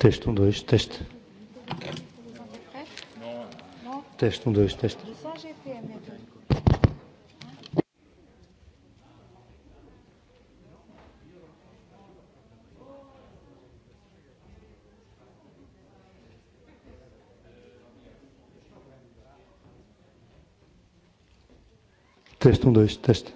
Teste, um, dois, teste. Teste, um, dois, teste. Teste, um, dois, teste.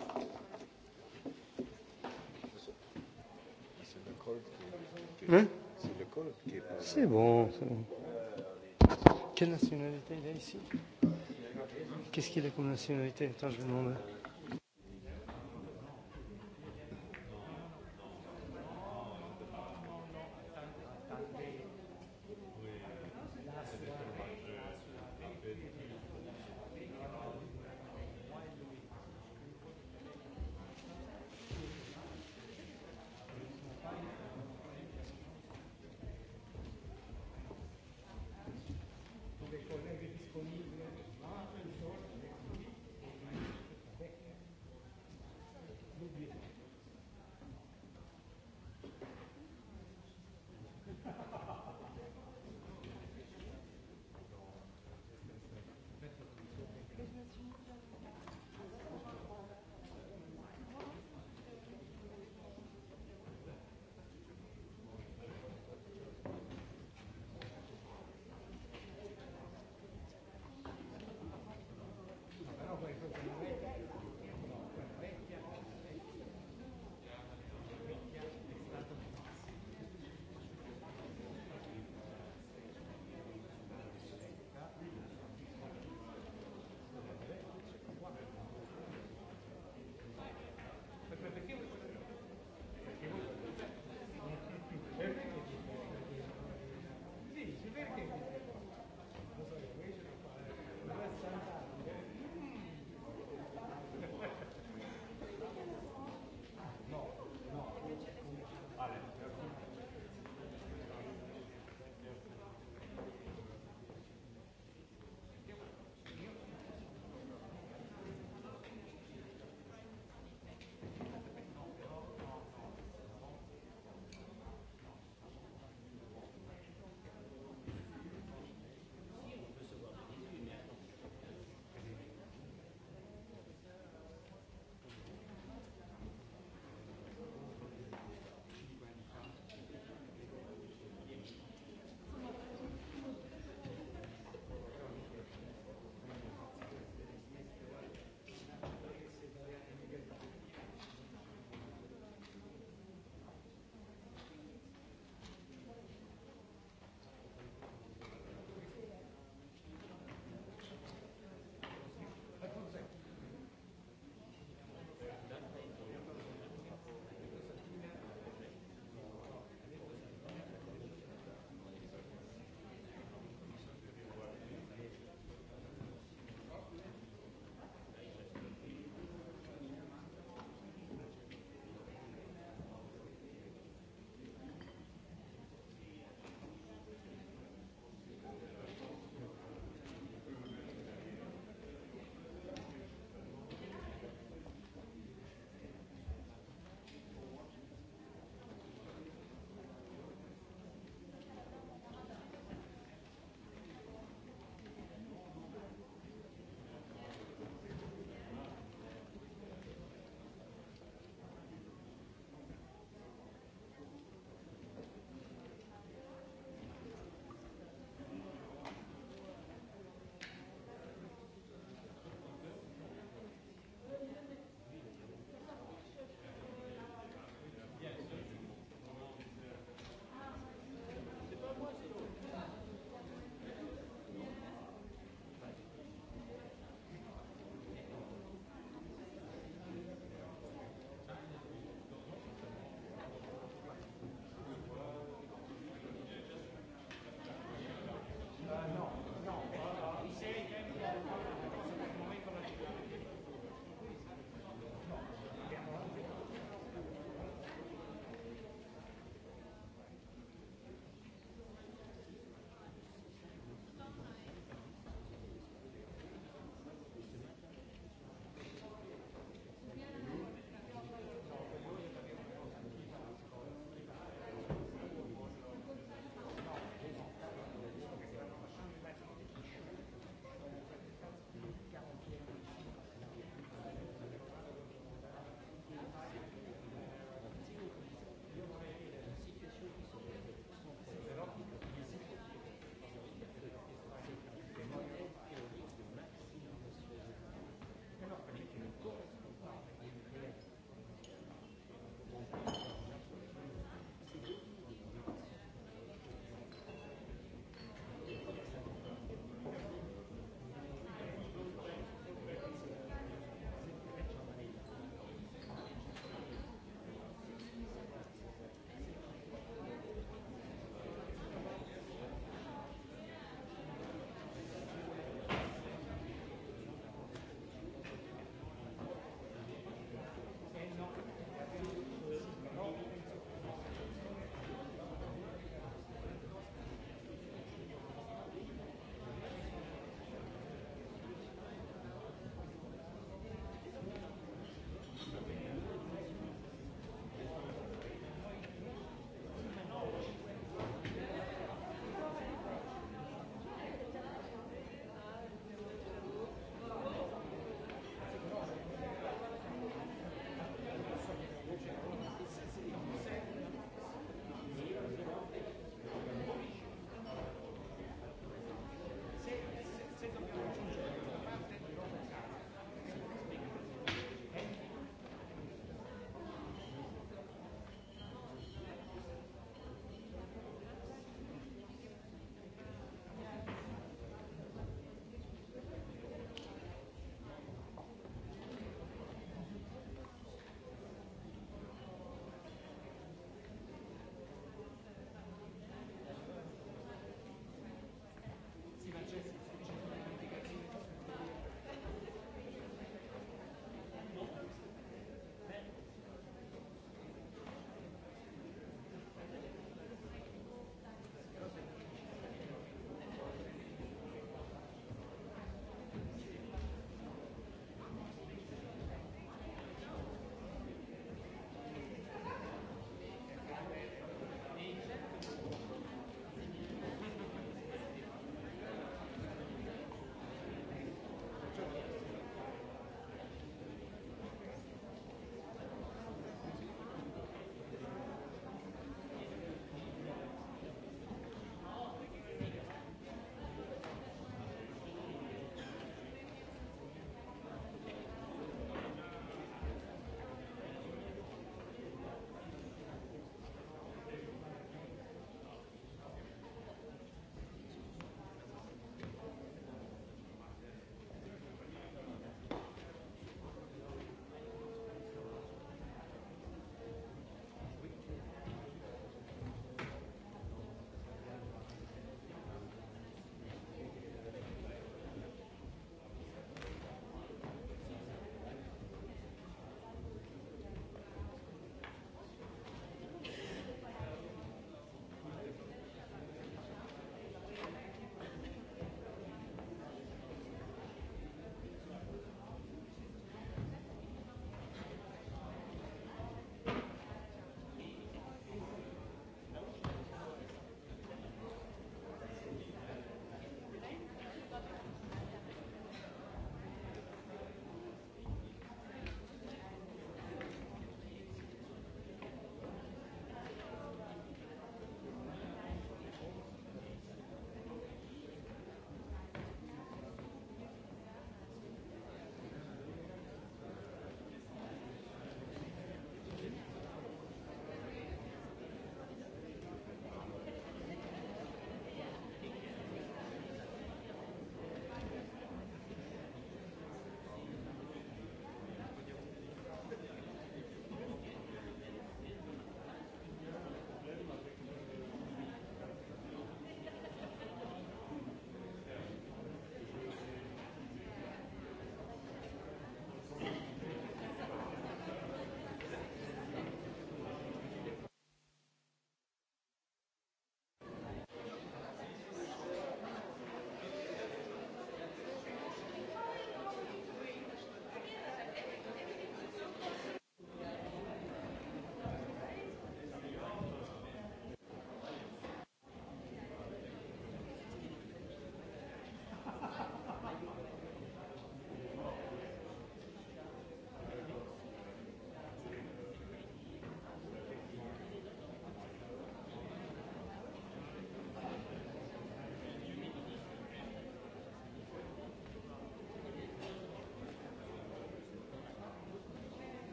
Qu'est-ce qu'il a comme nationalité Attends, je vais demander.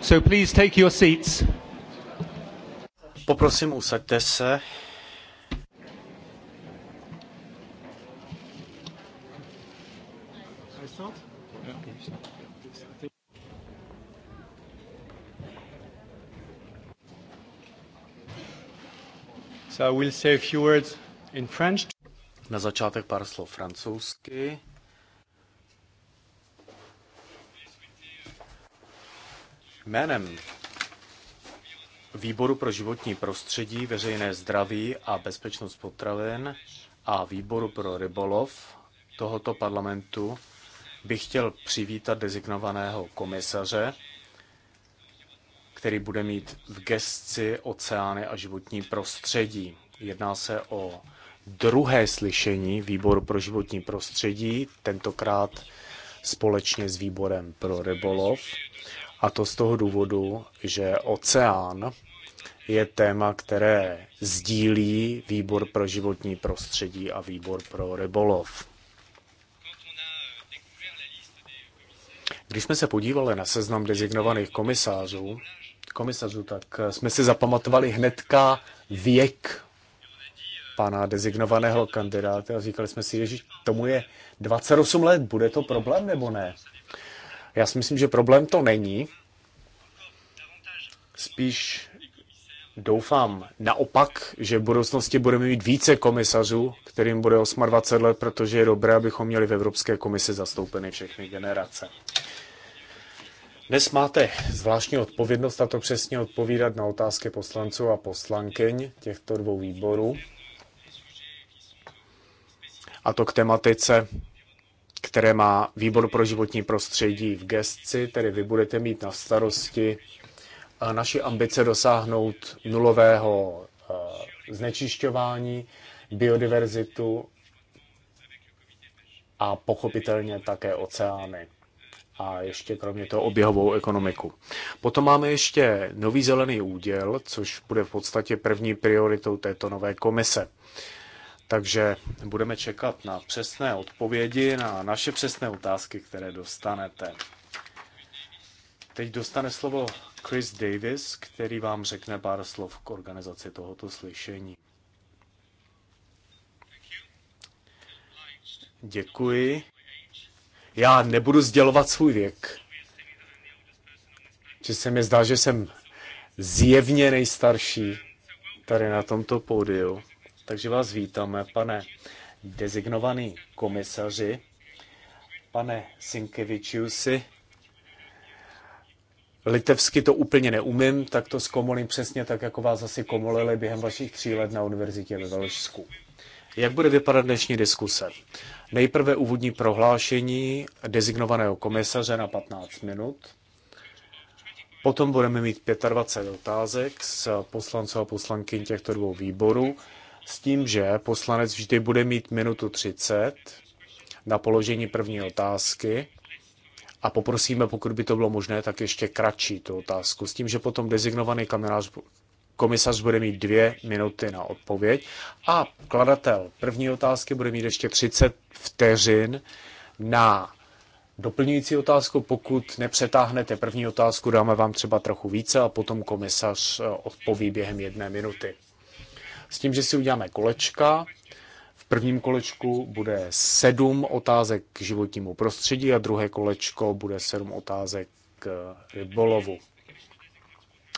So please take your seats. Poprosím, usaďte se. So I will say a few words in French. Na začátek pár slov francouzsky. Jménem Výboru pro životní prostředí, veřejné zdraví a bezpečnost potravin a Výboru pro rybolov tohoto parlamentu bych chtěl přivítat dezignovaného komisaře, který bude mít v gesci oceány a životní prostředí. Jedná se o druhé slyšení Výboru pro životní prostředí, tentokrát společně s Výborem pro rybolov. A to z toho důvodu, že oceán je téma, které sdílí výbor pro životní prostředí a výbor pro rybolov. Když jsme se podívali na seznam dezignovaných komisářů, komisařů, tak jsme si zapamatovali hnedka věk pana dezignovaného kandidáta a říkali jsme si, že tomu je 28 let, bude to problém nebo ne? Já si myslím, že problém to není. Spíš doufám naopak, že v budoucnosti budeme mít více komisařů, kterým bude 28 let, protože je dobré, abychom měli v Evropské komisi zastoupeny všechny generace. Dnes máte zvláštní odpovědnost a to přesně odpovídat na otázky poslanců a poslankyň těchto dvou výborů. A to k tematice, které má výbor pro životní prostředí v gestci, tedy vy budete mít na starosti eh, naši ambice dosáhnout nulového eh, znečišťování, biodiverzitu a pochopitelně také oceány a ještě kromě toho oběhovou ekonomiku. Potom máme ještě nový zelený úděl, což bude v podstatě první prioritou této nové komise. Takže budeme čekat na přesné odpovědi, na naše přesné otázky, které dostanete. Teď dostane slovo Chris Davis, který vám řekne pár slov k organizaci tohoto slyšení. Děkuji. Já nebudu sdělovat svůj věk. Že se mi zdá, že jsem zjevně nejstarší tady na tomto pódiu. Takže vás vítáme, pane dezignovaný komisaři, pane Sinkevičiusi. Litevsky to úplně neumím, tak to zkomolím přesně tak, jako vás asi komolili během vašich tří let na univerzitě ve Velšsku. Jak bude vypadat dnešní diskuse? Nejprve úvodní prohlášení dezignovaného komisaře na 15 minut. Potom budeme mít 25 otázek z poslanců a poslankyň těchto dvou výborů s tím, že poslanec vždy bude mít minutu 30 na položení první otázky a poprosíme, pokud by to bylo možné, tak ještě kratší tu otázku, s tím, že potom dezignovaný kamenář komisař bude mít dvě minuty na odpověď a kladatel první otázky bude mít ještě 30 vteřin na doplňující otázku. Pokud nepřetáhnete první otázku, dáme vám třeba trochu více a potom komisař eh, odpoví během jedné minuty s tím, že si uděláme kolečka. V prvním kolečku bude sedm otázek k životnímu prostředí a druhé kolečko bude sedm otázek k eh, rybolovu.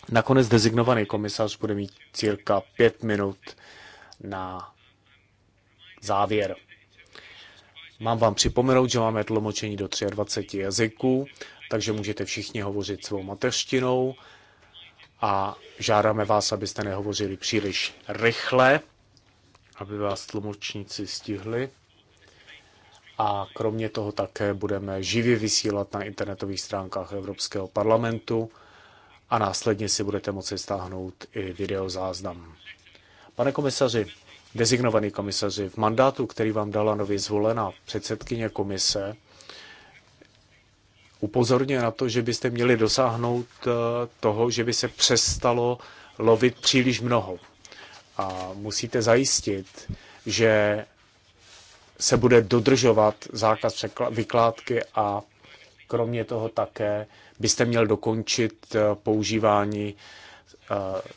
Nakonec dezignovaný komisař bude mít cirka pět minut na závěr. Mám vám připomenout, že máme tlumočení do 23 jazyků, takže můžete všichni hovořit svou mateřštinou a žádáme vás, abyste nehovořili příliš rychle, aby vás tlumočníci stihli. A kromě toho také budeme živě vysílat na internetových stránkách Evropského parlamentu a následně si budete moci stáhnout i videozáznam. Pane komisaři, designovaný komisaři, v mandátu, který vám dala nově zvolená předsedkyně komise, upozorňuje na to, že byste měli dosáhnout eh, toho, že by se přestalo lovit příliš mnoho. A musíte zajistit, že se bude dodržovat zákaz vykládky a kromě toho také byste měl dokončit eh, používání eh,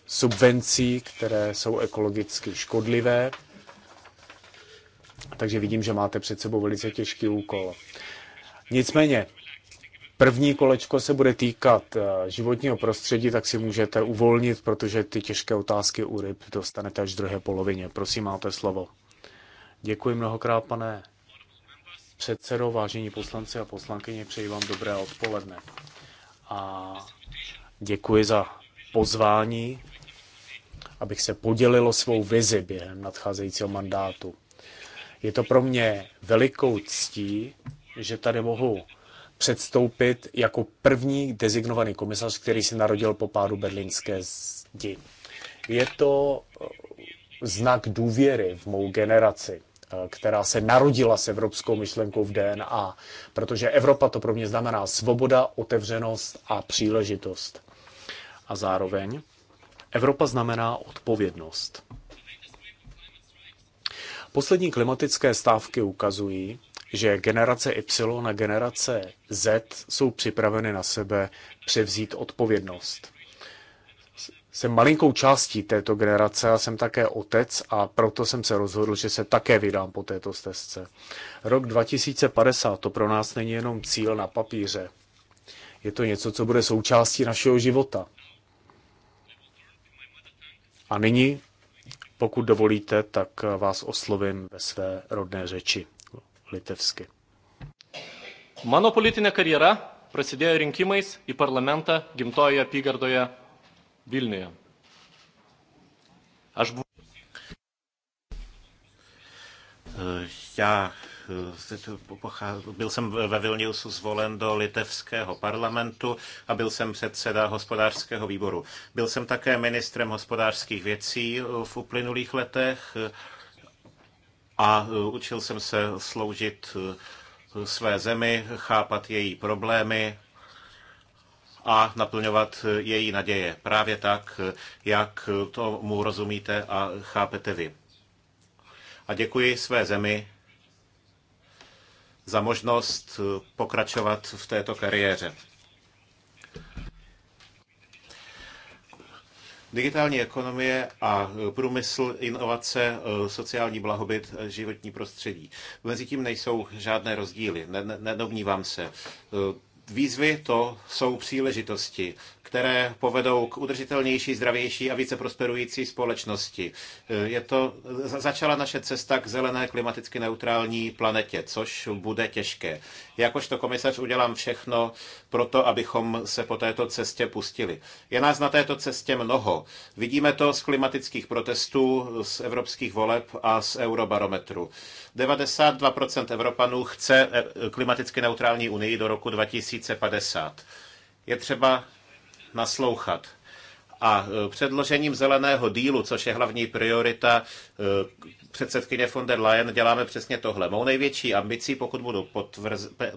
subvencí, které jsou ekologicky škodlivé. Takže vidím, že máte před sebou velice těžký úkol. Nicméně, první kolečko se bude týkat eh, životního prostředí, tak si můžete uvolnit, protože ty těžké otázky u ryb dostanete až v druhé polovině. Prosím, máte slovo. Děkuji mnohokrát, pane předsedo, vážení poslanci a poslankyně, přeji vám dobré odpoledne. A děkuji za pozvání, abych se podělilo svou vizi během nadcházejícího mandátu. Je to pro mě velikou ctí, že tady mohu předstoupit jako první dezignovaný komisař, který se narodil po pádu berlínské zdi. Je to eh, znak důvěry v mou generaci, eh, která se narodila s evropskou myšlenkou v DNA, protože Evropa to pro mě znamená svoboda, otevřenost a příležitost. A zároveň Evropa znamená odpovědnost. Poslední klimatické stávky ukazují, že generace Y a generace Z jsou připraveny na sebe převzít odpovědnost. Jsem malinkou částí této generace a jsem také otec a proto jsem se rozhodl, že se také vydám po této stezce. Rok 2050 to pro nás není jenom cíl na papíře. Je to něco, co bude součástí našeho života. A nyní, pokud dovolíte, tak vás oslovím ve své rodné řeči litevsky. Mano politinė karjera prasidėjo rinkimais į parlamentą gimtojoje apygardoje Vilniuje. Aš buvau. Já eh, byl jsem ve Vilniusu zvolen do litevského parlamentu a byl jsem předseda hospodářského výboru. Byl jsem také ministrem hospodářských věcí eh, v uplynulých letech. Eh, a e, učil jsem se sloužit e, své zemi, chápat její problémy a naplňovat e, její naděje. Právě tak, jak tomu rozumíte a chápete vy. A děkuji své zemi za možnost pokračovat v této kariéře. Digitální ekonomie a e, průmysl, inovace, e, sociální blahobyt, e, životní prostředí. Mezi tím nejsou žádné rozdíly, nedomnívám se. Výzvy to jsou příležitosti, které povedou k udržitelnější, zdravější a více prosperující společnosti. Je to, začala naše cesta k zelené klimaticky neutrální planetě, což bude těžké. Jakožto komisař udělám všechno pro to, abychom se po této cestě pustili. Je nás na této cestě mnoho. Vidíme to z klimatických protestů, z evropských voleb a z eurobarometru. 92% Evropanů chce eh, klimaticky neutrální unii do roku 2000 2050. Je třeba naslouchat. A e, předložením zeleného dílu, což je hlavní priorita e, předsedkyně von der Leyen, děláme přesně tohle. Mou největší ambicí, pokud budu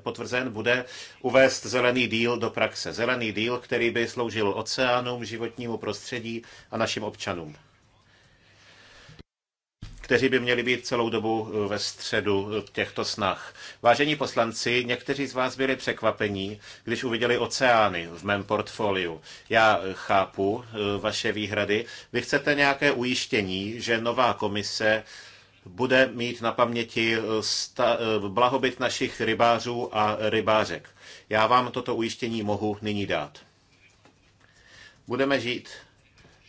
potvrzen, bude uvést zelený díl do praxe. Zelený díl, který by sloužil oceánům, životnímu prostředí a našim občanům kteří by měli být celou dobu eh, ve středu eh, těchto snah. Vážení poslanci, někteří z vás byli překvapení, když uviděli oceány v mém portfoliu. Já eh, chápu vaše výhrady. Vy chcete nějaké ujištění, že nová komise bude mít na paměti sta- blahobyt našich rybářů a rybářek. Já vám toto ujištění mohu nyní dát. Budeme žít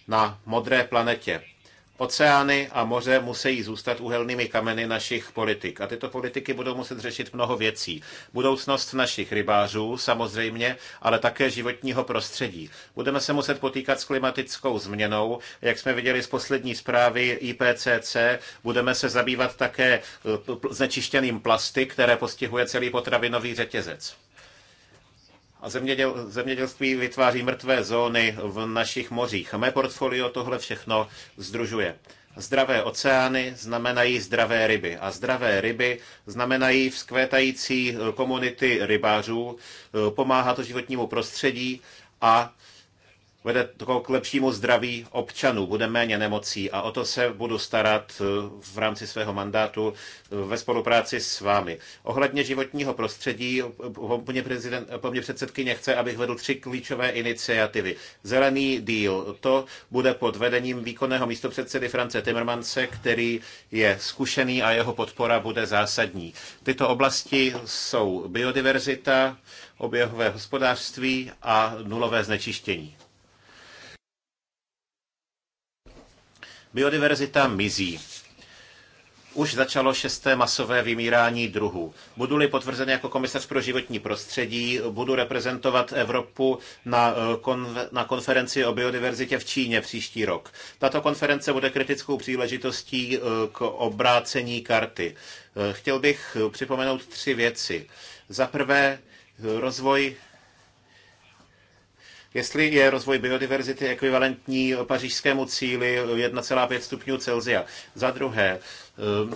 na modré planetě, Oceány a moře musí zůstat uhelnými kameny našich politik. A tyto politiky budou muset řešit mnoho věcí. Budoucnost našich rybářů samozřejmě, ale také životního prostředí. Budeme se muset potýkat s klimatickou změnou. Jak jsme viděli z poslední zprávy IPCC, budeme se zabývat také eh, znečištěným plasty, které postihuje celý potravinový řetězec a zeměděl, zemědělství vytváří mrtvé zóny v našich mořích. A mé portfolio tohle všechno združuje. Zdravé oceány znamenají zdravé ryby a zdravé ryby znamenají vzkvétající komunity rybářů, pomáhá to životnímu prostředí a vede to k lepšímu zdraví občanů, bude méně nemocí a o to se budu starat eh, v rámci svého mandátu eh, ve spolupráci s vámi. Ohledně životního prostředí, eh, po mně prezident, předsedkyně chce, abych vedl tři klíčové iniciativy. Zelený díl, to bude pod vedením výkonného místopředsedy France Timmermanse, který je zkušený a jeho podpora bude zásadní. Tyto oblasti jsou biodiverzita, oběhové hospodářství a nulové znečištění. Biodiverzita mizí. Už začalo šesté masové vymírání druhů. Budu-li potvrzen jako komisař pro životní prostředí, budu reprezentovat Evropu na, eh, na konferenci o biodiverzitě v Číně příští rok. Tato konference bude kritickou příležitostí eh, k obrácení karty. Eh, chtěl bych připomenout tři věci. Za prvé, rozvoj Jestli je rozvoj biodiverzity ekvivalentní pařížskému cíli 1,5 stupňů Celsia. Za druhé,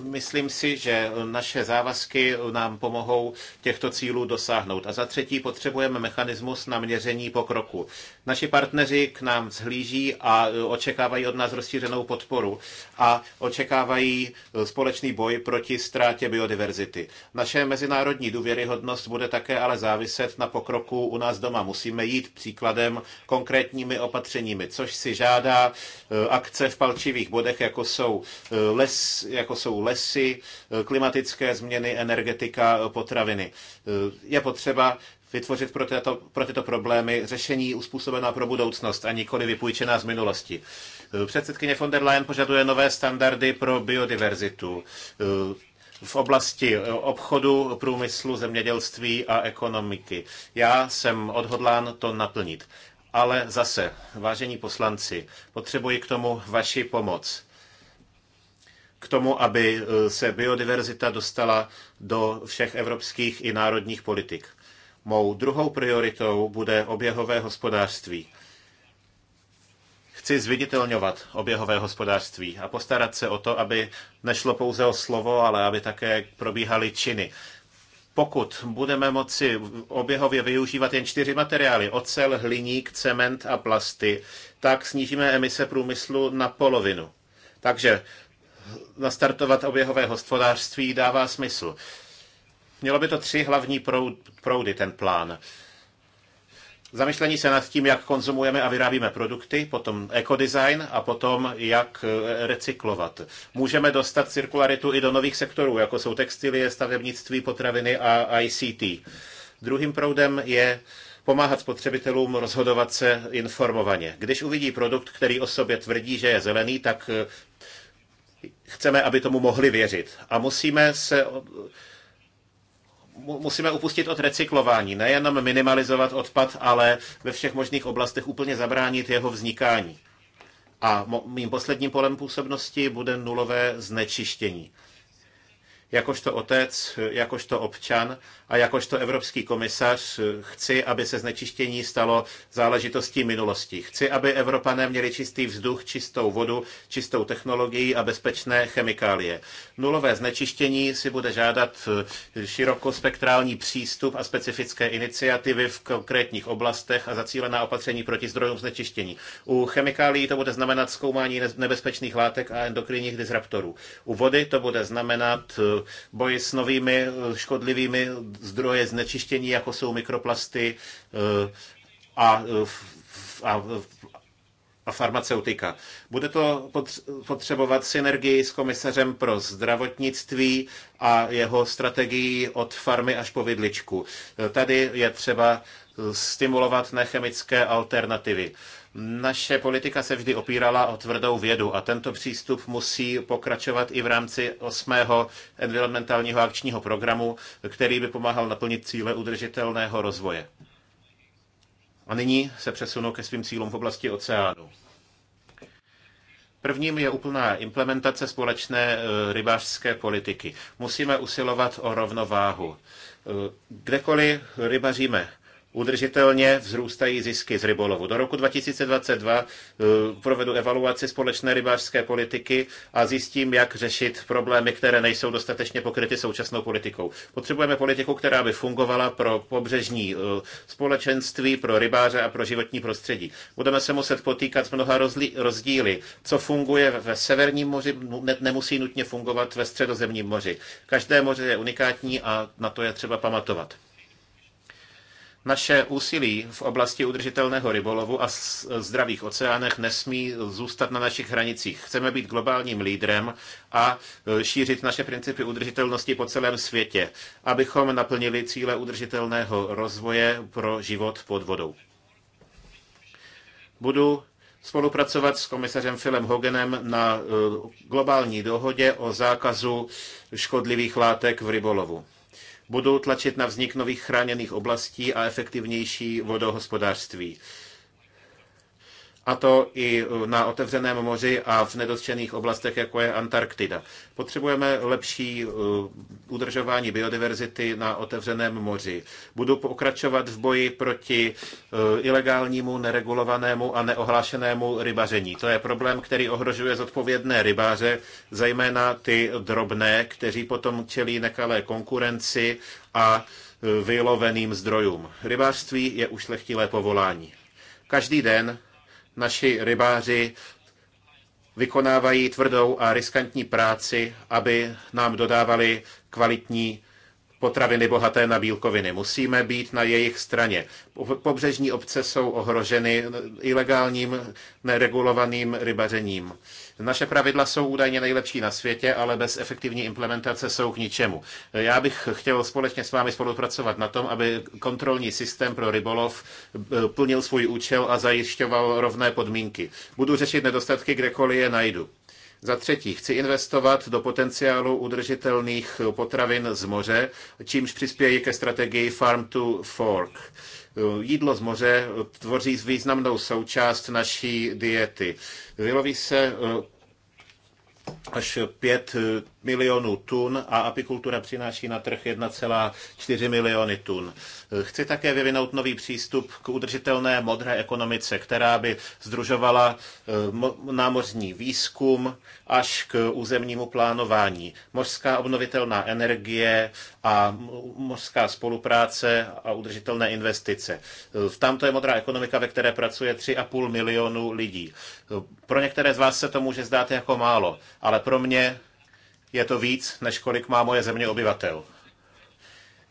Myslím si, že naše závazky nám pomohou těchto cílů dosáhnout. A za třetí potřebujeme mechanismus na měření pokroku. Naši partneři k nám zhlíží a očekávají od nás rozšířenou podporu a očekávají společný boj proti ztrátě biodiverzity. Naše mezinárodní důvěryhodnost bude také ale záviset na pokroku u nás doma. Musíme jít příkladem konkrétními opatřeními, což si žádá eh, akce v palčivých bodech, jako jsou eh, les, jako jako jsou lesy, eh, klimatické změny, energetika, eh, potraviny. Eh, je potřeba vytvořit pro tyto, pro tyto problémy řešení uspůsobená pro budoucnost a nikoli vypůjčená z minulosti. Předsedkyně von der Leyen požaduje nové standardy pro biodiverzitu v oblasti obchodu, průmyslu, zemědělství a ekonomiky. Já jsem odhodlán to naplnit. Ale zase, vážení poslanci, potřebuji k tomu vaši pomoc k tomu, aby eh, se biodiverzita dostala do všech evropských i národních politik. Mou druhou prioritou bude oběhové hospodářství. Chci zviditelňovat oběhové hospodářství a postarat se o to, aby nešlo pouze o slovo, ale aby také probíhaly činy. Pokud budeme moci oběhově využívat jen čtyři materiály, ocel, hliník, cement a plasty, tak snížíme emise průmyslu na polovinu. Takže nastartovat oběhové hospodářství dává smysl. Mělo by to tři hlavní proudy, ten plán. Zamyšlení se nad tím, jak konzumujeme a vyrábíme produkty, potom ekodesign a potom jak eh, recyklovat. Můžeme dostat cirkularitu i do nových sektorů, jako jsou textilie, stavebnictví, potraviny a ICT. Druhým proudem je pomáhat spotřebitelům rozhodovat se informovaně. Když uvidí produkt, který o sobě tvrdí, že je zelený, tak eh, chceme, aby tomu mohli věřit. A musíme se musíme upustit od recyklování, nejenom minimalizovat odpad, ale ve všech možných oblastech úplně zabránit jeho vznikání. A mým posledním polem působnosti bude nulové znečištění. Jakožto otec, jakožto občan a jakožto evropský komisař chci, aby se znečištění stalo záležitostí minulosti. Chci, aby Evropané měli čistý vzduch, čistou vodu, čistou technologii a bezpečné chemikálie. Nulové znečištění si bude žádat širokospektrální přístup a specifické iniciativy v konkrétních oblastech a zacílená opatření proti zdrojům znečištění. U chemikálií to bude znamenat zkoumání nebezpečných látek a endokrinních disruptorů. U vody to bude znamenat boji s novými eh, škodlivými zdroje znečištění, jako jsou mikroplasty eh, a, eh, a, a farmaceutika. Bude to potřebovat synergii s komisařem pro zdravotnictví a jeho strategii od farmy až po vidličku. Tady je třeba stimulovat nechemické alternativy. Naše politika se vždy opírala o tvrdou vědu a tento přístup musí pokračovat i v rámci osmého environmentálního akčního programu, který by pomáhal naplnit cíle udržitelného rozvoje. A nyní se přesunu ke svým cílům v oblasti oceánu. Prvním je úplná implementace společné e, rybářské politiky. Musíme usilovat o rovnováhu. E, kdekoliv rybaříme udržitelně vzrůstají zisky z rybolovu. Do roku 2022 eh, provedu evaluaci společné rybářské politiky a zjistím, jak řešit problémy, které nejsou dostatečně pokryty současnou politikou. Potřebujeme politiku, která by fungovala pro pobřežní eh, společenství, pro rybáře a pro životní prostředí. Budeme se muset potýkat s mnoha rozdíly. Co funguje ve severním moři, nemusí nutně fungovat ve středozemním moři. Každé moře je unikátní a na to je třeba pamatovat. Naše úsilí v oblasti udržitelného rybolovu a zdravých oceánech nesmí zůstat na našich hranicích. Chceme být globálním lídrem a e, šířit naše principy udržitelnosti po celém světě, abychom naplnili cíle udržitelného rozvoje pro život pod vodou. Budu spolupracovat s komisařem Philem Hogenem na e, globální dohodě o zákazu škodlivých látek v rybolovu budou tlačit na vznik nových chráněných oblastí a efektivnější vodohospodářství a to i e, na otevřeném moři a v nedotčených oblastech, jako je Antarktida. Potřebujeme lepší e, udržování biodiverzity na otevřeném moři. Budu pokračovat v boji proti e, ilegálnímu, neregulovanému a neohlášenému rybaření. To je problém, který ohrožuje zodpovědné rybáře, zejména ty drobné, kteří potom čelí nekalé konkurenci a vyloveným zdrojům. Rybářství je ušlechtilé povolání. Každý den naši rybáři vykonávají tvrdou a riskantní práci, aby nám dodávali kvalitní potraviny bohaté na bílkoviny. Musíme být na jejich straně. Pobřežní obce jsou ohroženy ilegálním, neregulovaným rybařením. Naše pravidla jsou údajně nejlepší na světě, ale bez efektivní implementace jsou k ničemu. Já bych chtěl společně s vámi spolupracovat na tom, aby kontrolní systém pro rybolov eh, plnil svůj účel a zajišťoval rovné podmínky. Budu řešit nedostatky, kdekoliv je najdu. Za třetí, chci investovat do potenciálu udržitelných potravin z moře, čímž přispěji ke strategii Farm to Fork. Jídlo z moře tvoří významnou součást naší diety. Vyloví se eh, až pět milionů tun a apikultura přináší na trh 1,4 miliony tun. Chci také vyvinout nový přístup k udržitelné modré ekonomice, která by združovala eh, námořní výzkum až k územnímu plánování. Mořská obnovitelná energie a mořská spolupráce a udržitelné investice. Eh, tamto je modrá ekonomika, ve které pracuje 3,5 milionu lidí. Eh, pro některé z vás se to může zdát jako málo, ale pro mě je to víc, než kolik má moje země obyvatel.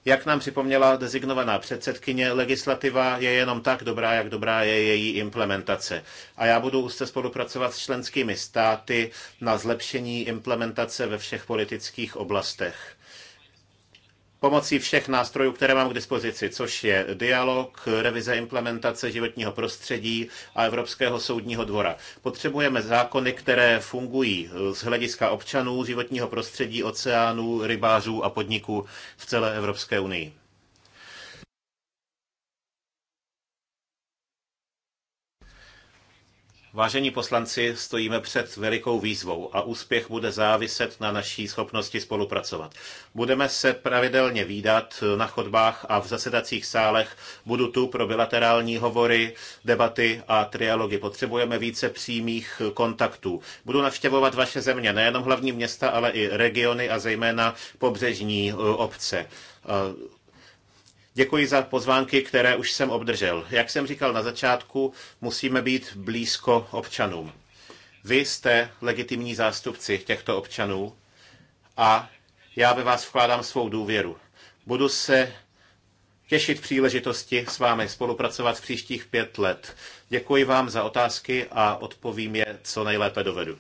Jak nám připomněla dezignovaná předsedkyně, legislativa je jenom tak dobrá, jak dobrá je její implementace. A já budu úzce spolupracovat s členskými státy na zlepšení implementace ve všech politických oblastech pomocí všech nástrojů, které mám k dispozici, což je dialog, revize implementace životního prostředí a Evropského soudního dvora. Potřebujeme zákony, které fungují eh, z hlediska občanů, životního prostředí, oceánů, rybářů a podniků v celé Evropské unii. Vážení poslanci, stojíme před velikou výzvou a úspěch bude záviset na naší schopnosti spolupracovat. Budeme se pravidelně výdat na chodbách a v zasedacích sálech. Budu tu pro bilaterální hovory, debaty a trialogy. Potřebujeme více přímých kontaktů. Budu navštěvovat vaše země, nejenom hlavní města, ale i regiony a zejména pobřežní e, obce Děkuji za pozvánky, které už jsem obdržel. Jak jsem říkal na začátku, musíme být blízko občanům. Vy jste legitimní zástupci těchto občanů a já ve vás vkládám svou důvěru. Budu se těšit příležitosti s vámi spolupracovat v příštích pět let. Děkuji vám za otázky a odpovím je, co nejlépe dovedu.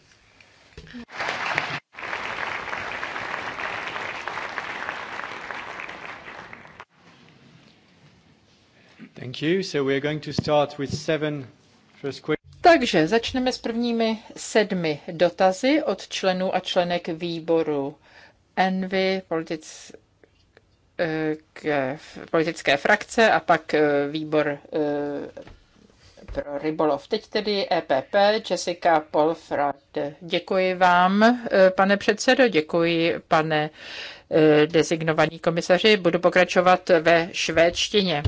Thank you. So going to start with seven first questions. Takže začneme s prvními sedmi dotazy od členů a členek výboru Envy, politické, eh, politické frakce a pak eh, výbor eh, pro rybolov. Teď tedy EPP, Jessica Polfrad. Děkuji vám, pane předsedo, děkuji, pane Eh, designovaní komisaři. Budu pokračovat ve švédštině.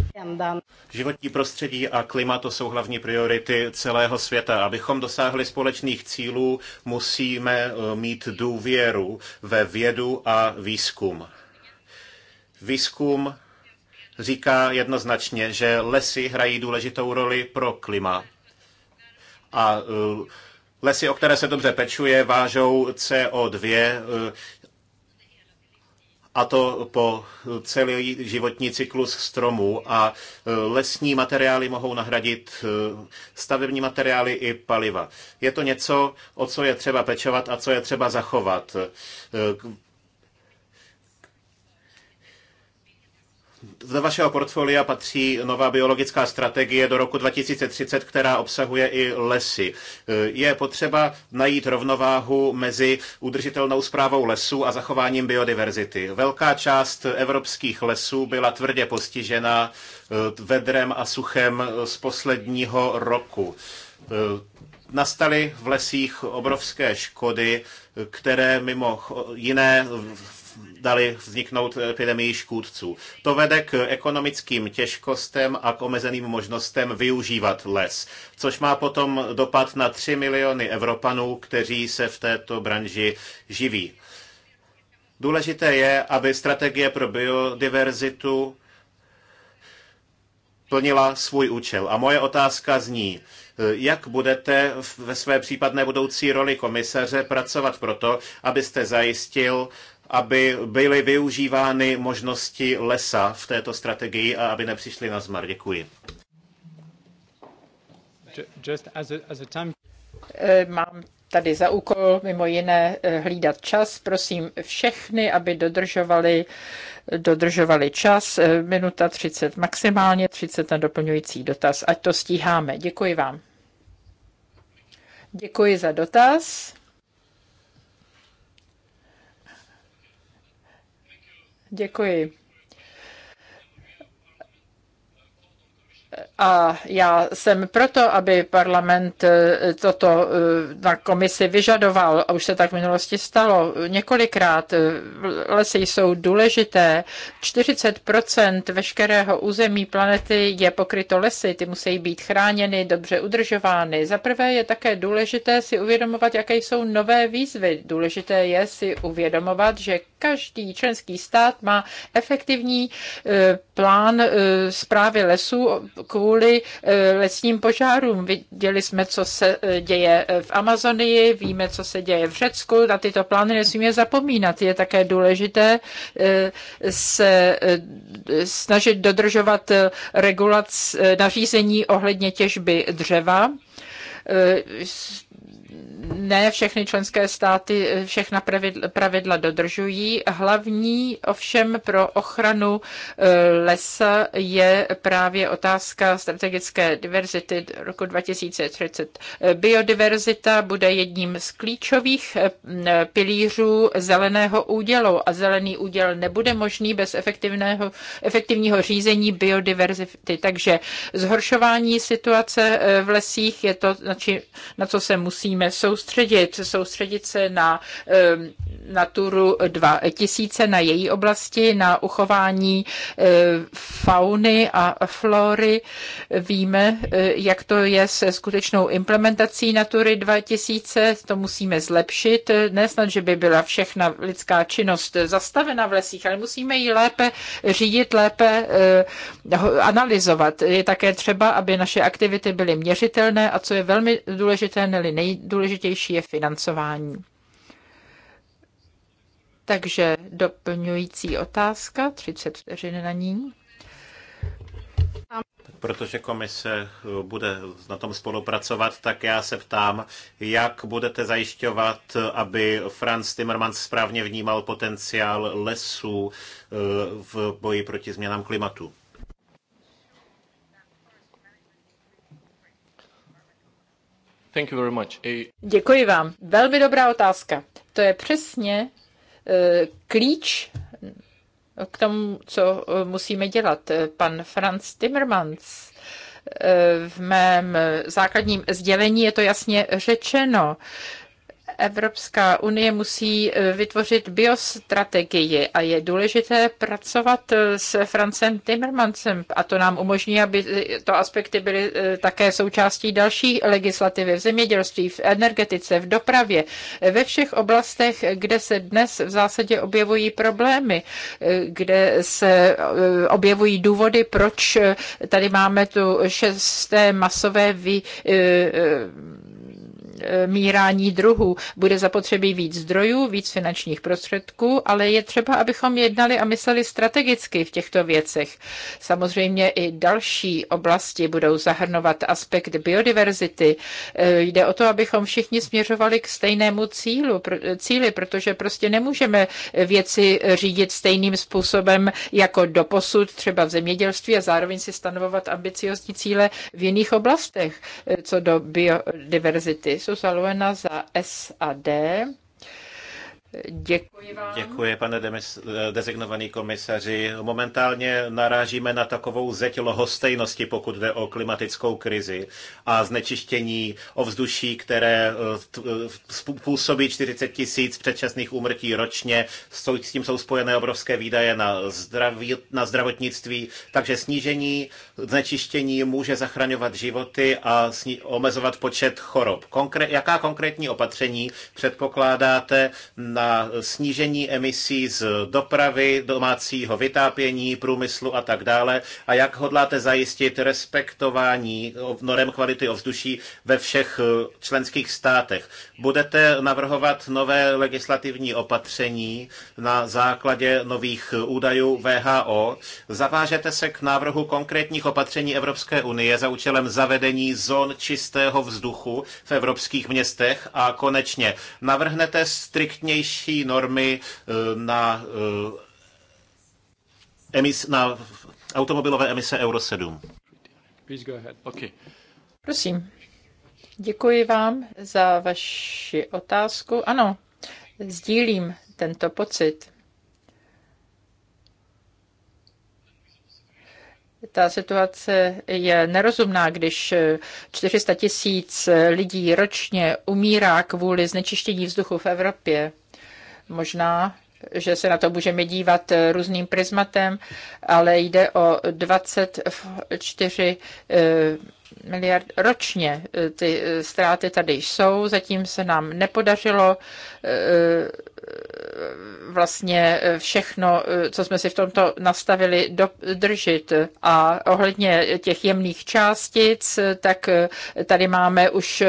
Životní prostředí a klima to jsou hlavní priority celého světa. Abychom dosáhli společných cílů, musíme eh, mít důvěru ve vědu a výzkum. Výzkum říká jednoznačně, že lesy hrají důležitou roli pro klima. A eh, lesy, o které se dobře pečuje, vážou CO2 a to po celý životní cyklus stromů a e, lesní materiály mohou nahradit e, stavební materiály i paliva. Je to něco, o co je třeba pečovat a co je třeba zachovat. E, do vašeho portfolia patří nová biologická strategie do roku 2030, která obsahuje i lesy. Je potřeba najít rovnováhu mezi udržitelnou zprávou lesů a zachováním biodiverzity. Velká část evropských lesů byla tvrdě postižena eh, vedrem a suchem eh, z posledního roku. Eh, nastaly v lesích obrovské škody, které mimo jiné dali vzniknout epidemii škůdců. To vede k ekonomickým těžkostem a k omezeným možnostem využívat les, což má potom dopad na 3 miliony Evropanů, kteří se v této branži živí. Důležité je, aby strategie pro biodiverzitu plnila svůj účel. A moje otázka zní, jak budete ve své případné budoucí roli komisaře pracovat proto, abyste zajistil, aby byly využívány možnosti lesa v této strategii a aby nepřišly na zmar. Děkuji. Eh, mám tady za úkol mimo jiné eh, hlídat čas. Prosím všechny, aby dodržovali, dodržovali čas. Eh, minuta 30 maximálně, 30 na doplňující dotaz. Ať to stíháme. Děkuji vám. Děkuji za dotaz. Děkuji. A já jsem proto, aby parlament eh, toto eh, na komisi vyžadoval, a už se tak v minulosti stalo několikrát. Eh, lesy jsou důležité. 40 veškerého území planety je pokryto lesy. Ty musí být chráněny, dobře udržovány. Za prvé je také důležité si uvědomovat, jaké jsou nové výzvy. Důležité je si uvědomovat, že každý členský stát má efektivní plán zprávy lesů kvůli eh, lesním požárům. Viděli jsme, co se eh, děje eh, v Amazonii, víme, co se děje v Řecku. Na tyto plány nesmíme zapomínat. Je také důležité se snažit dodržovat regulac, nařízení ohledně těžby dřeva ne všechny členské státy eh, všechna pravidla dodržují. Hlavní ovšem pro ochranu eh, lesa je právě otázka strategické diverzity roku 2030. Eh, biodiverzita bude jedním z klíčových pilířů zeleného údělu a zelený úděl nebude možný bez efektivného, efektivního řízení biodiverzity. Takže zhoršování situace v lesích je to, na, na co se musíme soustředit, soustředit se na Naturu 2000, na její oblasti, na uchování fauny a flory. Víme, jak to je se skutečnou implementací Natury 2000, to musíme zlepšit. Nesnad, že by byla všechna lidská činnost zastavena v lesích, ale musíme ji lépe řídit, lépe eh, analyzovat. Je také třeba, aby naše aktivity byly měřitelné a co je velmi důležité, nebo nejdůležitější, nejdůležitější je financování. Takže doplňující otázka, 30 vteřin na ní. Protože komise eh, bude na tom spolupracovat, tak já se ptám, jak budete zajišťovat, eh, aby Franz Timmermans správně vnímal potenciál lesů eh, v boji proti změnám klimatu. Thank you very much. A... Děkuji vám. Velmi dobrá otázka. To je přesně uh, klíč k tomu, co eh, musíme dělat. Eh, pan Franz Timmermans v mém základním sdělení je to jasně řečeno. Uh, Evropská unie musí e, vytvořit biostrategii a je důležité pracovat e, s Francem Timmermansem a to nám umožní, aby e, to aspekty byly také součástí další legislativy v zemědělství, v energetice, v dopravě, ve všech oblastech, kde se dnes v zásadě objevují problémy, kde se objevují důvody, proč tady máme tu šesté masové vy, Eh, mírání druhů. Bude zapotřebí víc zdrojů, víc finančních prostředků, ale je třeba, abychom jednali a mysleli strategicky v těchto věcech. Samozřejmě i další oblasti budou zahrnovat aspekt biodiverzity. Eh, jde o to, abychom všichni směřovali k stejnému cílu, cíli, protože prostě nemůžeme věci řídit stejným způsobem jako doposud, třeba v zemědělství a zároveň si stanovovat ambiciozní cíle v jiných oblastech, eh, co do biodiverzity. Jsou Suza Luena za SAD. Děkuji vám. Děkuji, pane designovaný komisaři. Momentálně narážíme na takovou zeď lohostejnosti, pokud jde o klimatickou krizi a znečištění ovzduší, které e, e, působí 40 tisíc předčasných úmrtí ročně. S tím jsou spojené obrovské výdaje na, zdraví, na zdravotnictví, takže snížení znečištění může zachraňovat životy a omezovat počet chorob. Konkre- jaká konkrétní opatření předpokládáte na snížení emisí z dopravy, domácího vytápění, průmyslu a tak dále a jak hodláte zajistit respektování norem kvality ovzduší ve všech eh, členských státech? Budete navrhovat nové legislativní opatření na základě nových eh, údajů VHO? Zavážete se k návrhu konkrétních opatření opatření Evropské unie za účelem zavedení zón čistého vzduchu v evropských městech a konečně navrhnete striktnější normy eh, na, eh, emis, na automobilové emise Euro 7. Prosím. Děkuji vám za vaši otázku. Ano, sdílím tento pocit. Ta situace je nerozumná, když 400 tisíc lidí ročně umírá kvůli znečištění vzduchu v Evropě. Možná že se na to můžeme dívat různým prismatem, ale jde o 24 miliard ročně. Eh, ty eh, ztráty tady jsou, zatím se nám nepodařilo eh, vlastně všechno, co jsme si v tomto nastavili, dodržet. A ohledně těch jemných částic, tak tady máme už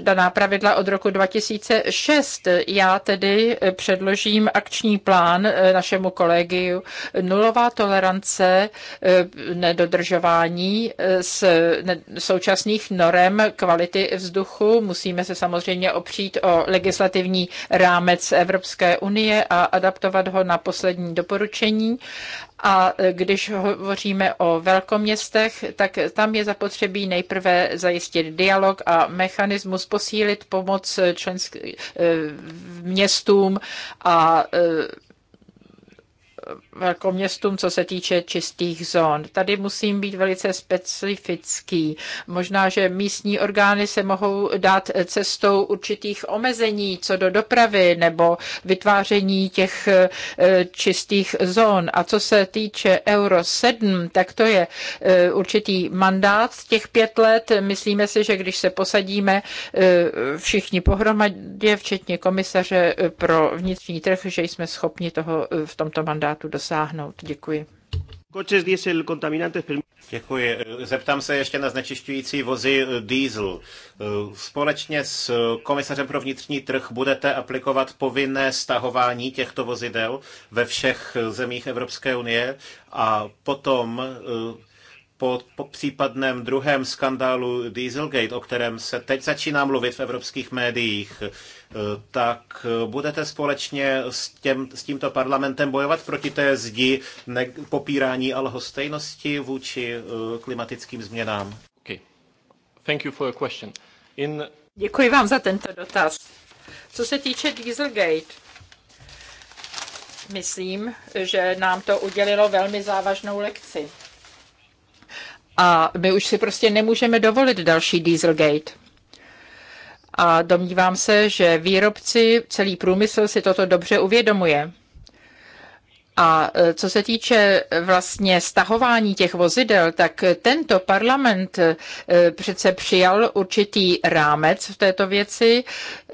daná pravidla od roku 2006. Já tedy předložím akční plán našemu kolegiu nulová tolerance nedodržování s současných norem kvality vzduchu. Musíme se samozřejmě opřít o legislativní rámec Evropské unie a adaptovat ho na poslední doporučení. A e, když hovoříme o velkoměstech, tak tam je zapotřebí nejprve zajistit dialog a mechanismus, posílit pomoc e, členským e, městům a velkoměstům, co se týče čistých zón. Tady musím být velice specifický. Možná, že místní orgány se mohou dát cestou určitých omezení co do dopravy nebo vytváření těch e, čistých zón. A co se týče Euro 7, tak to je e, určitý mandát těch pět let. Myslíme si, že když se posadíme e, všichni pohromadě, včetně komisaře pro vnitřní trh, že jsme schopni toho v tomto mandátu standardu dosáhnout. Děkuji. Děkuji. Zeptám se ještě na znečišťující vozy eh, diesel. Eh, společně s eh, komisařem pro vnitřní trh budete aplikovat povinné stahování těchto vozidel ve všech zemích Evropské unie a potom po, po případném druhém skandálu Dieselgate, o kterém se teď začíná mluvit v evropských médiích, eh, tak eh, budete společně s, těm, s tímto parlamentem bojovat proti té zdi ne, popírání a lhostejnosti vůči eh, klimatickým změnám? Okay. Thank you for your question. In... Děkuji vám za tento dotaz. Co se týče Dieselgate, myslím, že nám to udělilo velmi závažnou lekci a my už si prostě nemůžeme dovolit další Dieselgate. A domnívám se, že výrobci, celý průmysl si toto dobře uvědomuje. A e, co se týče e, vlastně stahování těch vozidel, tak tento parlament e, přece přijal určitý rámec v této věci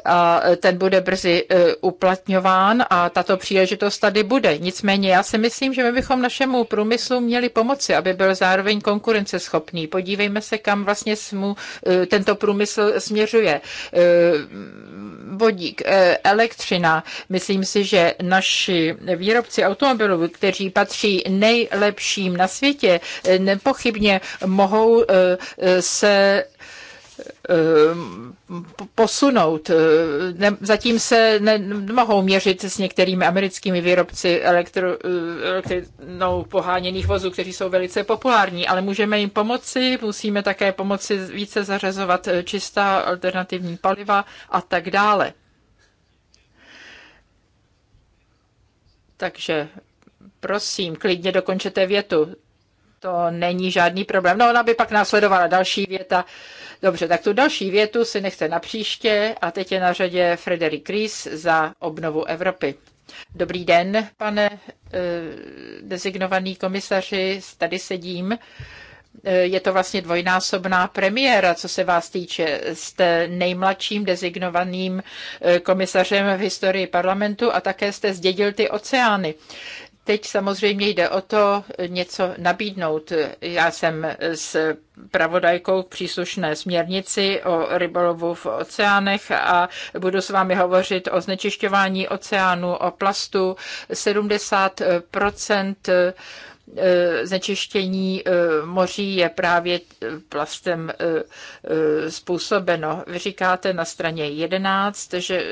a ten bude brzy uplatňován a tato příležitost tady bude. Nicméně já si myslím, že my bychom našemu průmyslu měli pomoci, aby byl zároveň konkurenceschopný. Podívejme se, kam vlastně smu, tento průmysl směřuje. Vodík, elektřina. Myslím si, že naši výrobci auto automobilů, kteří patří nejlepším na světě, eh, nepochybně mohou eh, eh, se posunout. Zatím se nemohou měřit s některými americkými výrobci elektro, elektrinou poháněných vozů, kteří jsou velice populární, ale můžeme jim pomoci, musíme také pomoci více zařazovat čistá alternativní paliva a tak dále. Takže prosím, klidně dokončete větu. To není žádný problém. No, ona by pak následovala další věta. Dobře, tak tu další větu si nechte na příště a teď je na řadě Frederik Ries za obnovu Evropy. Dobrý den, pane eh, designovaný komisaři, tady sedím. Eh, Eh, je to vlastně dvojnásobná premiéra, co se vás týče. Jste nejmladším dezignovaným eh, komisařem v historii parlamentu a také jste zdědil ty oceány. Teď samozřejmě jde o to eh, něco nabídnout. Já jsem s pravodajkou k příslušné směrnici o rybolovu v oceánech a budu s vámi hovořit o znečišťování oceánu, o plastu. 70 E, znečištění e, moří je právě e, plastem způsobeno. Vy říkáte na straně 11, že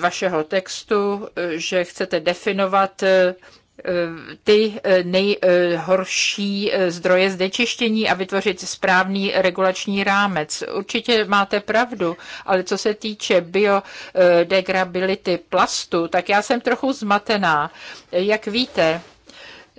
vašeho textu, že chcete definovat ty nejhorší zdroje znečištění a vytvořit správný regulační rámec. Určitě máte pravdu, ale co se týče biodegrability plastu, tak já jsem trochu zmatená. Jak víte,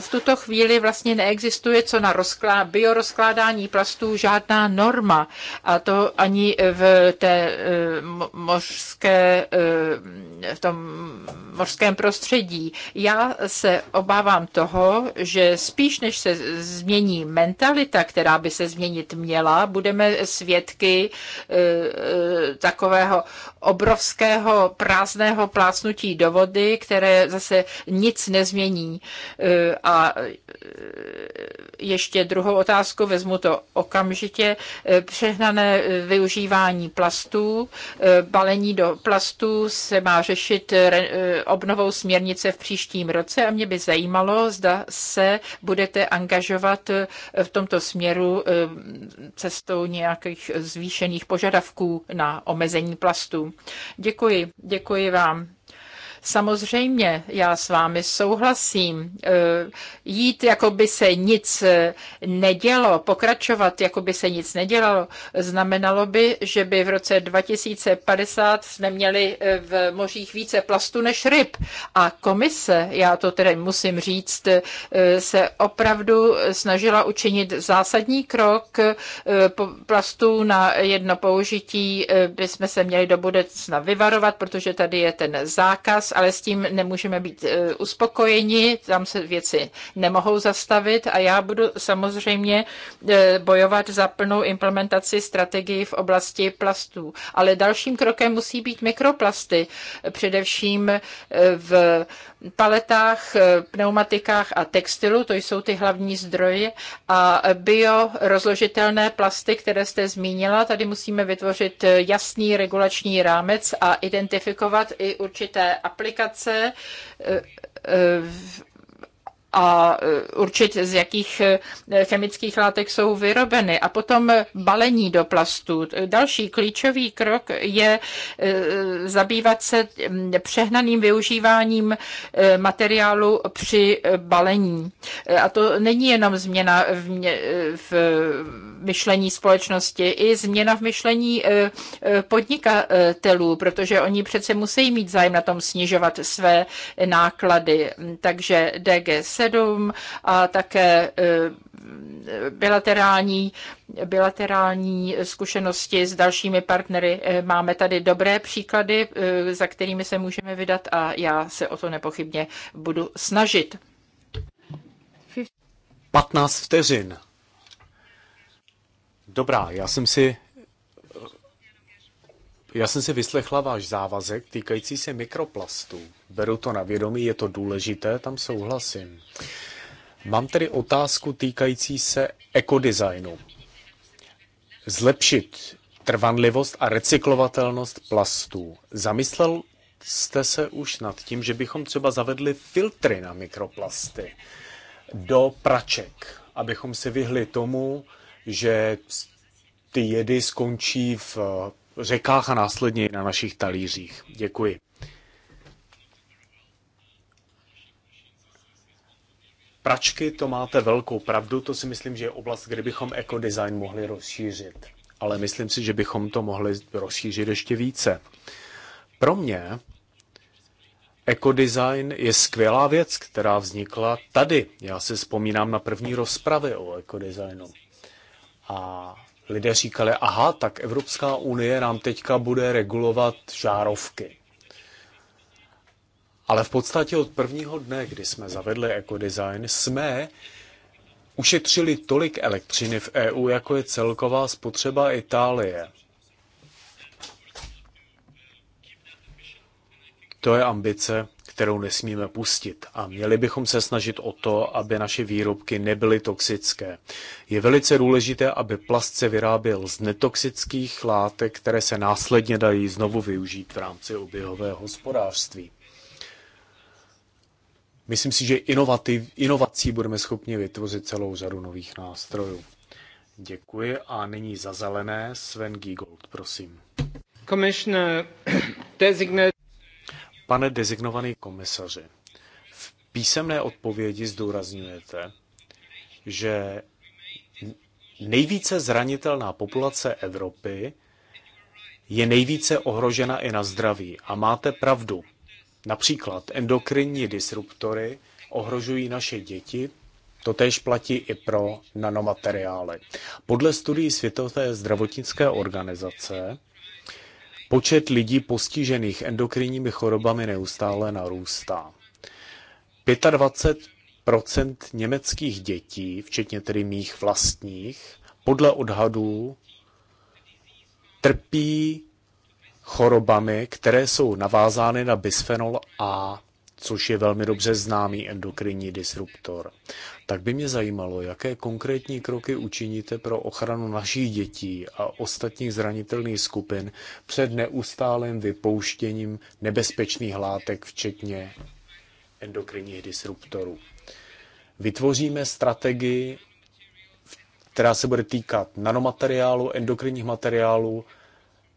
v tuto chvíli vlastně neexistuje co na rozklá, biorozkládání plastů žádná norma a to ani v té eh, mořské, eh, v tom mořském prostředí. Já se obávám toho, že spíš než se změní mentalita, která by se změnit měla, budeme svědky eh, takového obrovského prázdného plácnutí do vody, které zase nic nezmění Eh, a eh, ještě druhou otázku, vezmu to okamžitě. Eh, přehnané využívání plastů, balení do plastů se má řešit obnovou směrnice v příštím roce a mě by zajímalo, zda se budete angažovat v tomto směru cestou nějakých zvýšených požadavků na omezení plastů. Děkuji, děkuji vám. Samozřejmě, já s vámi souhlasím. E, jít, jako by se nic e, nedělo, pokračovat, jako by se nic nedělalo, znamenalo by, že by v roce 2050 jsme měli v mořích více plastu než ryb. A komise, já to tedy musím říct, e, se opravdu snažila učinit zásadní krok plastů na jedno použití. By jsme se měli do budoucna vyvarovat, protože tady je ten zákaz ale s tím nemůžeme být eh, uspokojeni, tam se věci nemohou zastavit a já budu samozřejmě eh, bojovat za plnou implementaci strategii v oblasti plastů. Ale dalším krokem musí být mikroplasty, především eh, v paletách, eh, pneumatikách a textilu, to jsou ty hlavní zdroje, a bio rozložitelné plasty, které jste zmínila, tady musíme vytvořit eh, jasný regulační rámec a identifikovat i určité aplikace, eh, a eh, určit, z jakých eh, chemických látek jsou vyrobeny. A potom balení do plastů. Další klíčový krok je eh, zabývat se mm, přehnaným využíváním materiálu při balení. A to není jenom změna v, v myšlení společnosti, i změna v myšlení podnikatelů, protože oni přece musí mít zájem na tom snižovat své náklady. Takže DGS 7 a také e, bilaterální, bilaterální zkušenosti s dalšími partnery. E, máme tady dobré příklady, e, za kterými se můžeme vydat a já se o to nepochybně budu snažit. 15 vteřin. Dobrá, já jsem si já jsem si vyslechla váš závazek týkající se mikroplastů. Beru to na vědomí, je to důležité, tam souhlasím. Mám tedy otázku týkající se ekodesignu. Zlepšit trvanlivost a recyklovatelnost plastů. Zamyslel jste se už nad tím, že bychom třeba zavedli filtry na mikroplasty do praček, abychom se vyhli tomu, že ty jedy skončí v řekách a následně i na našich talířích. Děkuji. Pračky, to máte velkou pravdu, to si myslím, že je oblast, kde bychom ekodesign mohli rozšířit. Ale myslím si, že bychom to mohli rozšířit ještě více. Pro mě ekodesign je skvělá věc, která vznikla tady. Já si vzpomínám na první rozpravy o ekodesignu. A lidé říkali, aha, tak Evropská unie nám teďka bude regulovat žárovky. Ale v podstatě od prvního dne, kdy jsme zavedli ekodesign, jsme ušetřili tolik elektřiny v EU, jako je celková spotřeba Itálie. To je ambice, kterou nesmíme pustit. A měli bychom se snažit o to, aby naše výrobky nebyly toxické. Je velice důležité, aby plast se vyráběl z netoxických látek, které se následně dají znovu využít v rámci oběhového hospodářství. Myslím si, že inovativ, inovací budeme schopni vytvořit celou řadu nových nástrojů. Děkuji a nyní za zelené Sven Giegold, prosím. Commissioner designate Pane designovaný komisaři, v písemné odpovědi zdůrazňujete, že nejvíce zranitelná populace Evropy je nejvíce ohrožena i na zdraví. A máte pravdu. Například endokrinní disruptory ohrožují naše děti, to tež platí i pro nanomateriály. Podle studií Světové zdravotnické organizace Počet lidí postižených endokrinními chorobami neustále narůstá. 25 německých dětí, včetně tedy mých vlastních, podle odhadů trpí chorobami, které jsou navázány na bisfenol A což je velmi dobře známý endokrinní disruptor. Tak by mě zajímalo, jaké konkrétní kroky učiníte pro ochranu našich dětí a ostatních zranitelných skupin před neustálým vypouštěním nebezpečných látek, včetně endokrinních disruptorů. Vytvoříme strategii, která se bude týkat nanomateriálu, endokrinních materiálů,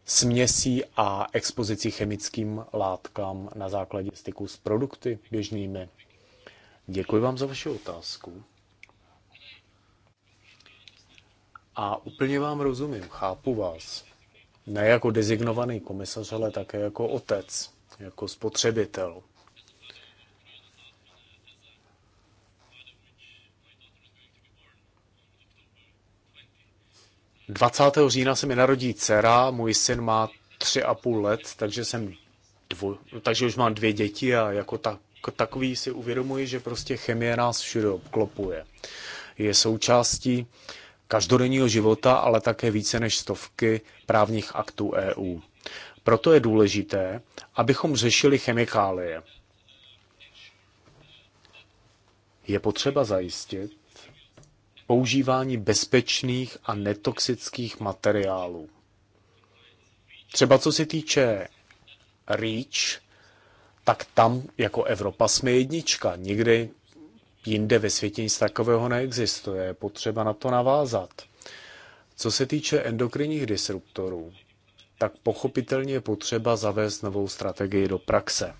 směsí a expozici chemickým látkám na základě styku s produkty běžnými? Děkuji vám za vaši otázku. A úplně vám rozumím, chápu vás. Ne jako designovaný komisař, ale také jako otec, jako spotřebitel. 20. října se mi narodí dcera, můj syn má tři a půl let, takže jsem dvo, takže už mám dvě děti a jako tak, takový si uvědomuji, že prostě chemie nás všude obklopuje. Je součástí každodenního života, ale také více než stovky právních aktů EU. Proto je důležité, abychom řešili chemikálie. Je potřeba zajistit, používání bezpečných a netoxických materiálů. Třeba co se týče REACH, tak tam jako Evropa jsme jednička. Nikdy jinde ve světě nic takového neexistuje. Je potřeba na to navázat. Co se týče endokrinních disruptorů, tak pochopitelně je potřeba zavést novou strategii do praxe.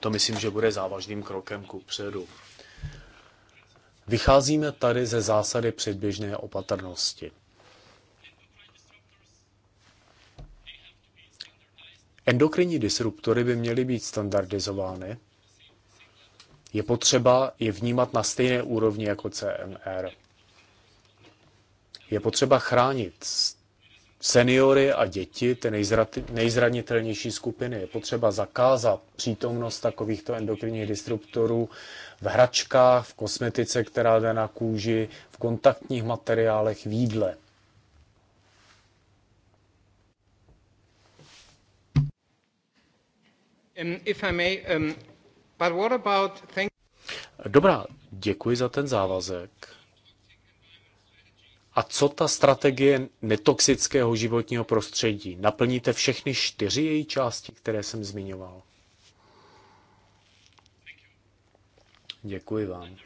To myslím, že bude závažným krokem ku předu. Vycházíme tady ze zásady předběžné opatrnosti. Endokrinní disruptory by měly být standardizovány. Je potřeba je vnímat na stejné úrovni jako CMR. Je potřeba chránit seniory a děti, ty nejzranitelnější skupiny. Je potřeba zakázat přítomnost takovýchto endokrinních disruptorů v hračkách, v kosmetice, která jde na kůži, v kontaktních materiálech, v jídle. Um, if I may, um, but what about... Dobrá, děkuji za ten závazek. A co ta strategie netoxického životního prostředí? Naplníte všechny čtyři její části, které jsem zmiňoval? Děkuji vám.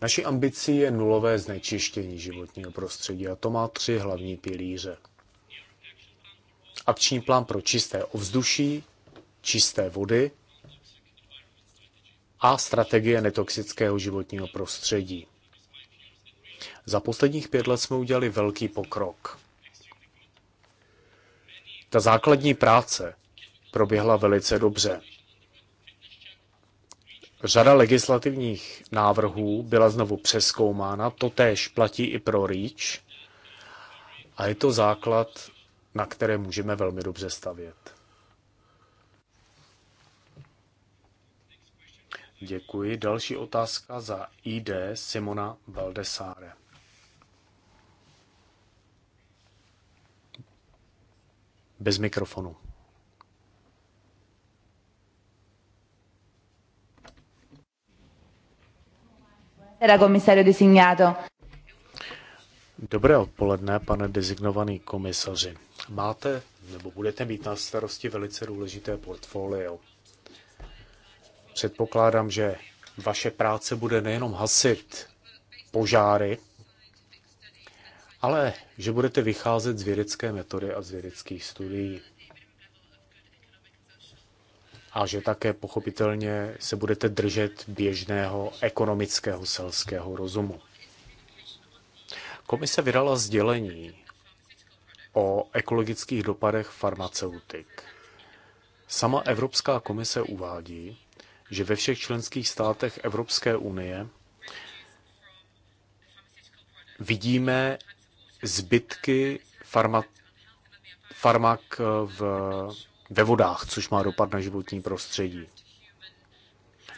Naší ambicí je nulové znečištění životního prostředí a to má tři hlavní pilíře. Akční plán pro čisté ovzduší, čisté vody a strategie netoxického životního prostředí. Za posledních pět let jsme udělali velký pokrok. Ta základní práce proběhla velice dobře. Řada legislativních návrhů byla znovu přeskoumána, to též platí i pro REACH a je to základ, na které můžeme velmi dobře stavět. Děkuji. Další otázka za ID Simona Valdesáre. Bez mikrofonu. Dobré odpoledne, pane designovaný komisaři. Máte nebo budete mít na starosti velice důležité portfolio. Předpokládám, že vaše práce bude nejenom hasit požáry, ale že budete vycházet z vědecké metody a z vědeckých studií. A že také pochopitelně se budete držet běžného ekonomického selského rozumu. Komise vydala sdělení o ekologických dopadech farmaceutik. Sama Evropská komise uvádí, že ve všech členských státech Evropské unie vidíme zbytky farma, farmak eh, v, ve vodách, což má dopad na životní prostředí.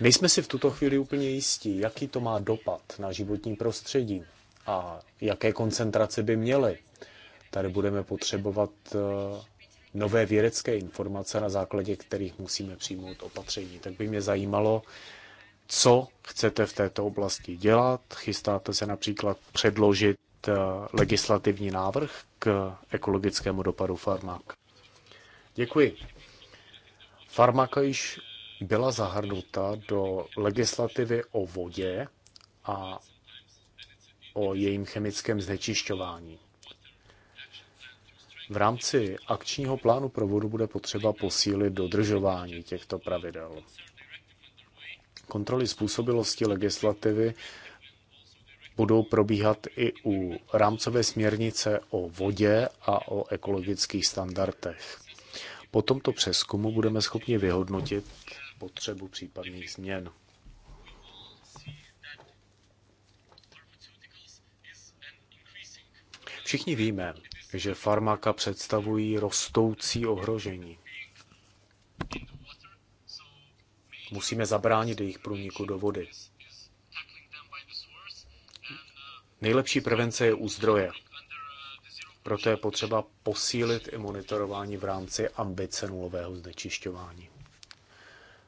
Nejsme si v tuto chvíli úplně jistí, jaký to má dopad na životní prostředí a jaké koncentrace by měly. Tady budeme potřebovat eh, nové vědecké informace, na základě kterých musíme přijmout opatření. Tak by mě zajímalo, co chcete v této oblasti dělat. Chystáte se například předložit eh, legislativní návrh k ekologickému dopadu farmák. Děkuji. Farmaka již byla zahrnuta do legislativy o vodě a o jejím chemickém znečišťování. V rámci akčního plánu provodu bude potřeba posílit dodržování těchto pravidel. Kontroly způsobilosti legislativy budou probíhat i u rámcové směrnice o vodě a o ekologických standardech. Po tomto přeskumu budeme schopni vyhodnotit potřebu případných změn. Všichni víme, že farmaka představují rostoucí ohrožení. Musíme zabránit jejich průniku do vody. Nejlepší prevence je u zdroje. Proto je potřeba posílit i monitorování v rámci ambice nulového znečišťování,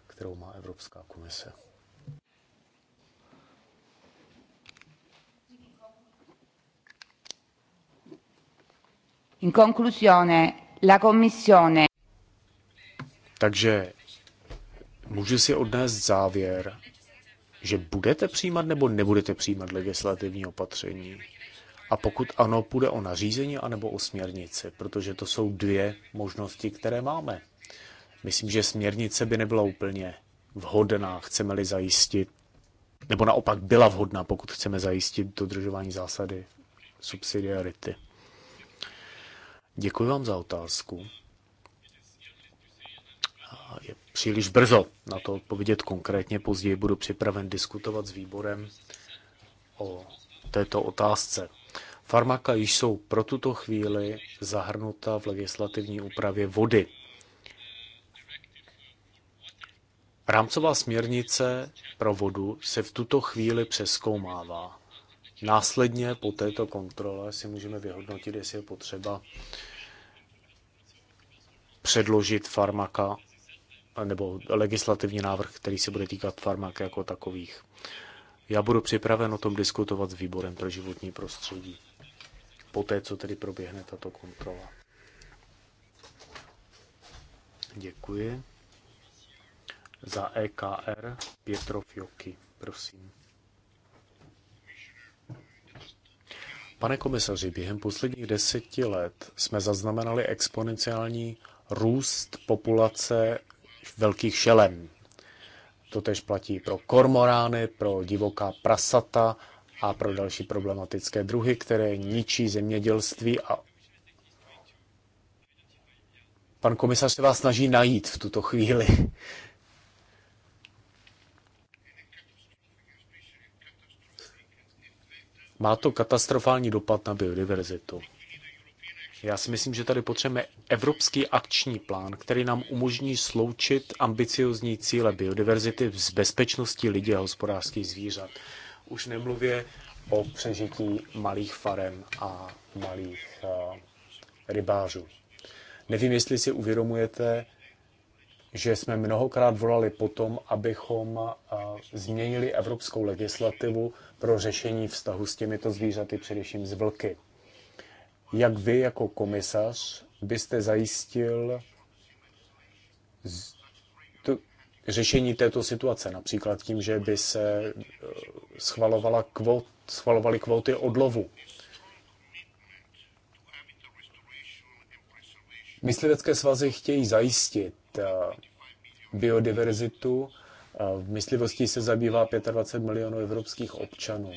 kterou má Evropská komise. In conclusione, la Commissione. Takže můžu si odnést závěr, že budete přijímat nebo nebudete přijímat legislativní opatření. A pokud ano, půjde o nařízení anebo o směrnici, protože to jsou dvě možnosti, které máme. Myslím, že směrnice by nebyla úplně vhodná, chceme-li zajistit, nebo naopak byla vhodná, pokud chceme zajistit dodržování zásady subsidiarity. Děkuji vám za otázku. Je příliš brzo na to odpovědět konkrétně. Později budu připraven diskutovat s výborem o této otázce. Farmaka již jsou pro tuto chvíli zahrnuta v legislativní úpravě vody. Rámcová směrnice pro vodu se v tuto chvíli přeskoumává. Následně po této kontrole si můžeme vyhodnotit, jestli je potřeba předložit farmaka nebo legislativní návrh, který se bude týkat farmak jako takových. Já budu připraven o tom diskutovat s výborem pro životní prostředí, poté co tedy proběhne tato kontrola. Děkuji. Za EKR Pětrov Joky, prosím. Pane komisaři, během posledních deseti let jsme zaznamenali exponenciální růst populace velkých šelem. To tež platí pro kormorány, pro divoká prasata a pro další problematické druhy, které ničí zemědělství a Pan komisař se vás snaží najít v tuto chvíli. Má to katastrofální dopad na biodiverzitu. Já si myslím, že tady potřebujeme evropský akční plán, který nám umožní sloučit ambiciozní cíle biodiverzity s bezpečností lidí a hospodářských zvířat. Už nemluvě o přežití malých farem a malých uh, rybářů. Nevím, jestli si uvědomujete, že jsme mnohokrát volali po tom, abychom uh, změnili evropskou legislativu pro řešení vztahu s těmito zvířaty, především s vlky jak vy jako komisař byste zajistil řešení této situace, například tím, že by se eh, schvalovala kvot, schvalovaly kvóty odlovu. Myslivecké svazy chtějí zajistit eh, biodiverzitu. Eh, v myslivosti se zabývá 25 milionů evropských občanů.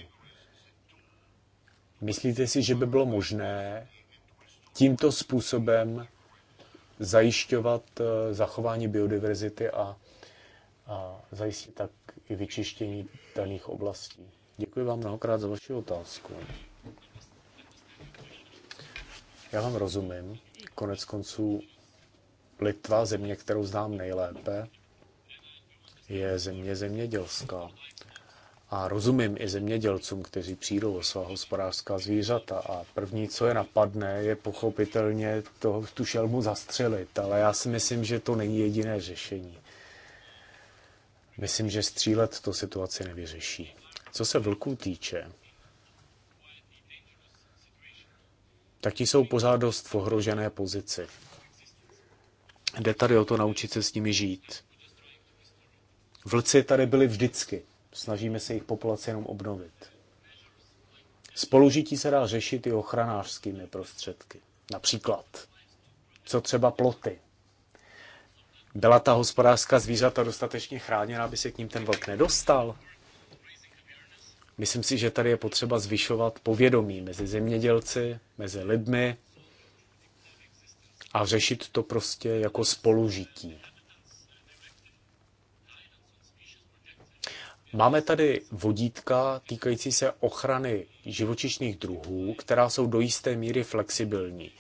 Myslíte si, že by bylo možné tímto způsobem zajišťovat eh, zachování biodiverzity a, a zajistit tak i vyčištění daných oblastí? Děkuji vám mnohokrát za vaši otázku. Já vám rozumím. Konec konců Litva, země, kterou znám nejlépe, je země zemědělská. A rozumím i zemědělcům, kteří přijdou o svá hospodářská zvířata. A první, co je napadne, je pochopitelně to, tu šelmu zastřelit. Ale já si myslím, že to není jediné řešení. Myslím, že střílet to situaci nevyřeší. Co se vlků týče, tak ti jsou pořád dost v ohrožené pozici. Jde tady o to naučit se s nimi žít. Vlci tady byli vždycky snažíme se jejich populaci jenom obnovit. Spolužití se dá řešit i ochranářskými prostředky. Například, co třeba ploty. Byla ta hospodářská zvířata dostatečně chráněna, aby se k ním ten vlk nedostal? Myslím si, že tady je potřeba zvyšovat povědomí mezi zemědělci, mezi lidmi a řešit to prostě jako spolužití. Máme tady vodítka týkající se ochrany živočišných druhů, která jsou do jisté míry flexibilní.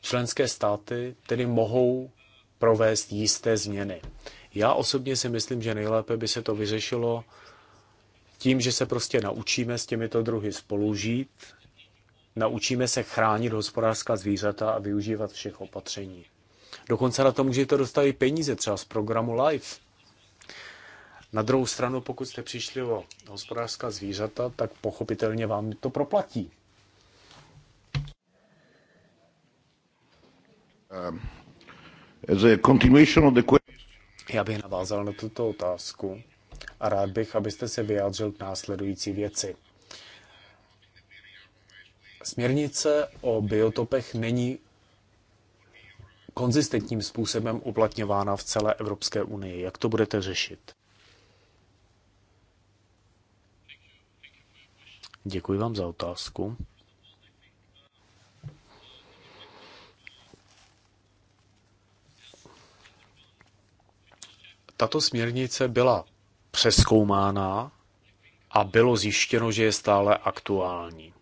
Členské státy tedy mohou provést jisté změny. Já osobně si myslím, že nejlépe by se to vyřešilo tím, že se prostě naučíme s těmito druhy spolužít, naučíme se chránit hospodářská zvířata a využívat všech opatření. Dokonce na to můžete dostat i peníze, třeba z programu LIFE. Na druhou stranu, pokud jste přišli o hospodářská zvířata, tak pochopitelně vám to proplatí. Um, Já bych navázal na tuto otázku a rád bych, abyste se vyjádřil k následující věci. Směrnice o biotopech není konzistentním způsobem uplatňována v celé Evropské unii. Jak to budete řešit? Děkuji vám za otázku. Tato směrnice byla přeskoumána a bylo zjištěno, že je stále aktuální.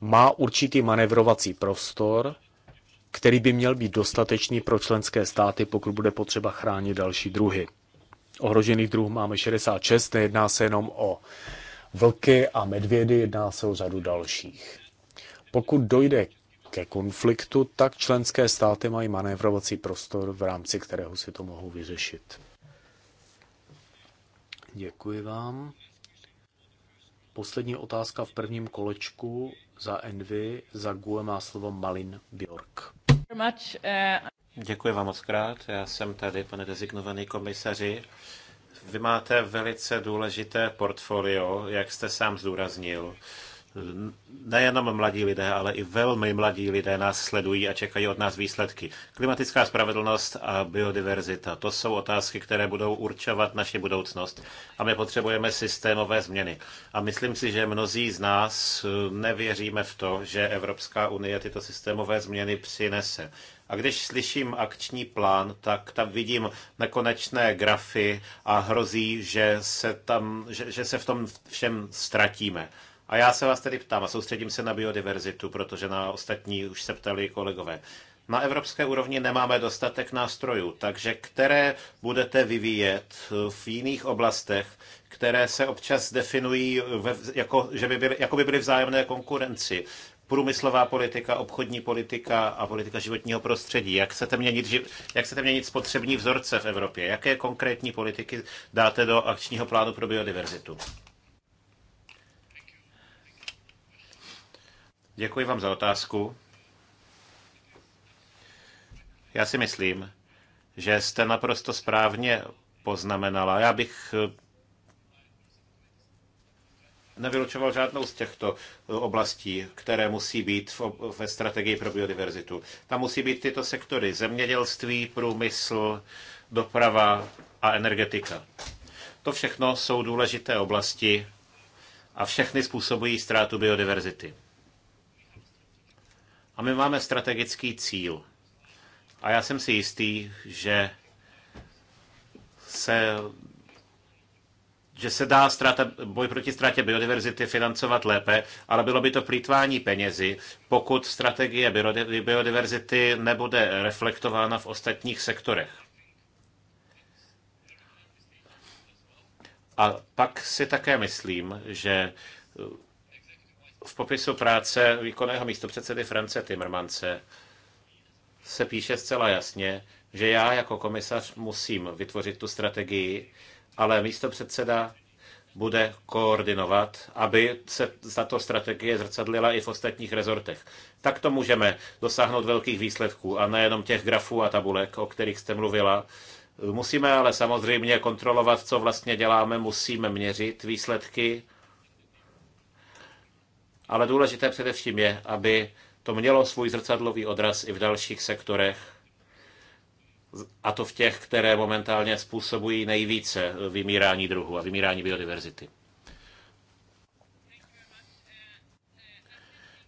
Má určitý manevrovací prostor, který by měl být dostatečný pro členské státy, pokud bude potřeba chránit další druhy ohrožených druhů máme 66, nejedná se jenom o vlky a medvědy, jedná se o řadu dalších. Pokud dojde ke konfliktu, tak členské státy mají manévrovací prostor, v rámci kterého si to mohou vyřešit. Děkuji vám. Poslední otázka v prvním kolečku za Envy, za GUE má slovo Malin Bjork. Děkuji vám moc krát. Já jsem tady, pane dezignovaný komisaři. Vy máte velice důležité portfolio, jak jste sám zdůraznil nejenom mladí lidé, ale i velmi mladí lidé nás sledují a čekají od nás výsledky. Klimatická spravedlnost a biodiverzita, to jsou otázky, které budou určovat naši budoucnost a my potřebujeme systémové změny. A myslím si, že mnozí z nás nevěříme v to, že Evropská unie tyto systémové změny přinese. A když slyším akční plán, tak tam vidím nekonečné grafy a hrozí, že se, tam, že, že se v tom všem ztratíme. A já se vás tedy ptám a soustředím se na biodiverzitu, protože na ostatní už se ptali kolegové. Na evropské úrovni nemáme dostatek nástrojů, takže které budete vyvíjet v jiných oblastech, které se občas definují ve, jako, že by byly, jako by byly vzájemné konkurenci průmyslová politika, obchodní politika a politika životního prostředí. Jak chcete měnit, jak chcete měnit spotřební vzorce v Evropě? Jaké konkrétní politiky dáte do akčního plánu pro biodiverzitu? Děkuji vám za otázku. Já si myslím, že jste naprosto správně poznamenala. Já bych nevylučoval žádnou z těchto eh, oblastí, které musí být ve strategii pro biodiverzitu. Tam musí být tyto sektory zemědělství, průmysl, doprava a energetika. To všechno jsou důležité oblasti a všechny způsobují ztrátu biodiverzity. A my máme strategický cíl. A já jsem si jistý, že se že se dá strata, boj proti ztrátě biodiverzity financovat lépe, ale bylo by to plítvání penězi, pokud strategie biodiverzity nebude reflektována v ostatních sektorech. A pak si také myslím, že eh, v popisu práce výkonného místopředsedy France Timmermance se píše zcela jasně, že já jako komisař musím vytvořit tu strategii, ale místo předseda bude koordinovat, aby se tato strategie zrcadlila i v ostatních rezortech. Tak to můžeme dosáhnout velkých výsledků a nejenom těch grafů a tabulek, o kterých jste mluvila. Musíme ale samozřejmě kontrolovat, co vlastně děláme, musíme měřit výsledky, ale důležité především je, aby to mělo svůj zrcadlový odraz i v dalších sektorech a to v těch, které momentálně způsobují nejvíce vymírání druhů a vymírání biodiverzity.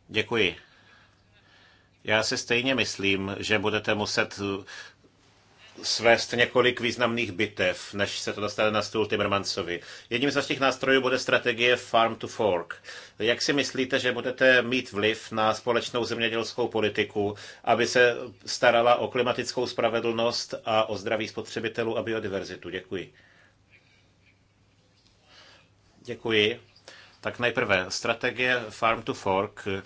Děkuji. Já si stejně myslím, že budete muset svést několik významných bitev, než se to dostane na stůl Timmermansovi. Jedním z těch nástrojů bude strategie Farm to Fork. Jak si myslíte, že budete mít vliv na společnou zemědělskou politiku, aby se starala o klimatickou spravedlnost a o zdraví spotřebitelů a biodiverzitu? Děkuji. Děkuji. Tak nejprve strategie Farm to Fork eh,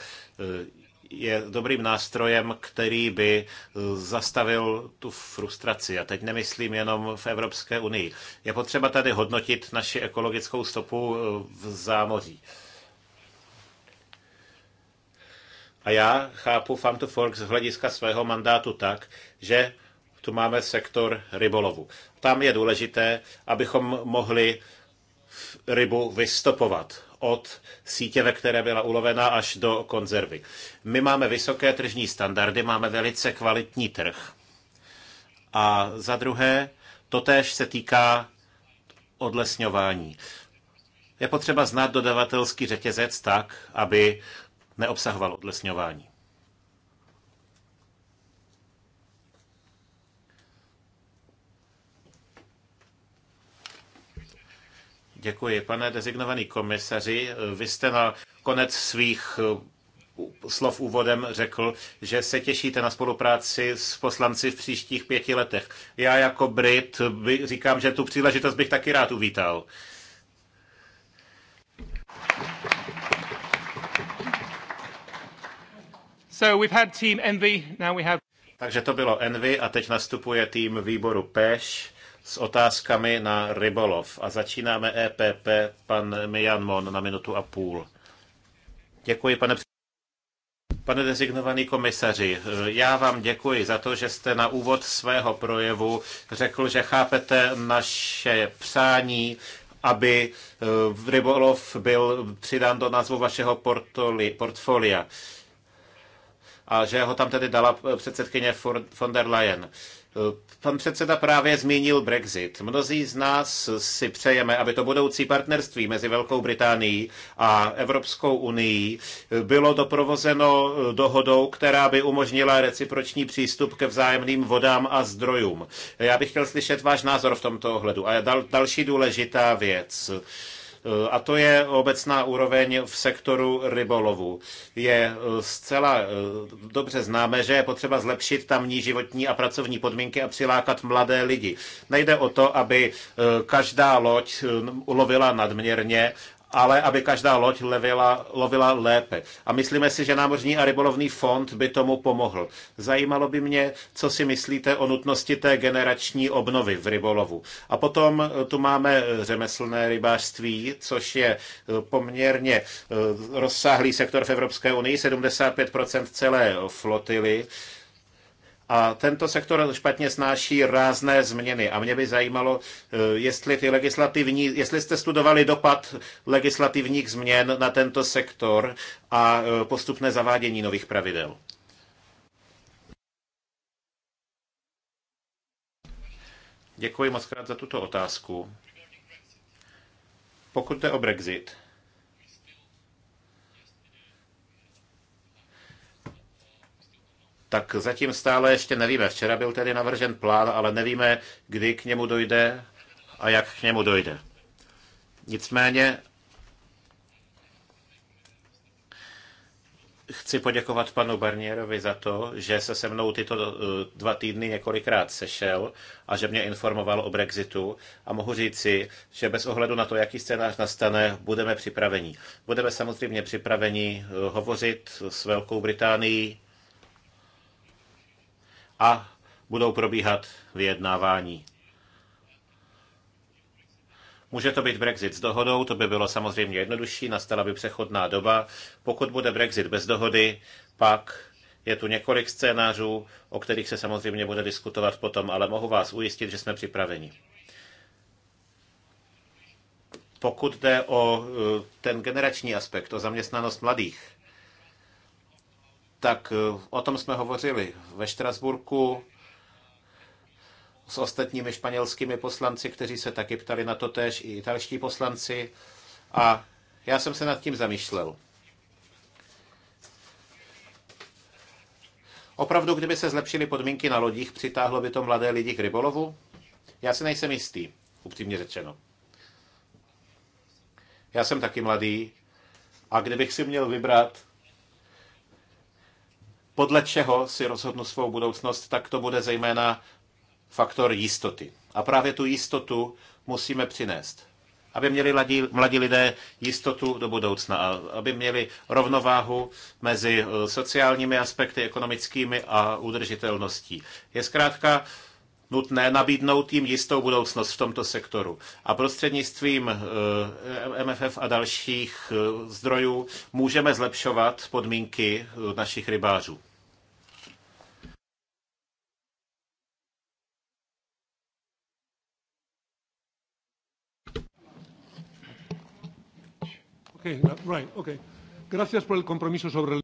je dobrým nástrojem, který by eh, zastavil tu frustraci. A teď nemyslím jenom v Evropské unii. Je potřeba tady hodnotit naši ekologickou stopu eh, v zámoří. A já chápu Farm to Fork z hlediska svého mandátu tak, že tu máme sektor rybolovu. Tam je důležité, abychom mohli rybu vystopovat od sítě, ve které byla ulovena, až do konzervy. My máme vysoké tržní standardy, máme velice kvalitní trh. A za druhé, totéž se týká odlesňování. Je potřeba znát dodavatelský řetězec tak, aby neobsahoval odlesňování. Děkuji. Pane dezignovaný komisaři, vy jste na konec svých eh, slov úvodem řekl, že se těšíte na spolupráci s poslanci v příštích pěti letech. Já jako Brit by, říkám, že tu příležitost bych taky rád uvítal. So we've had team Envy, now we have... Takže to bylo Envy a teď nastupuje tým výboru PEŠ s otázkami na rybolov. A začínáme EPP, pan Mijan Mon na minutu a půl. Děkuji, pane Pane designovaný komisaři, já vám děkuji za to, že jste na úvod svého projevu řekl, že chápete naše přání, aby e, rybolov byl přidán do názvu vašeho portfolia a že ho tam tedy dala e, předsedkyně von der Leyen. Pan předseda právě zmínil Brexit. Mnozí z nás si přejeme, aby to budoucí partnerství mezi Velkou Británií a Evropskou unii bylo doprovozeno dohodou, která by umožnila reciproční přístup ke vzájemným vodám a zdrojům. Já bych chtěl slyšet váš názor v tomto ohledu. A dal, další důležitá věc. A to je obecná úroveň v sektoru rybolovu. Je eh, zcela eh, dobře známe, že je potřeba zlepšit tamní životní a pracovní podmínky a přilákat mladé lidi. Nejde o to, aby eh, každá loď ulovila nadměrně, ale aby každá loď levila, lovila lépe. A myslíme si, že námořní a rybolovný fond by tomu pomohl. Zajímalo by mě, co si myslíte o nutnosti té generační obnovy v rybolovu. A potom eh, tu máme eh, řemeslné rybářství, což je eh, poměrně rozsáhlý sektor v Evropské unii, 75% celé flotily. A tento sektor špatně snáší rázné změny. A mě by zajímalo, eh, jestli, ty legislativní, jestli jste studovali dopad legislativních změn na tento sektor a eh, postupné zavádění nových pravidel. Děkuji moc krát za tuto otázku. Pokud jde o Brexit, tak zatím stále ještě nevíme. Včera byl tedy navržen plán, ale nevíme, kdy k němu dojde a jak k němu dojde. Nicméně chci poděkovat panu Barnierovi za to, že se se mnou tyto eh, dva týdny několikrát sešel a že mě informoval o Brexitu a mohu říci, že bez ohledu na to, jaký scénář nastane, budeme připraveni. Budeme samozřejmě připraveni eh, hovořit s Velkou Británií, a budou probíhat vyjednávání. Může to být Brexit s dohodou, to by bylo samozřejmě jednodušší, nastala by přechodná doba. Pokud bude Brexit bez dohody, pak je tu několik scénářů, o kterých se samozřejmě bude diskutovat potom, ale mohu vás ujistit, že jsme připraveni. Pokud jde o e, ten generační aspekt, o zaměstnanost mladých, tak eh, o tom jsme hovořili ve Štrasburku s ostatními španělskými poslanci, kteří se taky ptali na to též, i italští poslanci. A já jsem se nad tím zamýšlel. Opravdu, kdyby se zlepšily podmínky na lodích, přitáhlo by to mladé lidi k rybolovu? Já si nejsem jistý, upřímně řečeno. Já jsem taky mladý a kdybych si měl vybrat, podle čeho si rozhodnu svou budoucnost, tak to bude zejména faktor jistoty. A právě tu jistotu musíme přinést. Aby měli mladí, mladí lidé jistotu do budoucna aby měli rovnováhu mezi eh, sociálními aspekty, ekonomickými a udržitelností. Je zkrátka nutné nabídnout jim jistou budoucnost v tomto sektoru. A prostřednictvím eh, MFF a dalších eh, zdrojů můžeme zlepšovat podmínky eh, našich rybářů. Okay, right, okay. Gracias por el compromiso sobre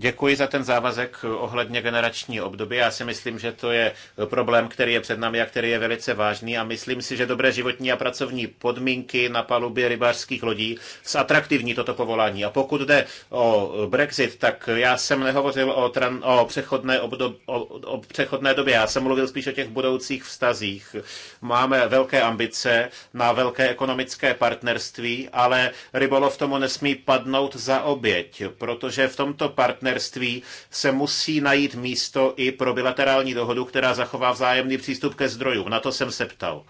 Děkuji za ten závazek ohledně generační období. Já si myslím, že to je problém, který je před námi a který je velice vážný a myslím si, že dobré životní a pracovní podmínky na palubě rybářských lodí zatraktivní toto povolání. A pokud jde o Brexit, tak já jsem nehovořil o, tran, o, přechodné, obdob, o, o přechodné době, já jsem mluvil spíš o těch budoucích vztazích. Máme velké ambice na velké ekonomické partnerství, ale rybolov tomu nesmí padnout za oběť, protože v tomto partnerství partnerství se musí najít místo i pro bilaterální dohodu, která zachová vzájemný přístup ke zdrojům. Na to jsem se ptal,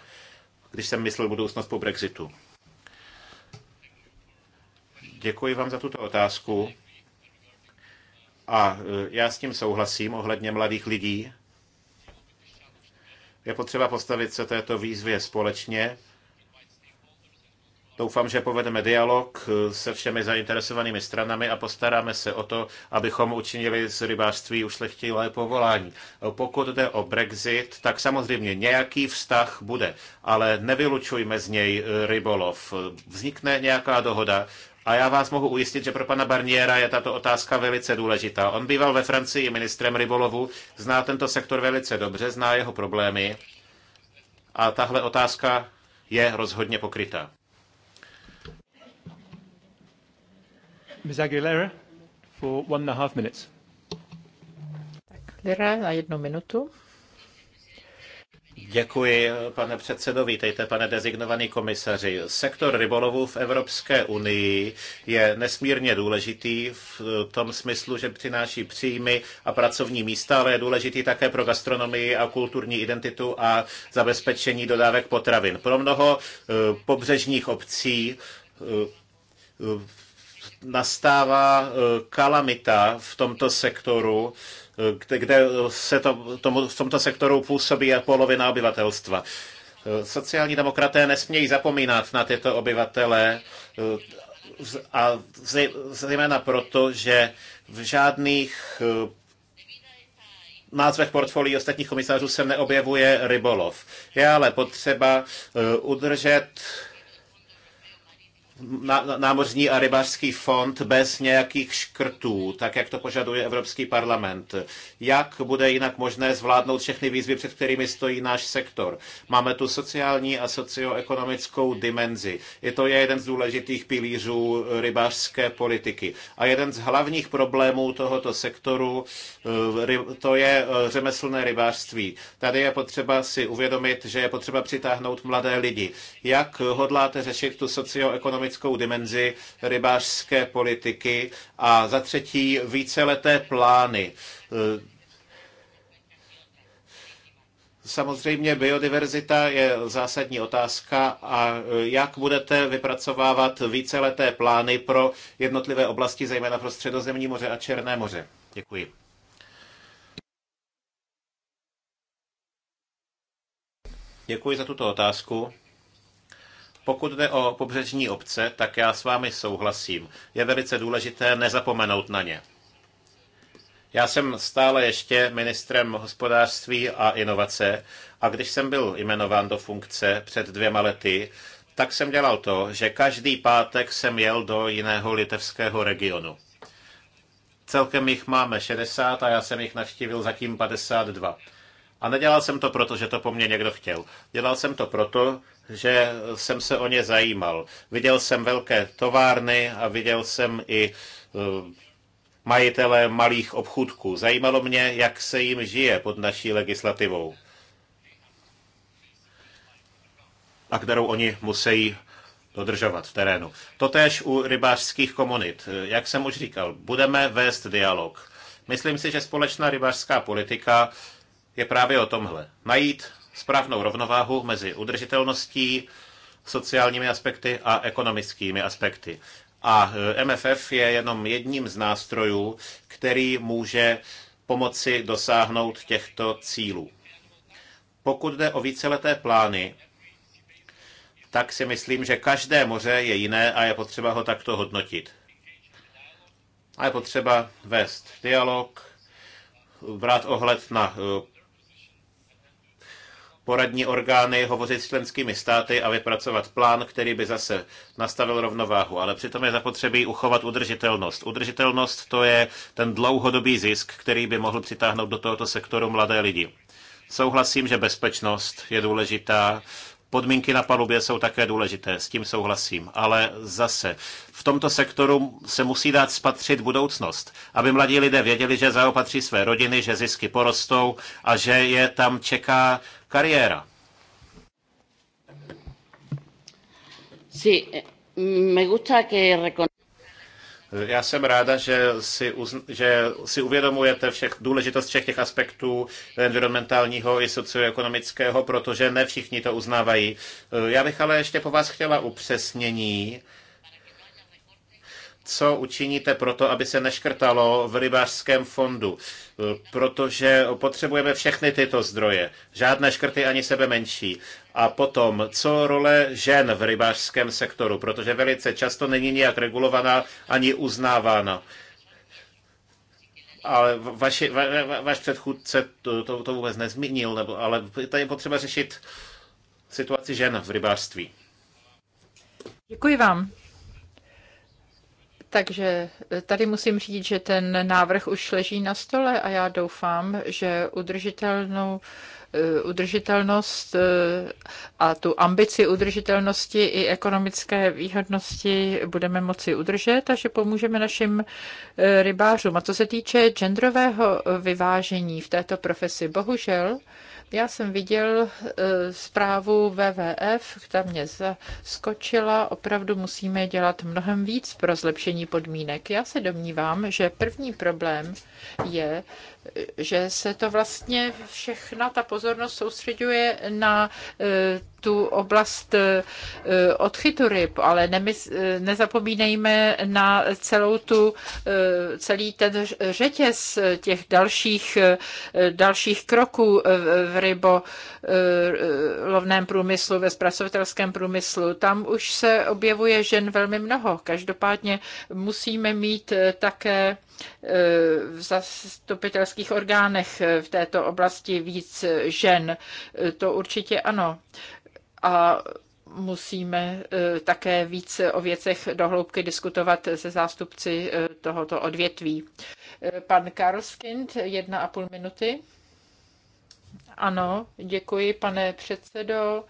když jsem myslel budoucnost po Brexitu. Děkuji vám za tuto otázku. A e, já s tím souhlasím ohledně mladých lidí. Je potřeba postavit se této výzvě společně Doufám, že povedeme dialog eh, se všemi zainteresovanými stranami a postaráme se o to, abychom učinili z rybářství ušlechtilé povolání. Eh, pokud jde o Brexit, tak samozřejmě nějaký vztah bude, ale nevylučujme z něj eh, rybolov. Vznikne nějaká dohoda, a já vás mohu ujistit, že pro pana Barniera je tato otázka velice důležitá. On býval ve Francii ministrem rybolovu, zná tento sektor velice dobře, zná jeho problémy a tahle otázka je rozhodně pokrytá. Ms. Aguilera for one and a half minutes. Aguilera na jednu minutu. Děkuji, pane předsedo. Vítejte, pane dezignovaný komisaři. Sektor rybolovu v Evropské unii je nesmírně důležitý v tom smyslu, že přináší příjmy a pracovní místa, ale je důležitý také pro gastronomii a kulturní identitu a zabezpečení dodávek potravin. Pro mnoho eh, pobřežních obcí eh, nastává eh, kalamita v tomto sektoru, eh, kde se to, tomu, v tomto sektoru působí polovina obyvatelstva. Eh, sociální demokraté nesmějí zapomínat na tyto obyvatele a zejména proto, že v žádných názvech portfolií ostatních komisářů se neobjevuje rybolov. Je ale potřeba udržet námořní a rybářský fond bez nějakých škrtů, tak jak to požaduje Evropský parlament. Jak bude jinak možné zvládnout všechny výzvy, před kterými stojí náš sektor? Máme tu sociální a socioekonomickou dimenzi. Je to je jeden z důležitých pilířů rybářské politiky. A jeden z hlavních problémů tohoto sektoru eh, to je eh, řemeslné rybářství. Tady je potřeba si uvědomit, že je potřeba přitáhnout mladé lidi. Jak hodláte řešit tu socioekonomickou ekonomickou dimenzi rybářské politiky a za třetí víceleté plány. E, samozřejmě biodiverzita je zásadní otázka a e, jak budete vypracovávat víceleté plány pro jednotlivé oblasti, zejména pro Středozemní moře a Černé moře. Děkuji. Děkuji za tuto otázku. Pokud jde o pobřežní obce, tak já s vámi souhlasím. Je velice důležité nezapomenout na ně. Já jsem stále ještě ministrem hospodářství a inovace a když jsem byl jmenován do funkce před dvěma lety, tak jsem dělal to, že každý pátek jsem jel do jiného litevského regionu. Celkem jich máme 60 a já jsem jich navštívil zatím 52. A nedělal jsem to proto, že to po mně někdo chtěl. Dělal jsem to proto, že jsem se o ně zajímal. Viděl jsem velké továrny a viděl jsem i eh, majitele malých obchůdků. Zajímalo mě, jak se jim žije pod naší legislativou a kterou oni musí dodržovat v terénu. Totéž u rybářských komunit. Jak jsem už říkal, budeme vést dialog. Myslím si, že společná rybářská politika je právě o tomhle. Najít správnou rovnováhu mezi udržitelností, sociálními aspekty a ekonomickými aspekty. A e, MFF je jenom jedním z nástrojů, který může pomoci dosáhnout těchto cílů. Pokud jde o víceleté plány, tak si myslím, že každé moře je jiné a je potřeba ho takto hodnotit. A je potřeba vést dialog, brát ohled na e, poradní orgány hovořit s členskými státy a vypracovat plán, který by zase nastavil rovnováhu. Ale přitom je zapotřebí uchovat udržitelnost. Udržitelnost to je ten dlouhodobý zisk, který by mohl přitáhnout do tohoto sektoru mladé lidi. Souhlasím, že bezpečnost je důležitá, Podmínky na palubě jsou také důležité, s tím souhlasím. Ale zase, v tomto sektoru se musí dát spatřit budoucnost, aby mladí lidé věděli, že zaopatří své rodiny, že zisky porostou a že je tam čeká Kariéra. Sí, me gusta que já jsem ráda, že si, uzn- že si uvědomujete všech, důležitost všech těch aspektů environmentálního i socioekonomického, protože ne všichni to uznávají. Já bych ale ještě po vás chtěla upřesnění co učiníte pro to, aby se neškrtalo v rybářském fondu, protože potřebujeme všechny tyto zdroje, žádné škrty ani sebe menší. A potom, co role žen v rybářském sektoru, protože velice často není nijak regulovaná ani uznávána. Ale vaši, va, va, vaš předchůdce to, to, to vůbec nezmínil, nebo, ale tady je potřeba řešit situaci žen v rybářství. Děkuji vám. Takže eh, tady musím říct, že ten návrh už leží na stole a já doufám, že udržitelnou eh, udržitelnost eh, a tu ambici udržitelnosti i ekonomické výhodnosti budeme moci udržet a že pomůžeme našim rybářům. A co se týče genderového vyvážení v této profesi, bohužel já jsem viděl e, zprávu WWF, která mě zaskočila. Opravdu musíme dělat mnohem víc pro zlepšení podmínek. Já se domnívám, že první problém je, že se to vlastně všechna ta pozornost soustředuje na e, tu oblast e, odchytu ryb, ale e, nezapomínejme na celou tu, celý ten řetěz těch dalších, dalších kroků v rybolovném průmyslu, ve zpracovatelském průmyslu. Tam už se objevuje žen velmi mnoho. Každopádně musíme mít také v zastupitelských orgánech v této oblasti víc žen. To určitě ano. A musíme eh, také víc o věcech dohloubky diskutovat se zástupci eh, tohoto odvětví. Eh, pan Karlskind, jedna a půl minuty. Ano, děkuji, pane předsedo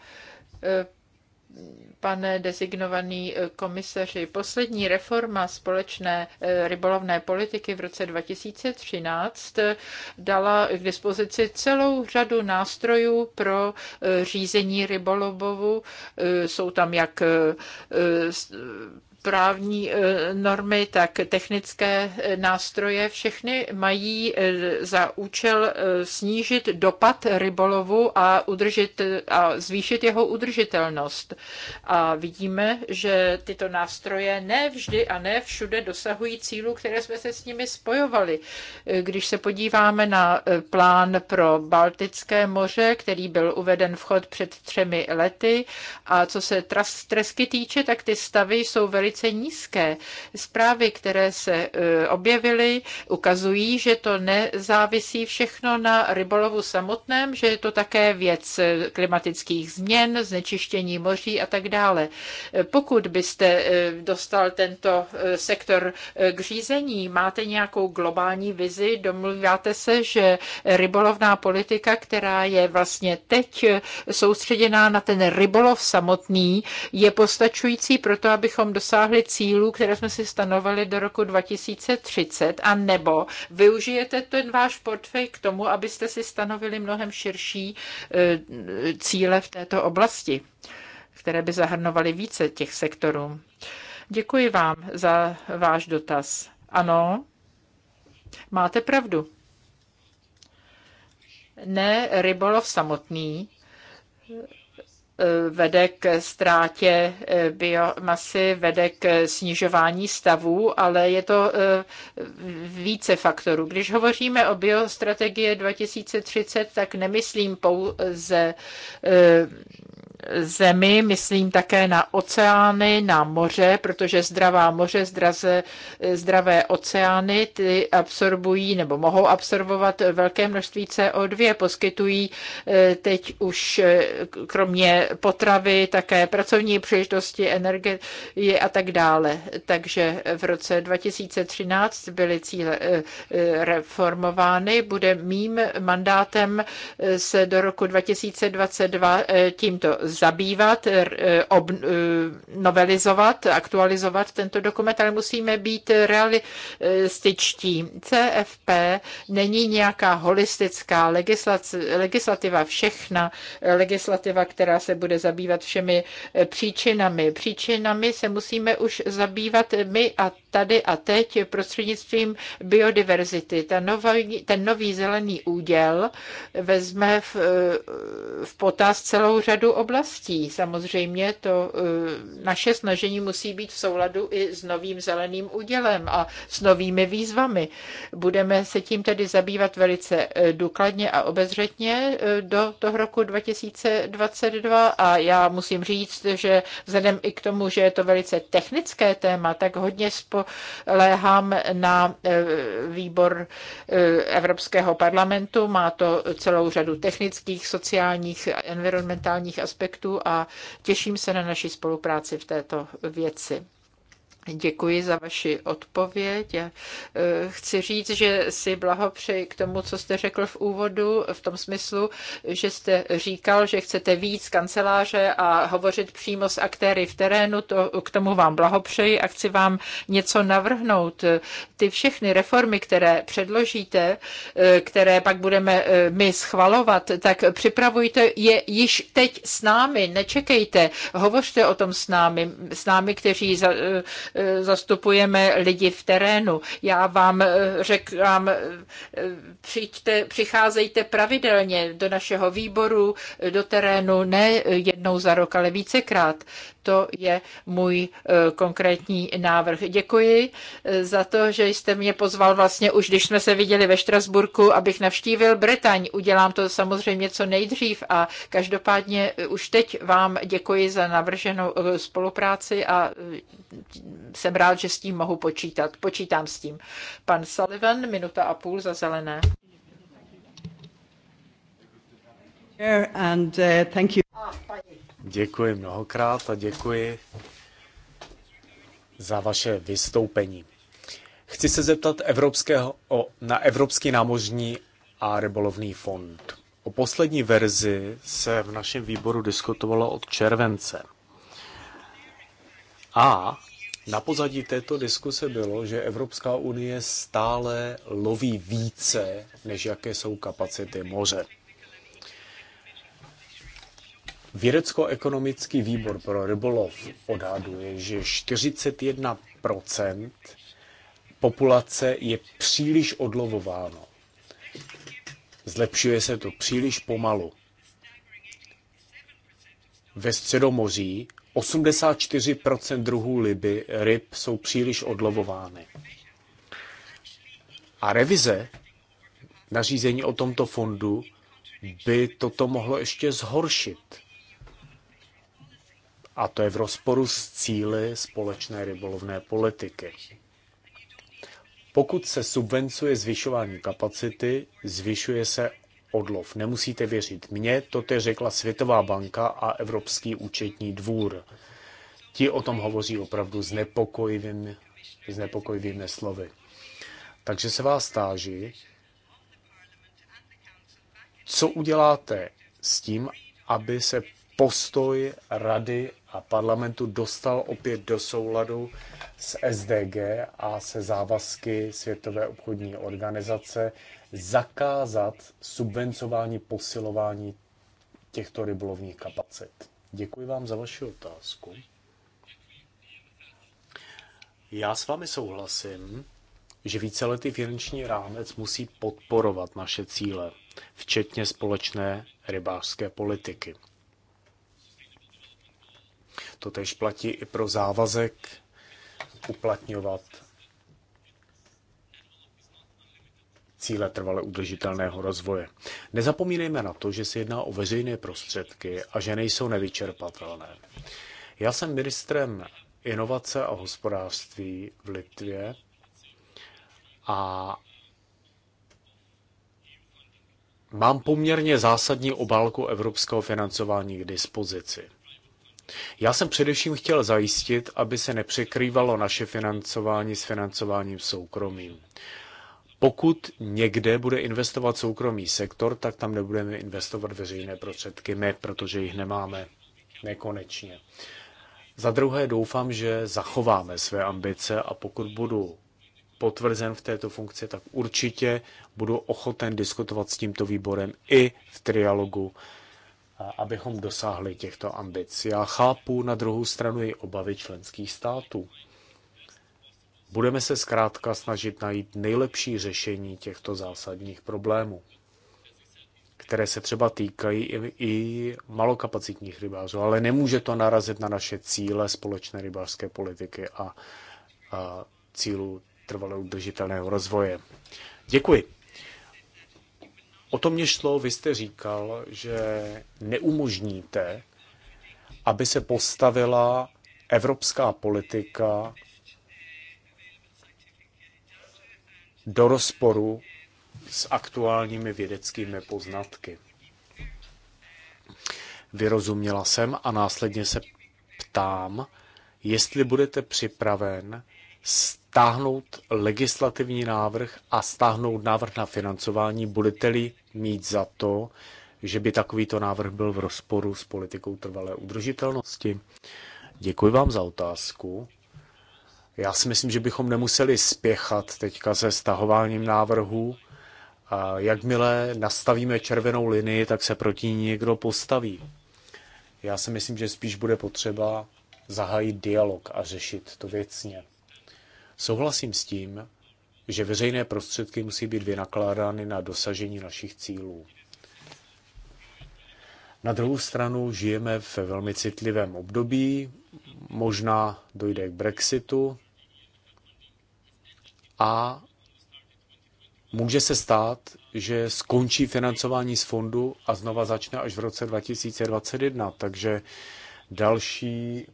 pane designovaný komisaři, poslední reforma společné eh, rybolovné politiky v roce 2013 eh, dala k dispozici celou řadu nástrojů pro eh, řízení rybolovu. Jsou tam jak právní eh, normy, tak technické eh, nástroje, všechny mají eh, za účel snížit dopad rybolovu a, udržit, a zvýšit jeho udržitelnost. A vidíme, že tyto nástroje ne vždy a ne všude dosahují cílů, které jsme se s nimi spojovali. Když se podíváme na plán pro Baltické moře, který byl uveden v chod před třemi lety, a co se tresky týče, tak ty stavy jsou velice velice nízké. Zprávy, které se e, objevily, ukazují, že to nezávisí všechno na rybolovu samotném, že je to také věc e, klimatických změn, znečištění moří a tak dále. E, pokud byste dostal tento sektor k řízení, máte nějakou globální vizi, domluváte se, že rybolovná politika, která je vlastně teď soustředěná na ten rybolov samotný, je postačující pro to, abychom dosáhli dosáhli cílů, které jsme si stanovili do roku 2030, a nebo využijete ten váš portfej k tomu, abyste si stanovili mnohem širší e, cíle v této oblasti, které by zahrnovaly více těch sektorů. Děkuji vám za váš dotaz. Ano, máte pravdu. Ne rybolov samotný, Eh, vede k ztrátě eh, biomasy, vede k snižování stavů, ale je to eh, více faktorů. Když hovoříme o biostrategii 2030, tak nemyslím pouze zemi, myslím také na oceány, na moře, protože zdravá moře, zdraze, zdravé oceány, ty absorbují nebo mohou absorbovat velké množství CO2, poskytují eh, teď už eh, kromě potravy také pracovní příležitosti, energie a tak dále. Takže v roce 2013 byly cíle eh, reformovány. Bude mým mandátem se do roku 2022 tímto zabývat, eh, ob, eh, novelizovat, aktualizovat tento dokument, ale musíme být realističtí. CFP není nějaká holistická legislativa, všechna legislativa, která se bude zabývat všemi eh, příčinami. Příčinami se musíme už zabývat my a tady a teď prostřednictvím biodiverzity. Ten nový, ten nový zelený úděl vezme v, v potaz celou řadu oblastí částí Samozřejmě to eh, naše snažení musí být v souladu i s novým zeleným údělem a s novými výzvami. Budeme se tím tedy zabývat velice eh, důkladně a obezřetně eh, do toho roku 2022 a já musím říct, že vzhledem i k tomu, že je to velice technické téma, tak hodně spoléhám na výbor Evropského parlamentu. Má to celou řadu technických, sociálních, environmentálních aspektů aspektů a těším se na naši spolupráci v této věci. Děkuji za vaši odpověď. Já eh, chci říct, že si blahopřeji k tomu, co jste řekl v úvodu, v tom smyslu, že jste říkal, že chcete víc kanceláře a hovořit přímo s aktéry v terénu. To, k tomu vám blahopřeji a chci vám něco navrhnout. Ty všechny reformy, které předložíte, eh, které pak budeme eh, my schvalovat, tak připravujte je již teď s námi. Nečekejte, hovořte o tom s námi, s námi, kteří za, Eh, zastupujeme lidi v terénu. Já vám eh, řekám, eh, přijďte, přicházejte pravidelně do našeho výboru, do terénu, ne jednou za rok, ale vícekrát. To je můj konkrétní návrh. Děkuji za to, že jste mě pozval vlastně už, když jsme se viděli ve Štrasburku, abych navštívil Bretaň. Udělám to samozřejmě co nejdřív a každopádně už teď vám děkuji za navrženou spolupráci a jsem rád, že s tím mohu počítat. Počítám s tím. Pan Sullivan, minuta a půl za zelené. And, uh, thank you. Děkuji mnohokrát a děkuji za vaše vystoupení. Chci se zeptat evropského, o, na Evropský námořní a rybolovný fond. O poslední verzi se v našem výboru diskutovalo od července. A na pozadí této diskuse bylo, že Evropská unie stále loví více, než jaké jsou kapacity moře. Vědecko-ekonomický výbor pro rybolov odhaduje, že 41 populace je příliš odlovováno. Zlepšuje se to příliš pomalu. Ve Středomoří 84% druhů liby, ryb jsou příliš odlovovány. A revize nařízení o tomto fondu by toto mohlo ještě zhoršit. A to je v rozporu s cíly společné rybolovné politiky. Pokud se subvencuje zvyšování kapacity, zvyšuje se odlov. Nemusíte věřit mně, to te řekla Světová banka a Evropský účetní dvůr. Ti o tom hovoří opravdu s nepokojivými, s slovy. Takže se vás táži, co uděláte s tím, aby se postoj rady a parlamentu dostal opět do souladu s SDG a se závazky Světové obchodní organizace zakázat subvencování posilování těchto rybolovních kapacit. Děkuji vám za vaši otázku. Já s vámi souhlasím, že víceletý finanční rámec musí podporovat naše cíle, včetně společné rybářské politiky. To tež platí i pro závazek uplatňovat cíle trvale udržitelného rozvoje. Nezapomínejme na to, že se jedná o veřejné prostředky a že nejsou nevyčerpatelné. Já jsem ministrem inovace a hospodářství v Litvě a mám poměrně zásadní obálku evropského financování k dispozici. Já jsem především chtěl zajistit, aby se nepřekrývalo naše financování s financováním soukromým. Pokud někde bude investovat soukromý sektor, tak tam nebudeme investovat veřejné prostředky my, protože jich nemáme nekonečně. Za druhé doufám, že zachováme své ambice a pokud budu potvrzen v této funkci, tak určitě budu ochoten diskutovat s tímto výborem i v trialogu, abychom dosáhli těchto ambic. Já chápu na druhou stranu i obavy členských států. Budeme se zkrátka snažit najít nejlepší řešení těchto zásadních problémů, které se třeba týkají i, i malokapacitních rybářů, ale nemůže to narazit na naše cíle společné rybářské politiky a, a cílů trvale udržitelného rozvoje. Děkuji. O tom mě šlo, vy jste říkal, že neumožníte, aby se postavila evropská politika do rozporu s aktuálními vědeckými poznatky. Vyrozuměla jsem a následně se ptám, jestli budete připraven stáhnout legislativní návrh a stáhnout návrh na financování, budete-li mít za to, že by takovýto návrh byl v rozporu s politikou trvalé udržitelnosti? Děkuji vám za otázku. Já si myslím, že bychom nemuseli spěchat teďka se stahováním návrhů. jakmile nastavíme červenou linii, tak se proti ní někdo postaví. Já si myslím, že spíš bude potřeba zahájit dialog a řešit to věcně. Souhlasím s tím, že veřejné prostředky musí být vynakládány na dosažení našich cílů. Na druhou stranu žijeme ve velmi citlivém období, možná dojde k Brexitu, a může se stát, že skončí financování z fondu a znova začne až v roce 2021. Takže další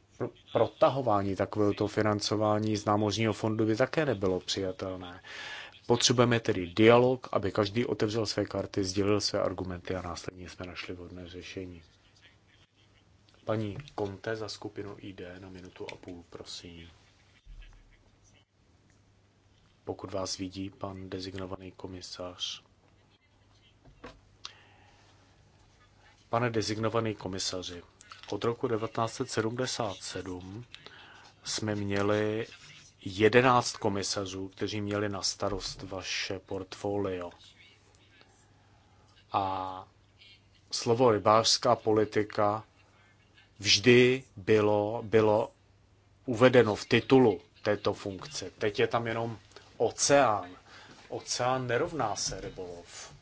protahování takového financování z námořního fondu by také nebylo přijatelné. Potřebujeme tedy dialog, aby každý otevřel své karty, sdělil své argumenty a následně jsme našli vhodné řešení. Paní konte za skupinu ID na minutu a půl, prosím pokud vás vidí pan dezignovaný komisař. Pane dezignovaný komisaři, od roku 1977 jsme měli 11 komisařů, kteří měli na starost vaše portfolio. A slovo rybářská politika vždy bylo, bylo uvedeno v titulu této funkce. Teď je tam jenom oceán. Oceán nerovná se rybolov.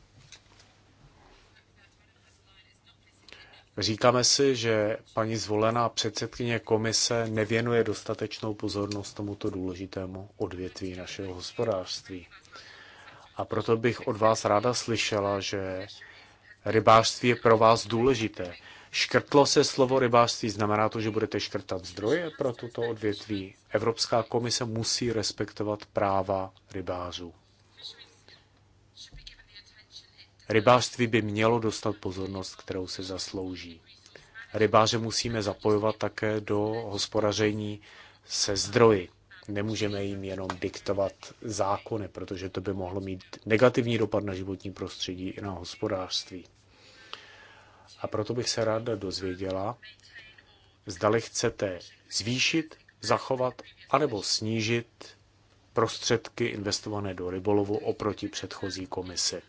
Říkáme si, že paní zvolená předsedkyně komise nevěnuje dostatečnou pozornost tomuto důležitému odvětví našeho hospodářství. A proto bych od vás ráda slyšela, že rybářství je pro vás důležité. Škrtlo se slovo rybářství, znamená to, že budete škrtat zdroje pro tuto odvětví? Evropská komise musí respektovat práva rybářů. Rybářství by mělo dostat pozornost, kterou se zaslouží. Rybáře musíme zapojovat také do hospodaření se zdroji. Nemůžeme jim jenom diktovat zákony, protože to by mohlo mít negativní dopad na životní prostředí i na hospodářství. A proto bych se ráda dozvěděla, zdali chcete zvýšit zachovat anebo snížit prostředky investované do rybolovu oproti předchozí komisi.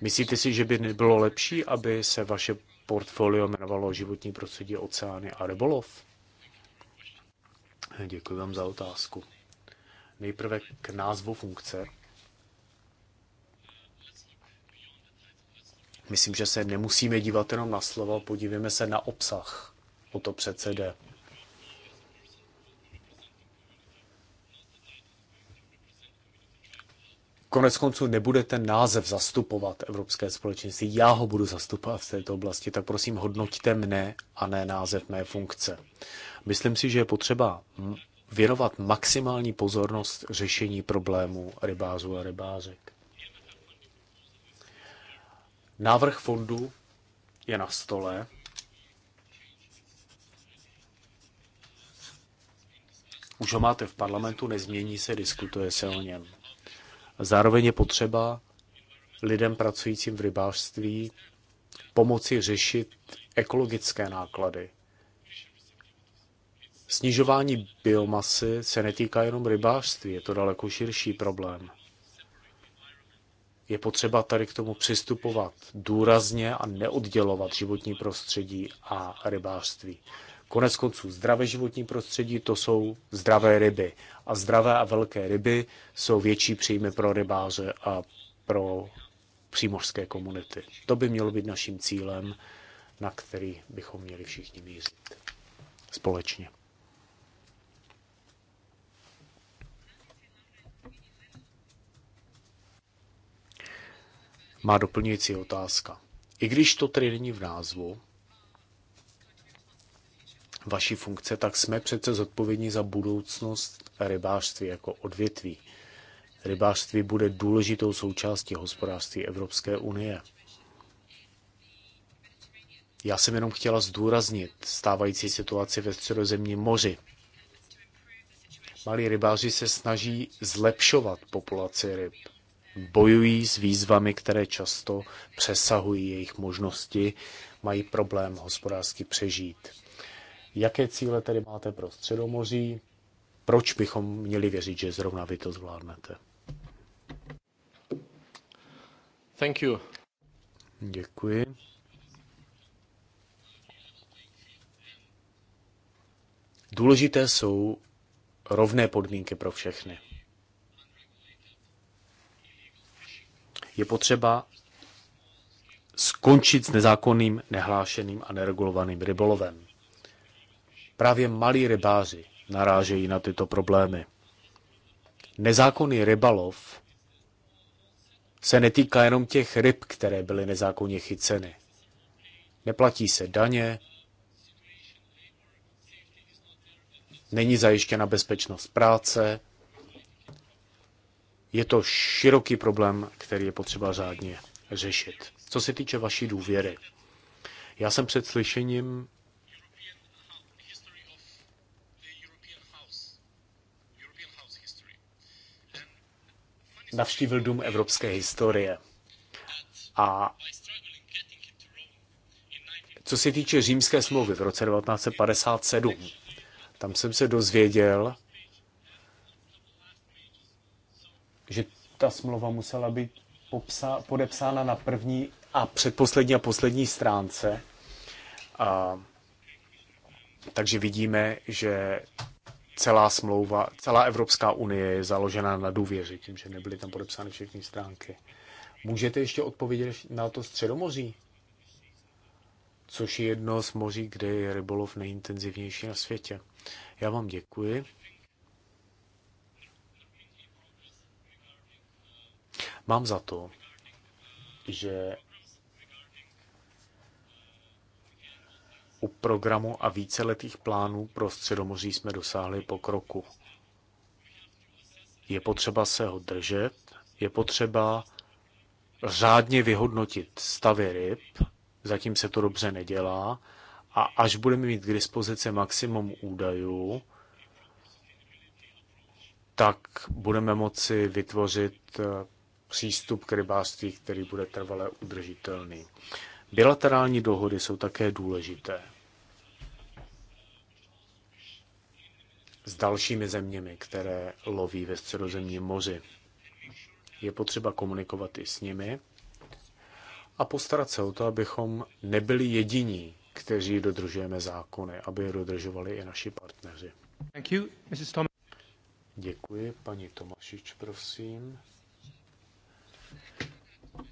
Myslíte si, že by nebylo lepší, aby se vaše portfolio jmenovalo životní prostředí, oceány a rybolov? Děkuji vám za otázku. Nejprve k názvu funkce. Myslím, že se nemusíme dívat jenom na slova, podívejme se na obsah. O to jde. Konec konců nebude ten název zastupovat Evropské společenství, já ho budu zastupovat v této oblasti, tak prosím hodnoťte mne a ne název mé funkce. Myslím si, že je potřeba věnovat maximální pozornost řešení problémů rybářů a rybářek. Návrh fondu je na stole. Už ho máte v parlamentu, nezmění se, diskutuje se o něm. Zároveň je potřeba lidem pracujícím v rybářství pomoci řešit ekologické náklady. Snižování biomasy se netýká jenom rybářství, je to daleko širší problém. Je potřeba tady k tomu přistupovat důrazně a neoddělovat životní prostředí a rybářství. Konec konců zdravé životní prostředí to jsou zdravé ryby a zdravé a velké ryby jsou větší příjmy pro rybáře a pro přímořské komunity. To by mělo být naším cílem, na který bychom měli všichni mířit společně. Má doplňující otázka. I když to tedy není v názvu, vaší funkce, tak jsme přece zodpovědní za budoucnost rybářství jako odvětví. Rybářství bude důležitou součástí hospodářství Evropské unie. Já jsem jenom chtěla zdůraznit stávající situaci ve středozemním moři. Malí rybáři se snaží zlepšovat populaci ryb. Bojují s výzvami, které často přesahují jejich možnosti, mají problém hospodářsky přežít. Jaké cíle tedy máte pro Středomoří? Proč bychom měli věřit, že zrovna vy to zvládnete? Thank you. Děkuji. Důležité jsou rovné podmínky pro všechny. Je potřeba skončit s nezákonným, nehlášeným a neregulovaným rybolovem. Právě malí rybáři narážejí na tyto problémy. Nezákonný rybalov se netýká jenom těch ryb, které byly nezákonně chyceny. Neplatí se daně, není zajištěna bezpečnost práce. Je to široký problém, který je potřeba řádně řešit. Co se týče vaší důvěry, já jsem před slyšením navštívil Dům evropské historie. A co se týče římské smlouvy v roce 1957, tam jsem se dozvěděl, že ta smlouva musela být popsa- podepsána na první a předposlední a poslední stránce. A, takže vidíme, že celá smlouva, celá Evropská unie je založena na důvěře, tím, že nebyly tam podepsány všechny stránky. Můžete ještě odpovědět na to středomoří? Což je jedno z moří, kde je rybolov nejintenzivnější na světě. Já vám děkuji. Mám za to, že U programu a víceletých plánů pro středomoří jsme dosáhli pokroku. Je potřeba se ho držet, je potřeba řádně vyhodnotit stavy ryb, zatím se to dobře nedělá, a až budeme mít k dispozici maximum údajů, tak budeme moci vytvořit eh, přístup k rybářství, který bude trvale udržitelný. Bilaterální dohody jsou také důležité. s dalšími zeměmi, které loví ve středozemním moři. Je potřeba komunikovat i s nimi a postarat se o to, abychom nebyli jediní, kteří dodržujeme zákony, aby je dodržovali i naši partneři. Thank you, Mrs. Tom- Děkuji, paní Tomašič, prosím.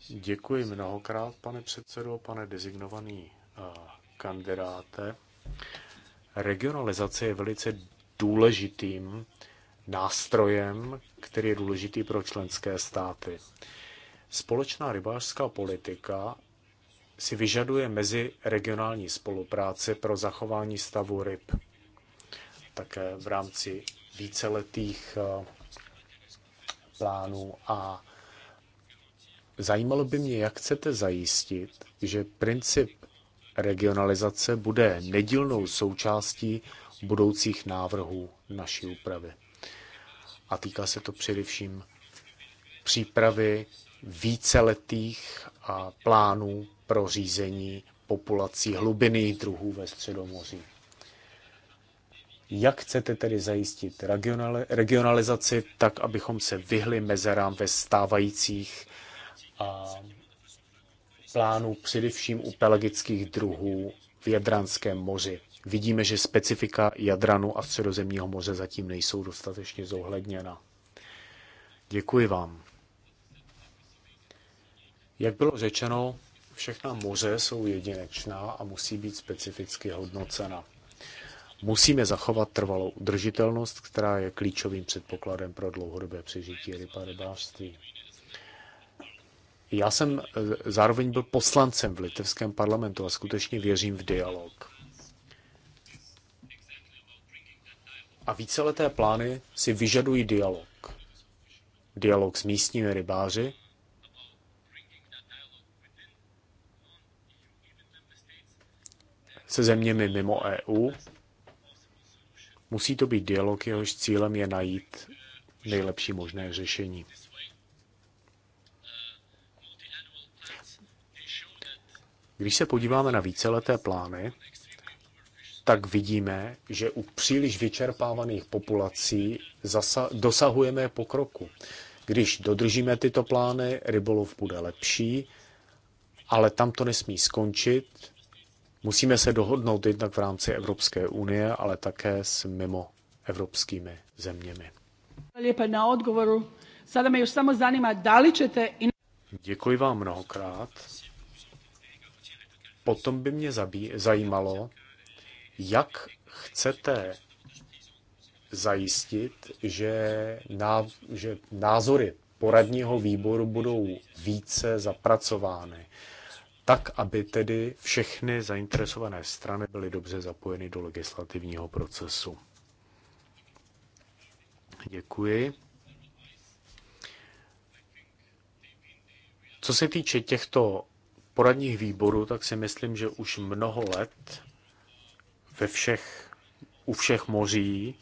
Děkuji mnohokrát, pane předsedo, pane designovaný eh, kandidáte. Regionalizace je velice důležitým nástrojem, který je důležitý pro členské státy. Společná rybářská politika si vyžaduje meziregionální spolupráci pro zachování stavu ryb. Také v rámci víceletých eh, plánů a zajímalo by mě, jak chcete zajistit, že princip regionalizace bude nedílnou součástí budoucích návrhů naší úpravy. A týká se to především přípravy víceletých plánů pro řízení populací hlubinných druhů ve Středomoří. Jak chcete tedy zajistit regionalizaci tak, abychom se vyhli mezerám ve stávajících plánů, především u pelagických druhů v Jadranském moři? Vidíme, že specifika Jadranu a Středozemního moře zatím nejsou dostatečně zohledněna. Děkuji vám. Jak bylo řečeno, všechna moře jsou jedinečná a musí být specificky hodnocena. Musíme zachovat trvalou udržitelnost, která je klíčovým předpokladem pro dlouhodobé přežití ryba rybářství. Já jsem e, zároveň byl poslancem v litevském parlamentu a skutečně věřím v dialog. A víceleté plány si vyžadují dialog. Dialog s místními rybáři, se zeměmi mimo EU. Musí to být dialog, jehož cílem je najít nejlepší možné řešení. Když se podíváme na víceleté plány, tak vidíme, že u příliš vyčerpávaných populací zasa- dosahujeme pokroku. Když dodržíme tyto plány, rybolov bude lepší, ale tam to nesmí skončit. Musíme se dohodnout jednak v rámci Evropské unie, ale také s mimo evropskými zeměmi. na odgovoru. Děkuji vám mnohokrát. Potom by mě zabí- zajímalo, jak chcete zajistit, že, ná, že názory poradního výboru budou více zapracovány, tak aby tedy všechny zainteresované strany byly dobře zapojeny do legislativního procesu. Děkuji. Co se týče těchto poradních výborů, tak si myslím, že už mnoho let ve všech, u všech moří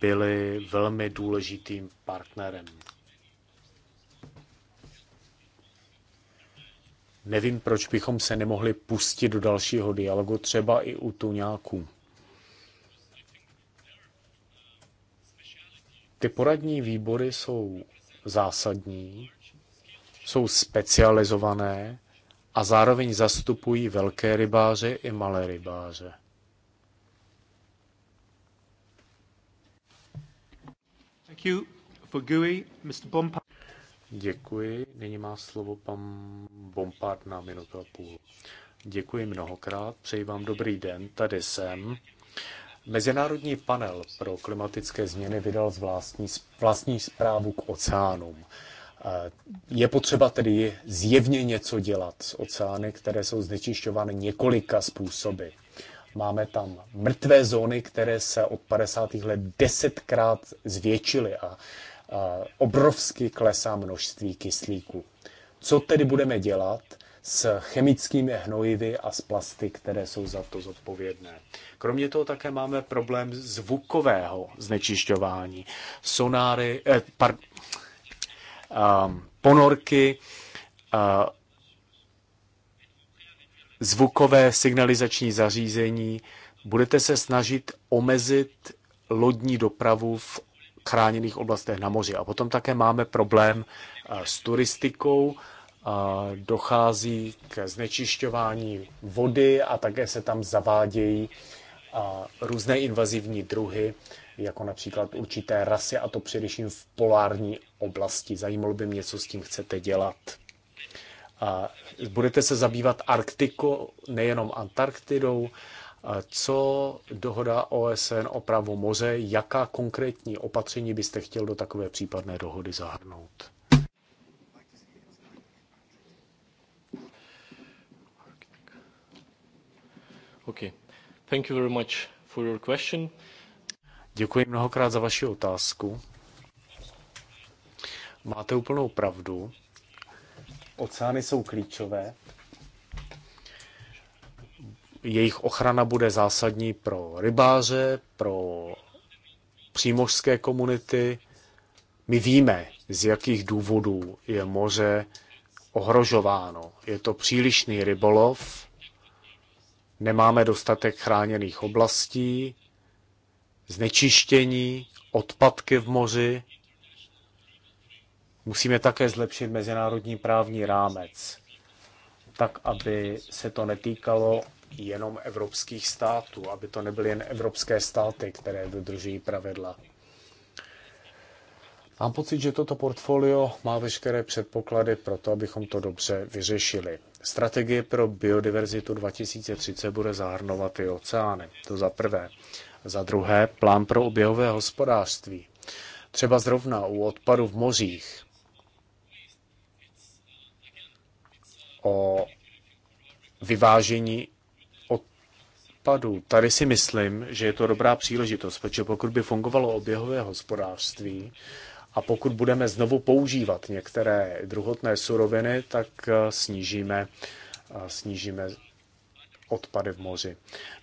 byly velmi důležitým partnerem. Nevím, proč bychom se nemohli pustit do dalšího dialogu, třeba i u tuňáků. Ty poradní výbory jsou zásadní, jsou specializované a zároveň zastupují velké rybáře i malé rybáře. Thank you for GUI, Mr. Bompard. Děkuji. Nyní má slovo pan Bompard na minutu a půl. Děkuji mnohokrát, přeji vám dobrý den, tady jsem. Mezinárodní panel pro klimatické změny vydal z vlastní, vlastní zprávu k oceánům. Je potřeba tedy zjevně něco dělat s oceány, které jsou znečišťovány několika způsoby. Máme tam mrtvé zóny, které se od 50. let desetkrát zvětšily a obrovsky klesá množství kyslíku. Co tedy budeme dělat s chemickými hnojivy a s plasty, které jsou za to zodpovědné? Kromě toho také máme problém zvukového znečišťování. Sonáry, eh, pardon, Ehm, ponorky, eh, zvukové signalizační zařízení. Budete se snažit omezit lodní dopravu v chráněných oblastech na moři. A potom také máme problém eh, s turistikou. Eh, dochází k znečišťování vody a také se tam zavádějí různé invazivní druhy jako například určité rasy, a to především v polární oblasti. Zajímalo by mě, co s tím chcete dělat. A budete se zabývat Arktiko, nejenom Antarktidou. Co dohoda OSN o pravo moře, jaká konkrétní opatření byste chtěl do takové případné dohody zahrnout? Okay. Thank you very much for your question. Děkuji mnohokrát za vaši otázku. Máte úplnou pravdu. Oceány jsou klíčové. Jejich ochrana bude zásadní pro rybáře, pro přímořské komunity. My víme, z jakých důvodů je moře ohrožováno. Je to přílišný rybolov, nemáme dostatek chráněných oblastí, znečištění, odpadky v moři. Musíme také zlepšit mezinárodní právní rámec, tak aby se to netýkalo jenom evropských států, aby to nebyly jen evropské státy, které dodržují pravidla. Mám pocit, že toto portfolio má veškeré předpoklady pro to, abychom to dobře vyřešili. Strategie pro biodiverzitu 2030 bude zahrnovat i oceány. To za prvé. Za druhé, plán pro oběhové hospodářství. Třeba zrovna u odpadu v mořích. O vyvážení odpadů. Tady si myslím, že je to dobrá příležitost, protože pokud by fungovalo oběhové hospodářství, a pokud budeme znovu používat některé druhotné suroviny, tak eh, snížíme, eh, snížíme odpady v moři.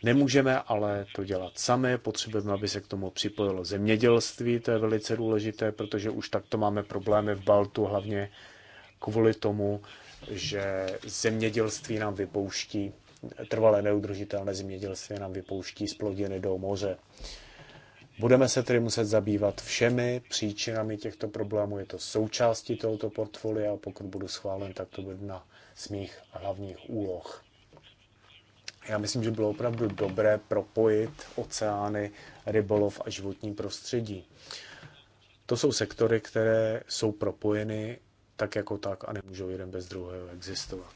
Nemůžeme ale to dělat sami, potřebujeme, aby se k tomu připojilo zemědělství, to je velice důležité, protože už takto máme problémy v Baltu, hlavně kvůli tomu, že zemědělství nám vypouští, trvalé neudržitelné zemědělství nám vypouští z plodiny do moře. Budeme se tedy muset zabývat všemi příčinami těchto problémů. Je to součástí tohoto portfolia a pokud budu schválen, tak to bude na z mých hlavních úloh já myslím, že bylo opravdu dobré propojit oceány, rybolov a životní prostředí. To jsou sektory, které jsou propojeny tak jako tak a nemůžou jeden bez druhého existovat.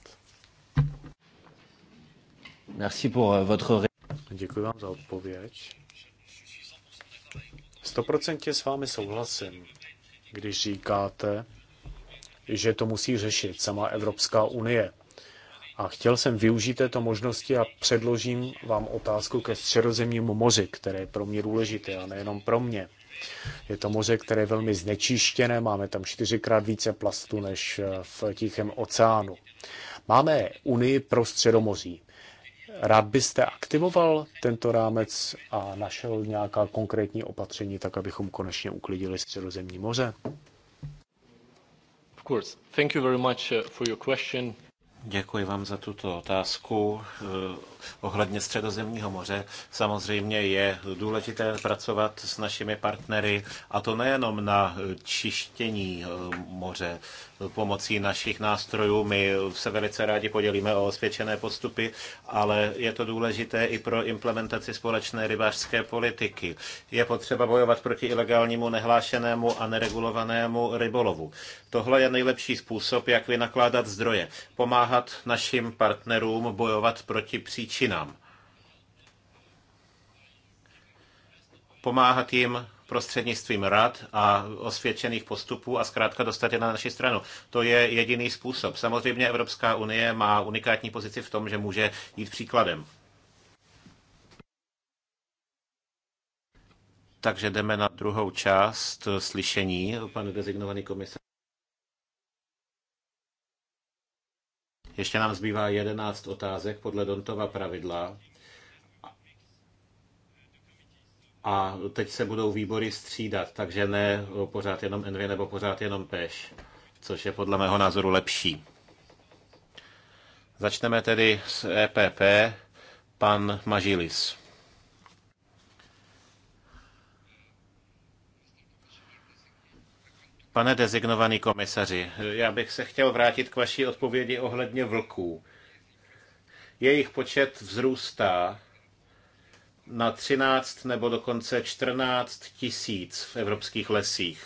Merci pour euh, votre... Děkuji vám za odpověď. 100% s vámi souhlasím, když říkáte, že to musí řešit sama Evropská unie. A chtěl jsem využít této možnosti a předložím vám otázku ke středozemnímu moři, které je pro mě důležité a nejenom pro mě. Je to moře, které je velmi znečištěné, máme tam čtyřikrát více plastu než eh, v Tichém oceánu. Máme Unii pro středomoří. Rád byste aktivoval tento rámec a našel nějaká konkrétní opatření, tak abychom konečně uklidili středozemní moře? Of course. Thank you very much eh, for your question. Děkuji vám za tuto otázku. Eh, ohledně Středozemního moře samozřejmě je důležité pracovat s našimi partnery, a to nejenom na eh, čištění eh, moře, pomocí našich nástrojů. My se velice rádi podělíme o osvědčené postupy, ale je to důležité i pro implementaci společné rybářské politiky. Je potřeba bojovat proti ilegálnímu, nehlášenému a neregulovanému rybolovu. Tohle je nejlepší způsob, jak vynakládat zdroje, pomáhat našim partnerům bojovat proti příčinám. Pomáhat jim prostřednictvím rad a osvědčených postupů a zkrátka dostat je na naši stranu. To je jediný způsob. Samozřejmě Evropská unie má unikátní pozici v tom, že může jít příkladem. Takže jdeme na druhou část slyšení, pane dezignovaný komisař. Ještě nám zbývá 11 otázek podle Dontova pravidla. a teď se budou výbory střídat, takže ne pořád jenom NV nebo pořád jenom PEŠ, což je podle mého názoru lepší. Začneme tedy s EPP, pan Mažilis. Pane dezignovaný komisaři, já bych se chtěl vrátit k vaší odpovědi ohledně vlků. Jejich počet vzrůstá na 13 nebo dokonce 14 tisíc v evropských lesích.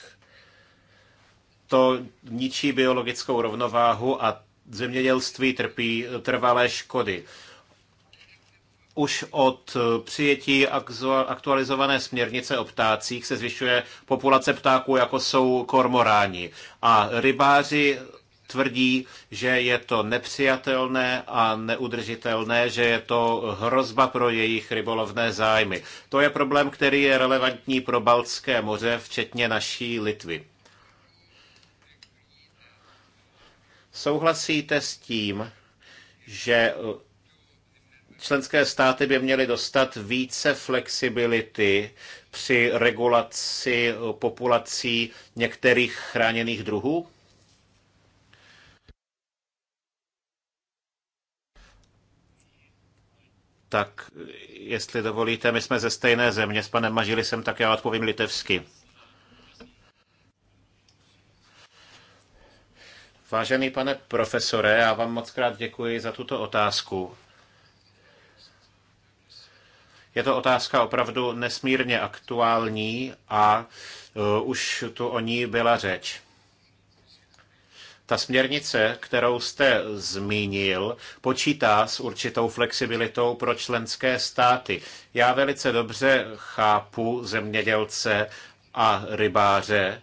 To ničí biologickou rovnováhu a zemědělství trpí trvalé škody. Už od přijetí aktualizované směrnice o ptácích se zvyšuje populace ptáků, jako jsou kormoráni. A rybáři tvrdí, že je to nepřijatelné a neudržitelné, že je to hrozba pro jejich rybolovné zájmy. To je problém, který je relevantní pro Baltské moře, včetně naší Litvy. Souhlasíte s tím, že členské státy by měly dostat více flexibility při regulaci populací některých chráněných druhů? Tak jestli dovolíte, my jsme ze stejné země s panem Mažilisem, tak já odpovím litevsky. Vážený pane profesore, já vám moc krát děkuji za tuto otázku. Je to otázka opravdu nesmírně aktuální a uh, už tu o ní byla řeč. Ta směrnice, kterou jste zmínil, počítá s určitou flexibilitou pro členské státy. Já velice dobře chápu zemědělce a rybáře,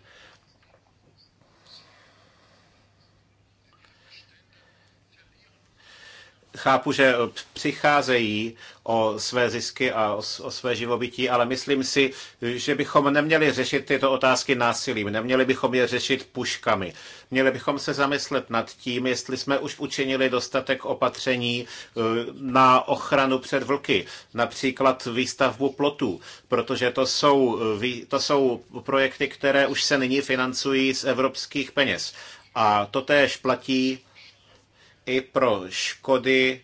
chápu, že eh, přicházejí o své zisky a o, o své živobytí, ale myslím si, že bychom neměli řešit tyto otázky násilím, neměli bychom je řešit puškami. Měli bychom se zamyslet nad tím, jestli jsme už učinili dostatek opatření eh, na ochranu před vlky, například výstavbu plotů, protože to jsou, eh, to jsou projekty, které už se nyní financují z evropských peněz. A to též platí i pro škody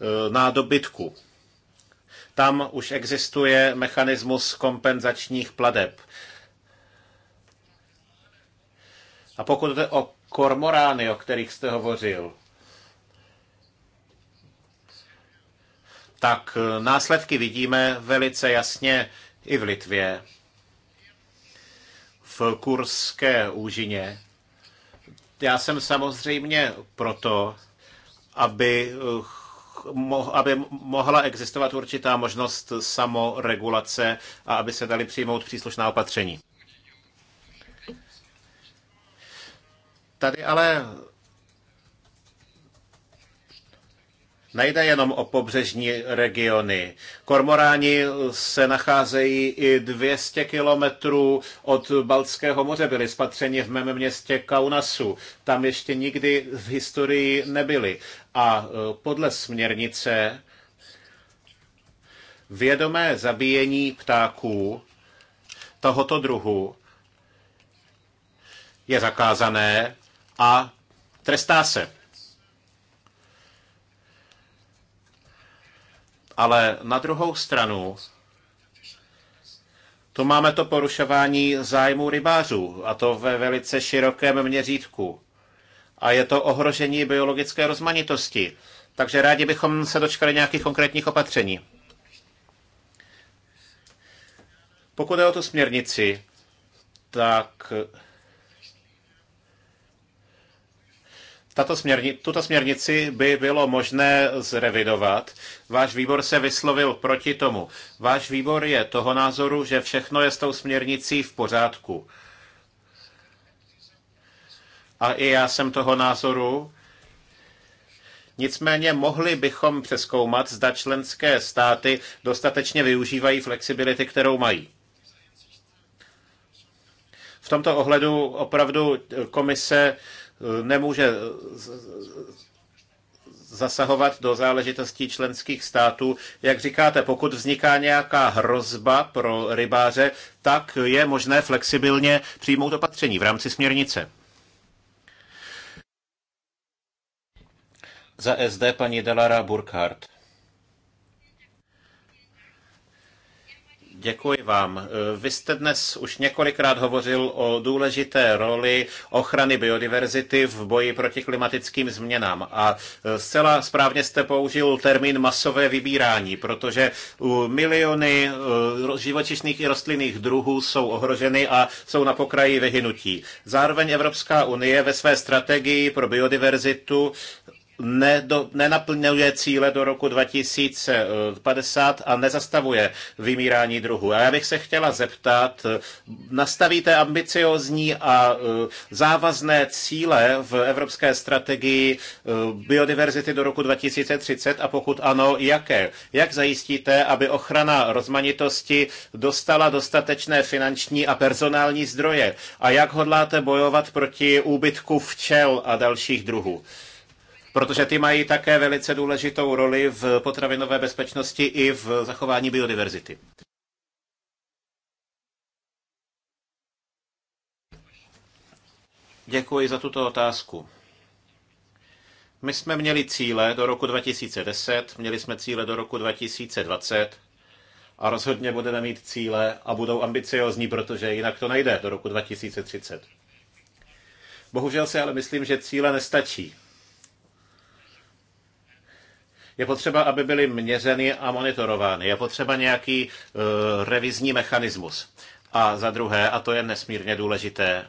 eh, na dobytku. Tam už existuje mechanismus kompenzačních pladeb. A pokud jde o kormorány, o kterých jste hovořil, tak eh, následky vidíme velice jasně i v Litvě, v Kurské úžině. Já jsem samozřejmě proto, aby eh, aby mohla existovat určitá možnost samoregulace a aby se dali přijmout příslušná opatření. Tady ale Nejde jenom o pobřežní regiony. Kormoráni se nacházejí i 200 kilometrů od Baltského moře. Byli spatřeni v mém městě Kaunasu. Tam ještě nikdy v historii nebyli. A e, podle směrnice vědomé zabíjení ptáků tohoto druhu je zakázané a trestá se. Ale na druhou stranu tu máme to porušování zájmů rybářů, a to ve velice širokém měřítku. A je to ohrožení biologické rozmanitosti. Takže rádi bychom se dočkali nějakých konkrétních opatření. Pokud je o tu směrnici, tak Tato směrni, tuto směrnici by bylo možné zrevidovat. Váš výbor se vyslovil proti tomu. Váš výbor je toho názoru, že všechno je s tou směrnicí v pořádku. A i já jsem toho názoru. Nicméně mohli bychom přeskoumat, zda členské státy dostatečně využívají flexibility, kterou mají. V tomto ohledu opravdu komise nemůže zasahovat do záležitostí členských států. Jak říkáte, pokud vzniká nějaká hrozba pro rybáře, tak je možné flexibilně přijmout opatření v rámci směrnice. Za SD paní Delara Burkhardt. Děkuji vám. Eh, vy jste dnes už několikrát hovořil o důležité roli ochrany biodiverzity v boji proti klimatickým změnám. A eh, zcela správně jste použil termín masové vybírání, protože miliony eh, živočišných i rostlinných druhů jsou ohroženy a jsou na pokraji vyhynutí. Zároveň Evropská unie ve své strategii pro biodiverzitu nedo, nenaplňuje cíle do roku 2050 a nezastavuje vymírání druhů. A já bych se chtěla zeptat, nastavíte ambiciozní a e, závazné cíle v evropské strategii e, biodiverzity do roku 2030 a pokud ano, jaké? Jak zajistíte, aby ochrana rozmanitosti dostala dostatečné finanční a personální zdroje? A jak hodláte bojovat proti úbytku včel a dalších druhů? protože ty mají také velice důležitou roli v potravinové bezpečnosti i v zachování biodiverzity. Děkuji za tuto otázku. My jsme měli cíle do roku 2010, měli jsme cíle do roku 2020 a rozhodně budeme mít cíle a budou ambiciozní, protože jinak to nejde do roku 2030. Bohužel si ale myslím, že cíle nestačí. Je potřeba, aby byly měřeny a monitorovány. Je potřeba nějaký uh, revizní mechanismus. A za druhé, a to je nesmírně důležité,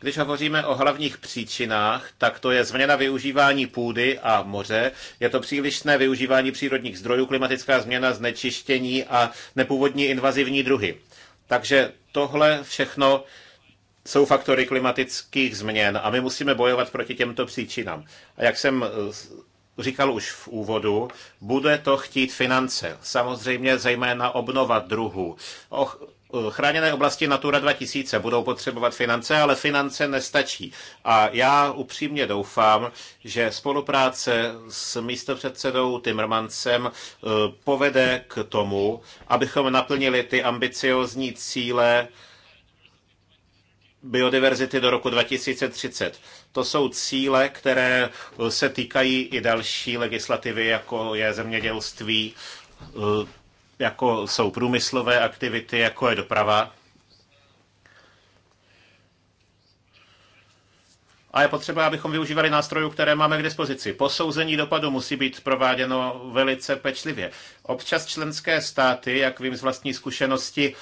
když hovoříme o hlavních příčinách, tak to je změna využívání půdy a moře, je to přílišné využívání přírodních zdrojů, klimatická změna, znečištění a nepůvodní invazivní druhy. Takže tohle všechno jsou faktory klimatických změn a my musíme bojovat proti těmto příčinám. A jak jsem e, říkal už v úvodu, bude to chtít finance. Samozřejmě zejména obnova druhů. Och, chráněné oblasti Natura 2000 budou potřebovat finance, ale finance nestačí. A já upřímně doufám, že spolupráce s místopředsedou Timmermansem eh, povede k tomu, abychom naplnili ty ambiciozní cíle, biodiverzity do roku 2030. To jsou cíle, které se týkají i další legislativy, jako je zemědělství, eh, jako jsou průmyslové aktivity, jako je doprava. A je potřeba, abychom využívali nástrojů, které máme k dispozici. Posouzení dopadu musí být prováděno velice pečlivě. Občas členské státy, jak vím z vlastní zkušenosti,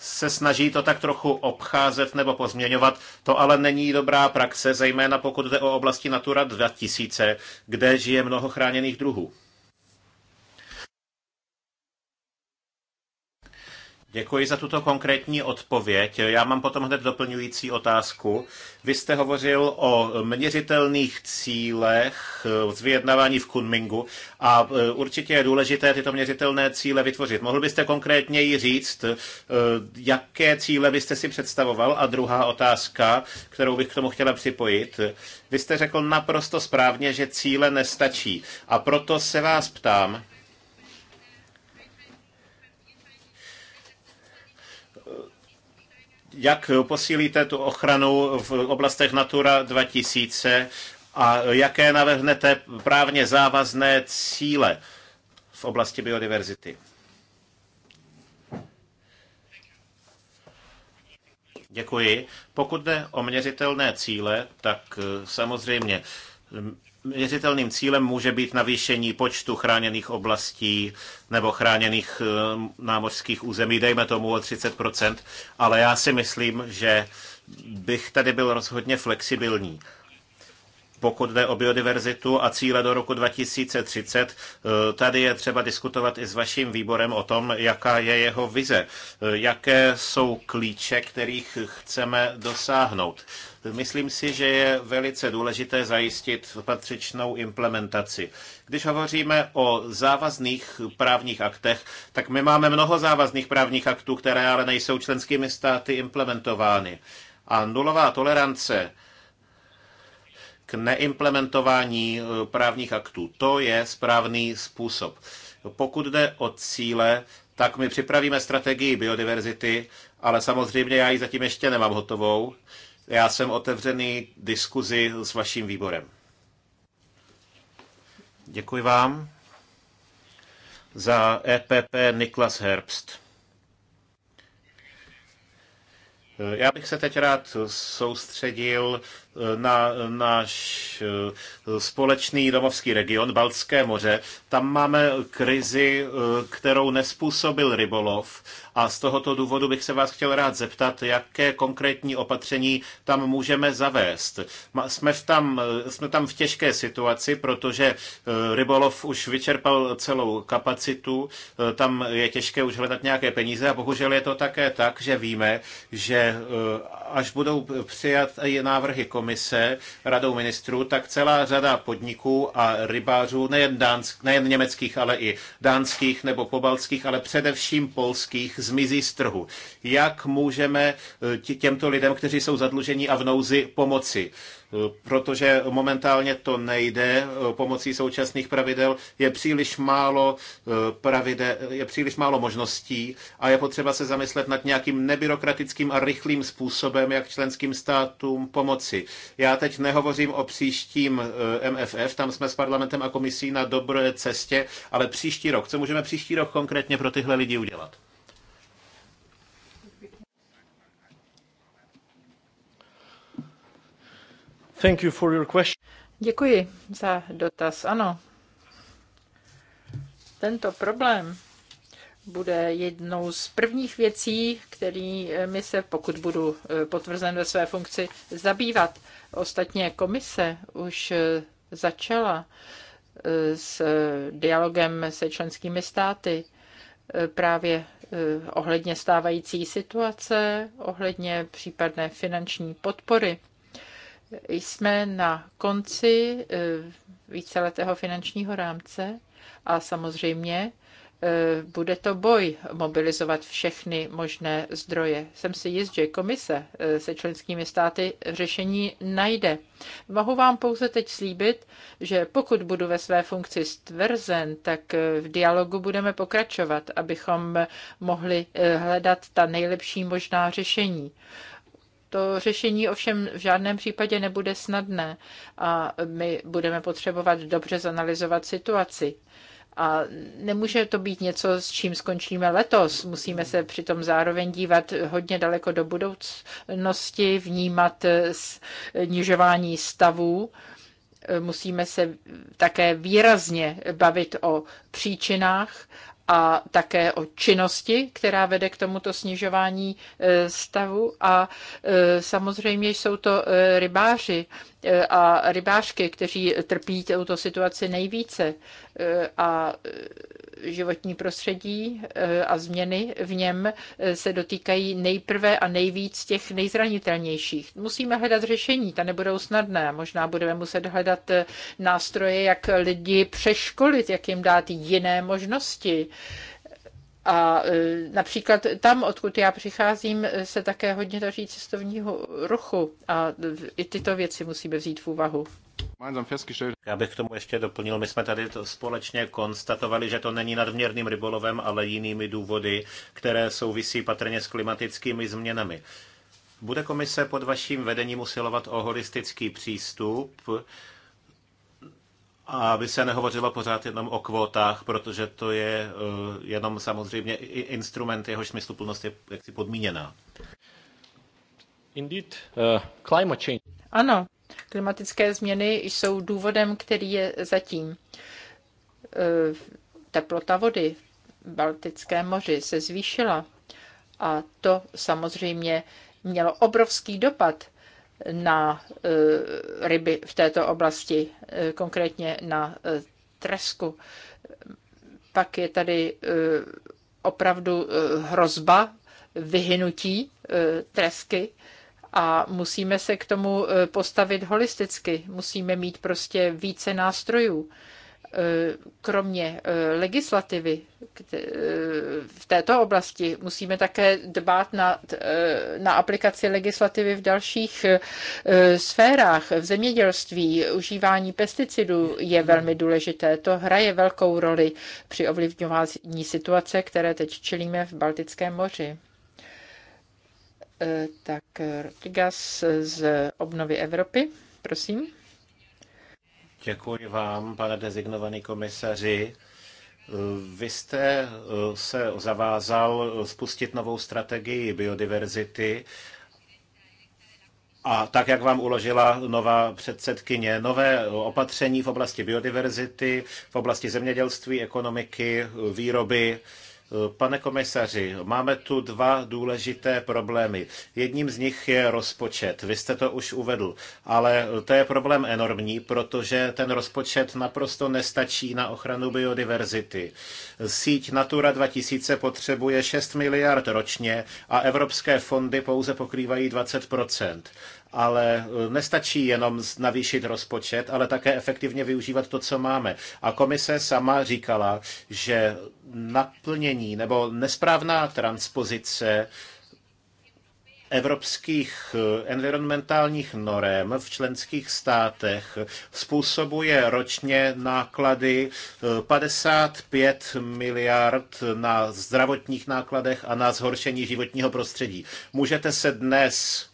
se snaží to tak trochu obcházet nebo pozměňovat. To ale není dobrá praxe, zejména pokud jde o oblasti Natura 2000, kde žije mnoho chráněných druhů. Děkuji za tuto konkrétní odpověď. Já mám potom hned doplňující otázku. Vy jste hovořil o měřitelných cílech eh, z vyjednávání v Kunmingu a eh, určitě je důležité tyto měřitelné cíle vytvořit. Mohl byste konkrétněji říct, eh, jaké cíle byste si představoval? A druhá otázka, kterou bych k tomu chtěla připojit. Vy jste řekl naprosto správně, že cíle nestačí. A proto se vás ptám, jak posílíte tu ochranu v oblastech Natura 2000 a jaké navrhnete právně závazné cíle v oblasti biodiverzity? Děkuji. Pokud jde o měřitelné cíle, tak eh, samozřejmě Měřitelným cílem může být navýšení počtu chráněných oblastí nebo chráněných eh, námořských území, dejme tomu o 30%, ale já si myslím, že bych tady byl rozhodně flexibilní pokud jde o biodiverzitu a cíle do roku 2030. Eh, tady je třeba diskutovat i s vaším výborem o tom, jaká je jeho vize, eh, jaké jsou klíče, kterých chceme dosáhnout. Myslím si, že je velice důležité zajistit patřičnou implementaci. Když hovoříme o závazných právních aktech, tak my máme mnoho závazných právních aktů, které ale nejsou členskými státy implementovány. A nulová tolerance k neimplementování eh, právních aktů. To je správný způsob. Pokud jde o cíle, tak my připravíme strategii biodiverzity, ale samozřejmě já ji zatím ještě nemám hotovou. Já jsem otevřený diskuzi s vaším výborem. Děkuji vám. Za EPP Niklas Herbst. Eh, já bych se teď rád soustředil na náš eh, společný domovský region, Baltské moře. Tam máme krizi, eh, kterou nespůsobil rybolov a z tohoto důvodu bych se vás chtěl rád zeptat, jaké konkrétní opatření tam můžeme zavést. Jsme, v tam, eh, jsme tam v těžké situaci, protože rybolov už vyčerpal celou kapacitu, tam je těžké už hledat nějaké peníze a bohužel je to také tak, že víme, že až budou přijat návrhy komise, komise radou ministrů, tak celá řada podniků a rybářů, nejen, dánsk, nejen německých, ale i dánských nebo pobaltských, ale především polských, zmizí z trhu. Jak můžeme eh, těmto lidem, kteří jsou zadlužení a v nouzi, pomoci? protože momentálně to nejde eh, pomocí současných pravidel. Je příliš málo eh, pravidel, je příliš málo možností a je potřeba se zamyslet nad nějakým nebyrokratickým a rychlým způsobem, jak členským státům pomoci. Já teď nehovořím o příštím eh, MFF, tam jsme s parlamentem a komisí na dobré cestě, ale příští rok. Co můžeme příští rok konkrétně pro tyhle lidi udělat? Thank you for your question. Děkuji za dotaz. Ano, tento problém bude jednou z prvních věcí, eh, mi se, pokud budu eh, potvrzen ve své funkci, zabývat. Ostatně komise už eh, začala s dialogem se členskými státy právě ohledně stávající situace, ohledně případné finanční podpory jsme na konci eh, víceletého finančního rámce a samozřejmě eh, bude to boj mobilizovat všechny možné zdroje. Jsem si jist, že komise eh, se členskými státy řešení najde. Mohu vám pouze teď slíbit, že pokud budu ve své funkci stvrzen, tak v dialogu budeme pokračovat, abychom mohli hledat ta nejlepší možná řešení. To řešení ovšem v žádném případě nebude snadné a my budeme potřebovat dobře zanalizovat situaci. A nemůže to být něco, s čím skončíme letos. Musíme se přitom zároveň dívat hodně daleko do budoucnosti, vnímat eh, snižování stavů. Musíme se také výrazně bavit o příčinách a také o činnosti, která vede k tomuto snižování e, stavu. A e, samozřejmě jsou to e, rybáři a rybářky, kteří trpí touto situaci nejvíce. A životní prostředí e, a změny v něm e, se dotýkají nejprve a nejvíc těch nejzranitelnějších. Musíme hledat řešení, ta nebudou snadné. Možná budeme muset hledat e, nástroje, jak lidi přeškolit, jak jim dát jiné možnosti, a e, například tam, odkud já přicházím, se také hodně daří cestovního ruchu a i tyto věci musíme vzít v úvahu. Já bych k tomu ještě doplnil, my jsme tady to společně konstatovali, že to není nadměrným rybolovem, ale jinými důvody, které souvisí patrně s klimatickými změnami. Bude komise pod vaším vedením usilovat o holistický přístup, aby se nehovořilo pořád jenom o kvótách, protože to je eh, jenom samozřejmě instrument, jehož smysluplnost je jaksi podmíněná. Indeed, uh, climate change. Ano, klimatické změny jsou důvodem, který je zatím. Eh, teplota vody v Baltickém moři se zvýšila a to samozřejmě mělo obrovský dopad na e, ryby v této oblasti, e, konkrétně na e, tresku. Pak je tady opravdu hrozba vyhynutí tresky a musíme se k tomu postavit holisticky. Musíme mít prostě více nástrojů kromě eh, legislativy eh, v této oblasti musíme také dbát na, eh, na aplikaci legislativy v dalších sférách. V zemědělství užívání pesticidů je velmi důležité. To hraje velkou roli při ovlivňování situace, které teď čelíme v Baltickém moři. Tak Rodrigas z obnovy Evropy, prosím. Děkuji vám, pane dezignovaný komisaři. Vy jste eh, se zavázal spustit novou strategii biodiverzity a tak, jak vám uložila nová předsedkyně, nové opatření v oblasti biodiverzity, v oblasti zemědělství, ekonomiky, výroby, Pane komisaři, máme tu dva důležité problémy. Jedním z nich je rozpočet. Vy jste to už uvedl, ale to je problém enormní, protože ten rozpočet naprosto nestačí na ochranu biodiverzity. Síť Natura 2000 potřebuje 6 miliard ročně a evropské fondy pouze pokrývají 20 ale eh, nestačí jenom navýšit rozpočet, ale také efektivně využívat to, co máme. A komise sama říkala, že naplnění nebo nesprávná transpozice evropských eh, environmentálních norem v členských státech způsobuje ročně náklady 55 eh, miliard na zdravotních nákladech a na zhoršení životního prostředí. Můžete se dnes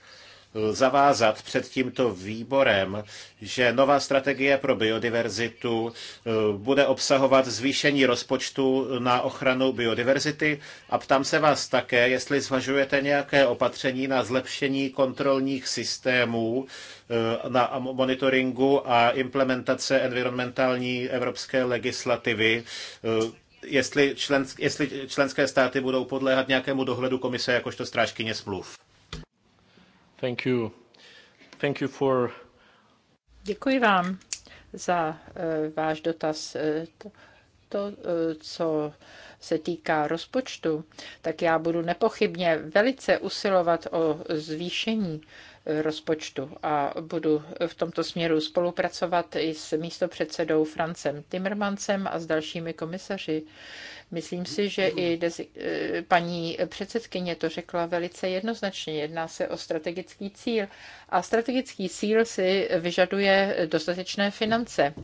zavázat před tímto výborem, že nová strategie pro biodiverzitu eh, bude obsahovat zvýšení rozpočtu na ochranu biodiverzity a ptám se vás také, jestli zvažujete nějaké opatření na zlepšení kontrolních systémů eh, na monitoringu a implementace environmentální evropské legislativy, eh, jestli, jestli členské státy budou podléhat nějakému dohledu komise jakožto strážkyně smluv. Děkuji vám za uh, váš dotaz. Eh, to, to uh, eh, co se týká rozpočtu, tak já budu nepochybně velice usilovat o zvýšení rozpočtu a budu v tomto směru spolupracovat i s místopředsedou Francem Timmermansem a s dalšími komisaři, Myslím si, že i eh, paní předsedkyně to řekla velice jednoznačně. Jedná se o strategický cíl a strategický cíl si vyžaduje dostatečné finance.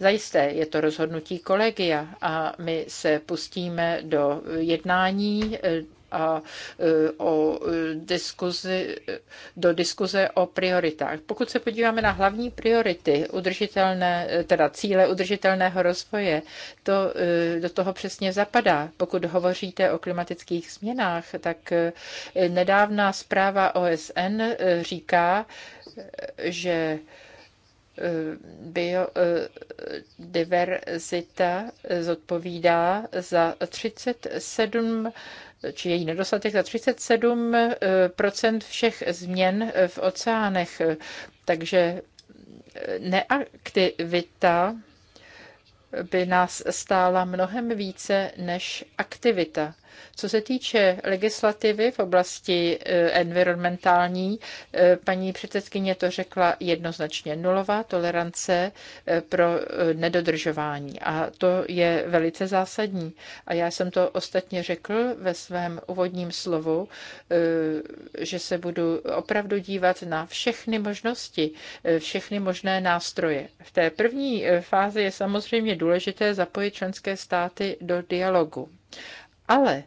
Zajisté je to rozhodnutí kolegia a my se pustíme do jednání eh, a e, o e, diskuzi, do diskuze o prioritách. Pokud se podíváme na hlavní priority udržitelné, e, teda cíle udržitelného rozvoje, to do toho přesně zapadá. Pokud hovoříte o klimatických změnách, tak nedávná zpráva OSN říká, že biodiverzita zodpovídá za 37 či její nedostatek za 37 eh, všech změn eh, v oceánech. Takže eh, neaktivita by nás stála mnohem více než aktivita. Co se týče legislativy v oblasti eh, environmentální, eh, paní předsedkyně to řekla jednoznačně nulová tolerance eh, pro nedodržování. A to je velice zásadní. A já jsem to ostatně řekl ve svém úvodním slovu, že se budu opravdu dívat na všechny možnosti, všechny možné nástroje. V té první fázi je samozřejmě důležité zapojit členské státy do dialogu. Ale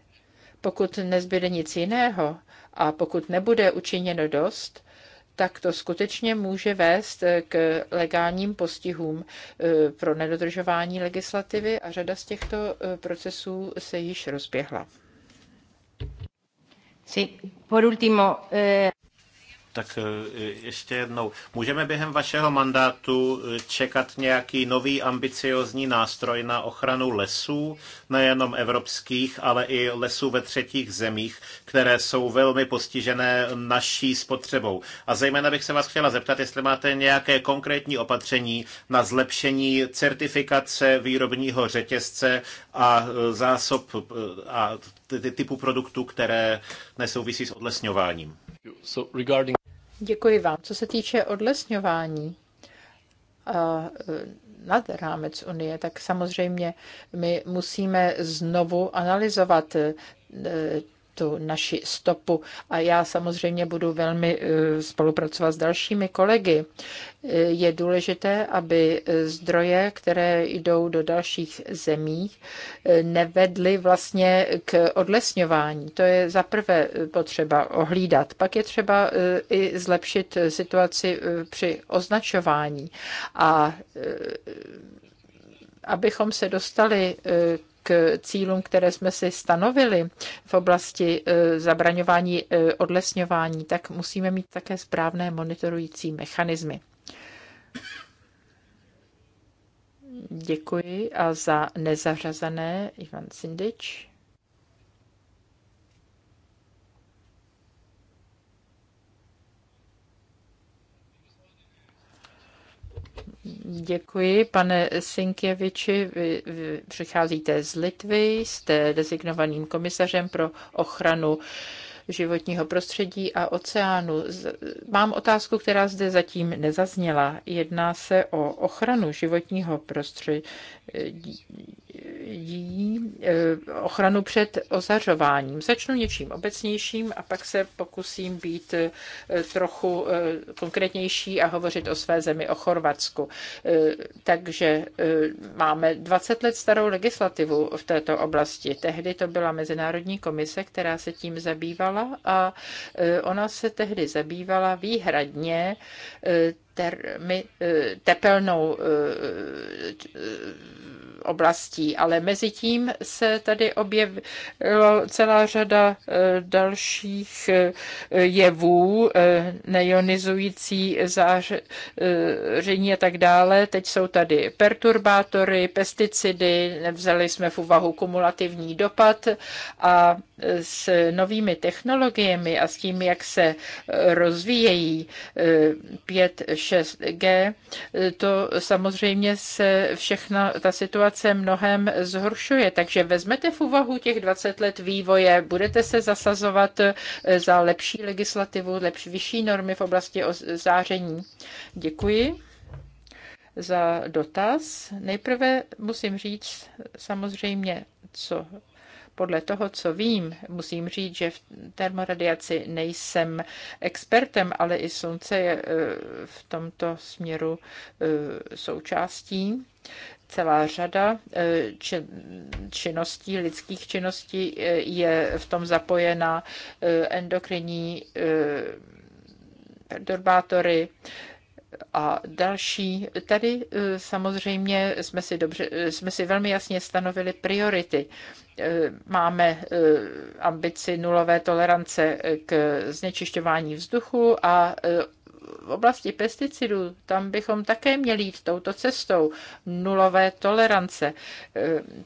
pokud nezbyde nic jiného a pokud nebude učiněno dost, tak to skutečně může vést k legálním postihům eh, pro nedodržování legislativy a řada z těchto eh, procesů se již rozběhla. Sí, por último, eh... Tak e, ještě jednou. Můžeme během vašeho mandátu e, čekat nějaký nový ambiciozní nástroj na ochranu lesů, nejenom evropských, ale i lesů ve třetích zemích, které jsou velmi postižené naší spotřebou. A zejména bych se vás chtěla zeptat, jestli máte nějaké konkrétní opatření na zlepšení certifikace výrobního řetězce a e, zásob a typu produktů, které nesouvisí s odlesňováním. So regarding Děkuji vám. Co se týče odlesňování, a e, nad rámec Unie, tak samozřejmě my musíme znovu analyzovat e, tu naši stopu. A já samozřejmě budu velmi eh, spolupracovat s dalšími kolegy. Eh, je důležité, aby eh, zdroje, které jdou do dalších zemí, nevedly vlastně k odlesňování. To je za prvé potřeba ohlídat. Pak je třeba i zlepšit situaci při označování. A abychom se dostali k cílům, které jsme si stanovili v oblasti e, zabraňování e, odlesňování, tak musíme mít také správné monitorující mechanismy. Děkuji a za nezařazené Ivan Sindič. Děkuji, pane Sinkěviči. Vy, vy přicházíte z Litvy, jste designovaným komisařem pro ochranu životního prostředí a oceánu. Mám otázku, která zde zatím nezazněla. Jedná se o ochranu životního prostředí jí e, ochranu před ozařováním. Začnu něčím obecnějším a pak se pokusím být e, trochu e, konkrétnější a hovořit o své zemi, o Chorvatsku. Takže máme 20 let starou legislativu v této oblasti. Tehdy to byla Mezinárodní komise, která se tím zabývala a ona se tehdy zabývala výhradně termi, eh, tepelnou eh, oblastí, ale mezi tím se tady objevila celá řada eh, dalších jevů, neionizující záření a tak dále. Teď jsou tady perturbátory, pesticidy, nevzali jsme v úvahu kumulativní dopad a s novými technologiemi a s tím, jak se rozvíjejí 5, eh, 6G, eh, to samozřejmě se všechna ta situace mnohem zhoršuje. Takže vezmete v úvahu těch 20 let vývoje, budete se zasazovat eh, za lepší legislativu, lepší, vyšší normy v oblasti záření. Děkuji za dotaz. Nejprve musím říct samozřejmě, co podle toho, co vím, musím říct, že v termoradiaci nejsem expertem, ale i slunce je e, v tomto směru e, součástí celá řada e, činností, lidských činností je v tom zapojena endokrinní perturbátory a další. Tady samozřejmě jsme si, dobře, jsme si velmi jasně stanovili priority Eh, máme eh, ambici nulové tolerance k znečišťování vzduchu a eh, v oblasti pesticidů, tam bychom také měli jít touto cestou nulové tolerance. E,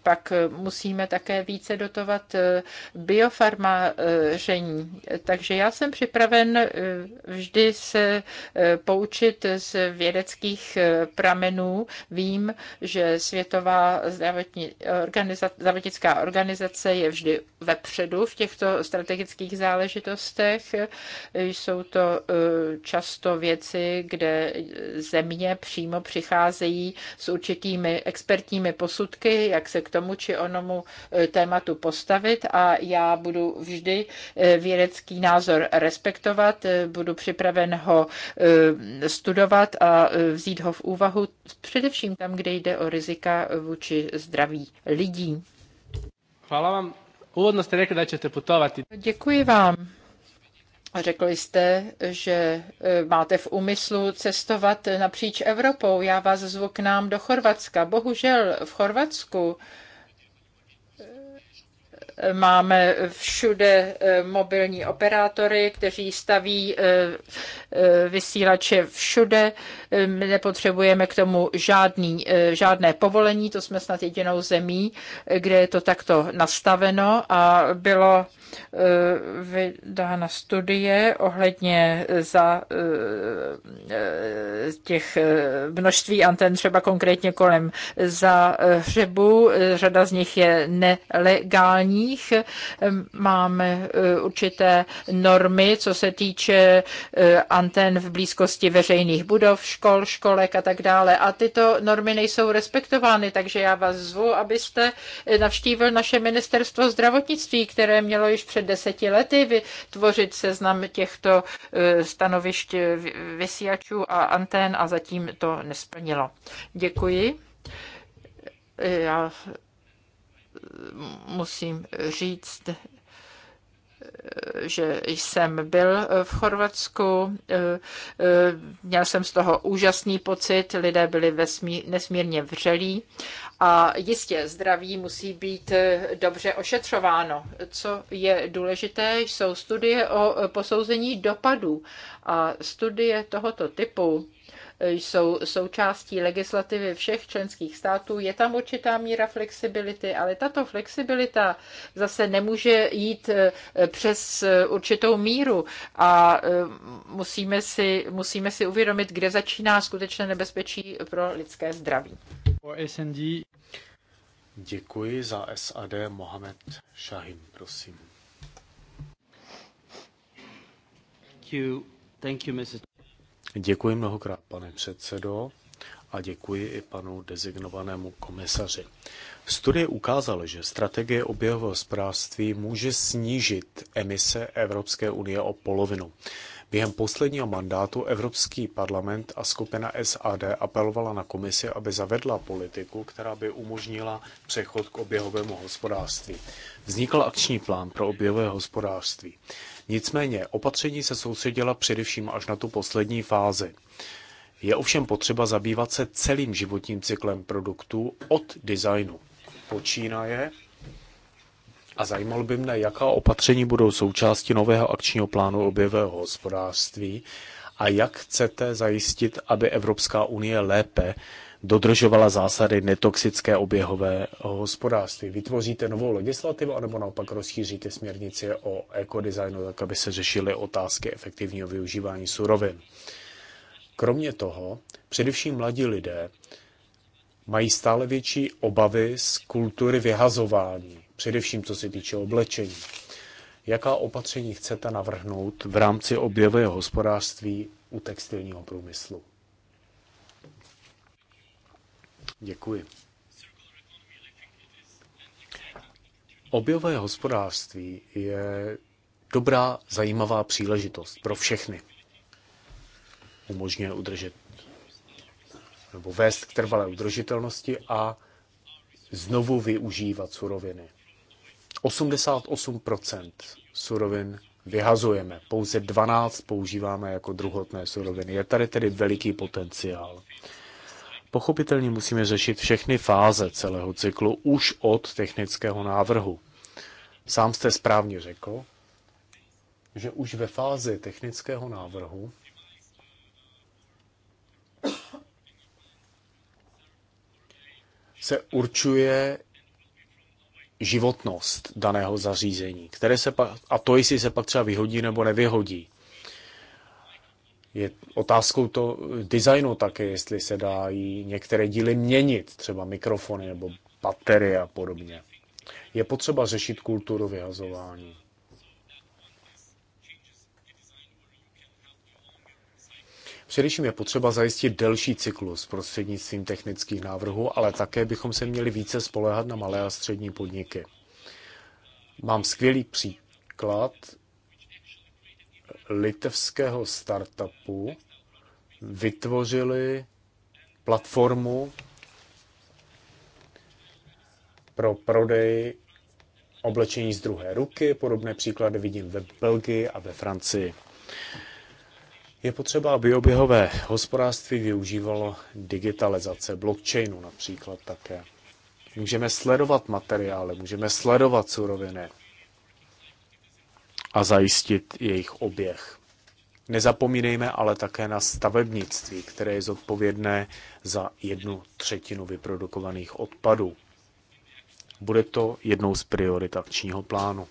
pak musíme také více dotovat e, biofarmaření. Takže já jsem připraven e, vždy se poučit z vědeckých pramenů. Vím, že Světová zdravotní organizace, zdravotnická organizace je vždy vepředu v těchto strategických záležitostech. Jsou to často věci, kde země přímo přicházejí s určitými expertními posudky, jak se k tomu či onomu e, tématu postavit a já budu vždy e, vědecký názor respektovat, e, budu připraven ho studovat a vzít ho v úvahu především tam, kde jde o rizika vůči zdraví lidí. vám. Úvodno jste řekli, že budete putovat. Děkuji vám. Řekli jste, že e, máte v úmyslu cestovat napříč Evropou. Já vás zvu k nám do Chorvatska. Bohužel v Chorvatsku e, máme všude e, mobilní operátory, kteří staví vysílače všude. My nepotřebujeme k tomu žádný, žádné povolení, to jsme snad jedinou zemí, kde je to takto nastaveno a bylo Eh, vydána studie ohledně za eh, těch eh, množství anten, třeba konkrétně kolem za hřebu. Řada z nich je nelegálních. Máme určité normy, co se týče anten v blízkosti veřejných budov, škol, školek a tak dále. A tyto normy nejsou respektovány, takže já vás zvu, abyste navštívil naše ministerstvo zdravotnictví, které mělo již před deseti lety vytvořit seznam těchto e, stanovišť vysílačů a antén a zatím to nesplnilo. Děkuji. E, já musím říct, že jsem byl eh, v Chorvatsku. Eh, eh, měl jsem z toho úžasný pocit, lidé byli nesmírně vřelí a jistě zdraví musí být dobře ošetřováno. Co je důležité, jsou studie o posouzení dopadů a studie tohoto typu jsou součástí legislativy všech členských států. Je tam určitá míra flexibility, ale tato flexibilita zase nemůže jít eh, přes eh, určitou míru a eh, musíme si, musíme si uvědomit, kde začíná skutečné nebezpečí pro lidské zdraví. Děkuji za SAD Mohamed Shahin, prosím. Thank you. Thank you, Mrs. Děkuji mnohokrát, pane předsedo, a děkuji i panu dezignovanému komisaři. Studie ukázaly, že strategie oběhového hospodářství může snížit emise Evropské unie o polovinu. Během posledního mandátu Evropský parlament a skupina SAD apelovala na komisi, aby zavedla politiku, která by umožnila přechod k oběhovému hospodářství. Vznikl akční plán pro oběhové hospodářství. Nicméně opatření se soustředila především až na tu poslední fázi. Je ovšem potřeba zabývat se celým životním cyklem produktů od designu. Počínaje a zajímalo by mne, jaká opatření budou součástí nového akčního plánu objevého hospodářství a jak chcete zajistit, aby Evropská unie lépe dodržovala zásady netoxické oběhové hospodářství. Vytvoříte novou legislativu anebo naopak rozšíříte směrnici o ekodesignu, tak aby se řešily otázky efektivního využívání surovin. Kromě toho, především mladí lidé mají stále větší obavy z kultury vyhazování, především co se týče oblečení. Jaká opatření chcete navrhnout v rámci oběhového hospodářství u textilního průmyslu? Děkuji. Objevové hospodářství je dobrá, zajímavá příležitost pro všechny. Umožňuje udržet nebo vést k trvalé udržitelnosti a znovu využívat suroviny. 88% surovin vyhazujeme, pouze 12 používáme jako druhotné suroviny. Je tady tedy veliký potenciál. Pochopitelně musíme řešit všechny fáze celého cyklu už od technického návrhu. Sám jste správně řekl, že už ve fázi technického návrhu se určuje životnost daného zařízení, které se pak, a to jestli se pak třeba vyhodí nebo nevyhodí. Je otázkou to designu také, jestli se dají některé díly měnit, třeba mikrofony nebo baterie a podobně. Je potřeba řešit kulturu vyhazování. Především je potřeba zajistit delší cyklus prostřednictvím technických návrhů, ale také bychom se měli více spolehat na malé a střední podniky. Mám skvělý příklad litevského startupu vytvořili platformu pro prodej oblečení z druhé ruky. Podobné příklady vidím ve Belgii a ve Francii. Je potřeba, aby oběhové hospodářství využívalo digitalizace, blockchainu například také. Můžeme sledovat materiály, můžeme sledovat suroviny, a zajistit jejich oběh. Nezapomínejme ale také na stavebnictví, které je zodpovědné za jednu třetinu vyprodukovaných odpadů. Bude to jednou z priorit akčního plánu.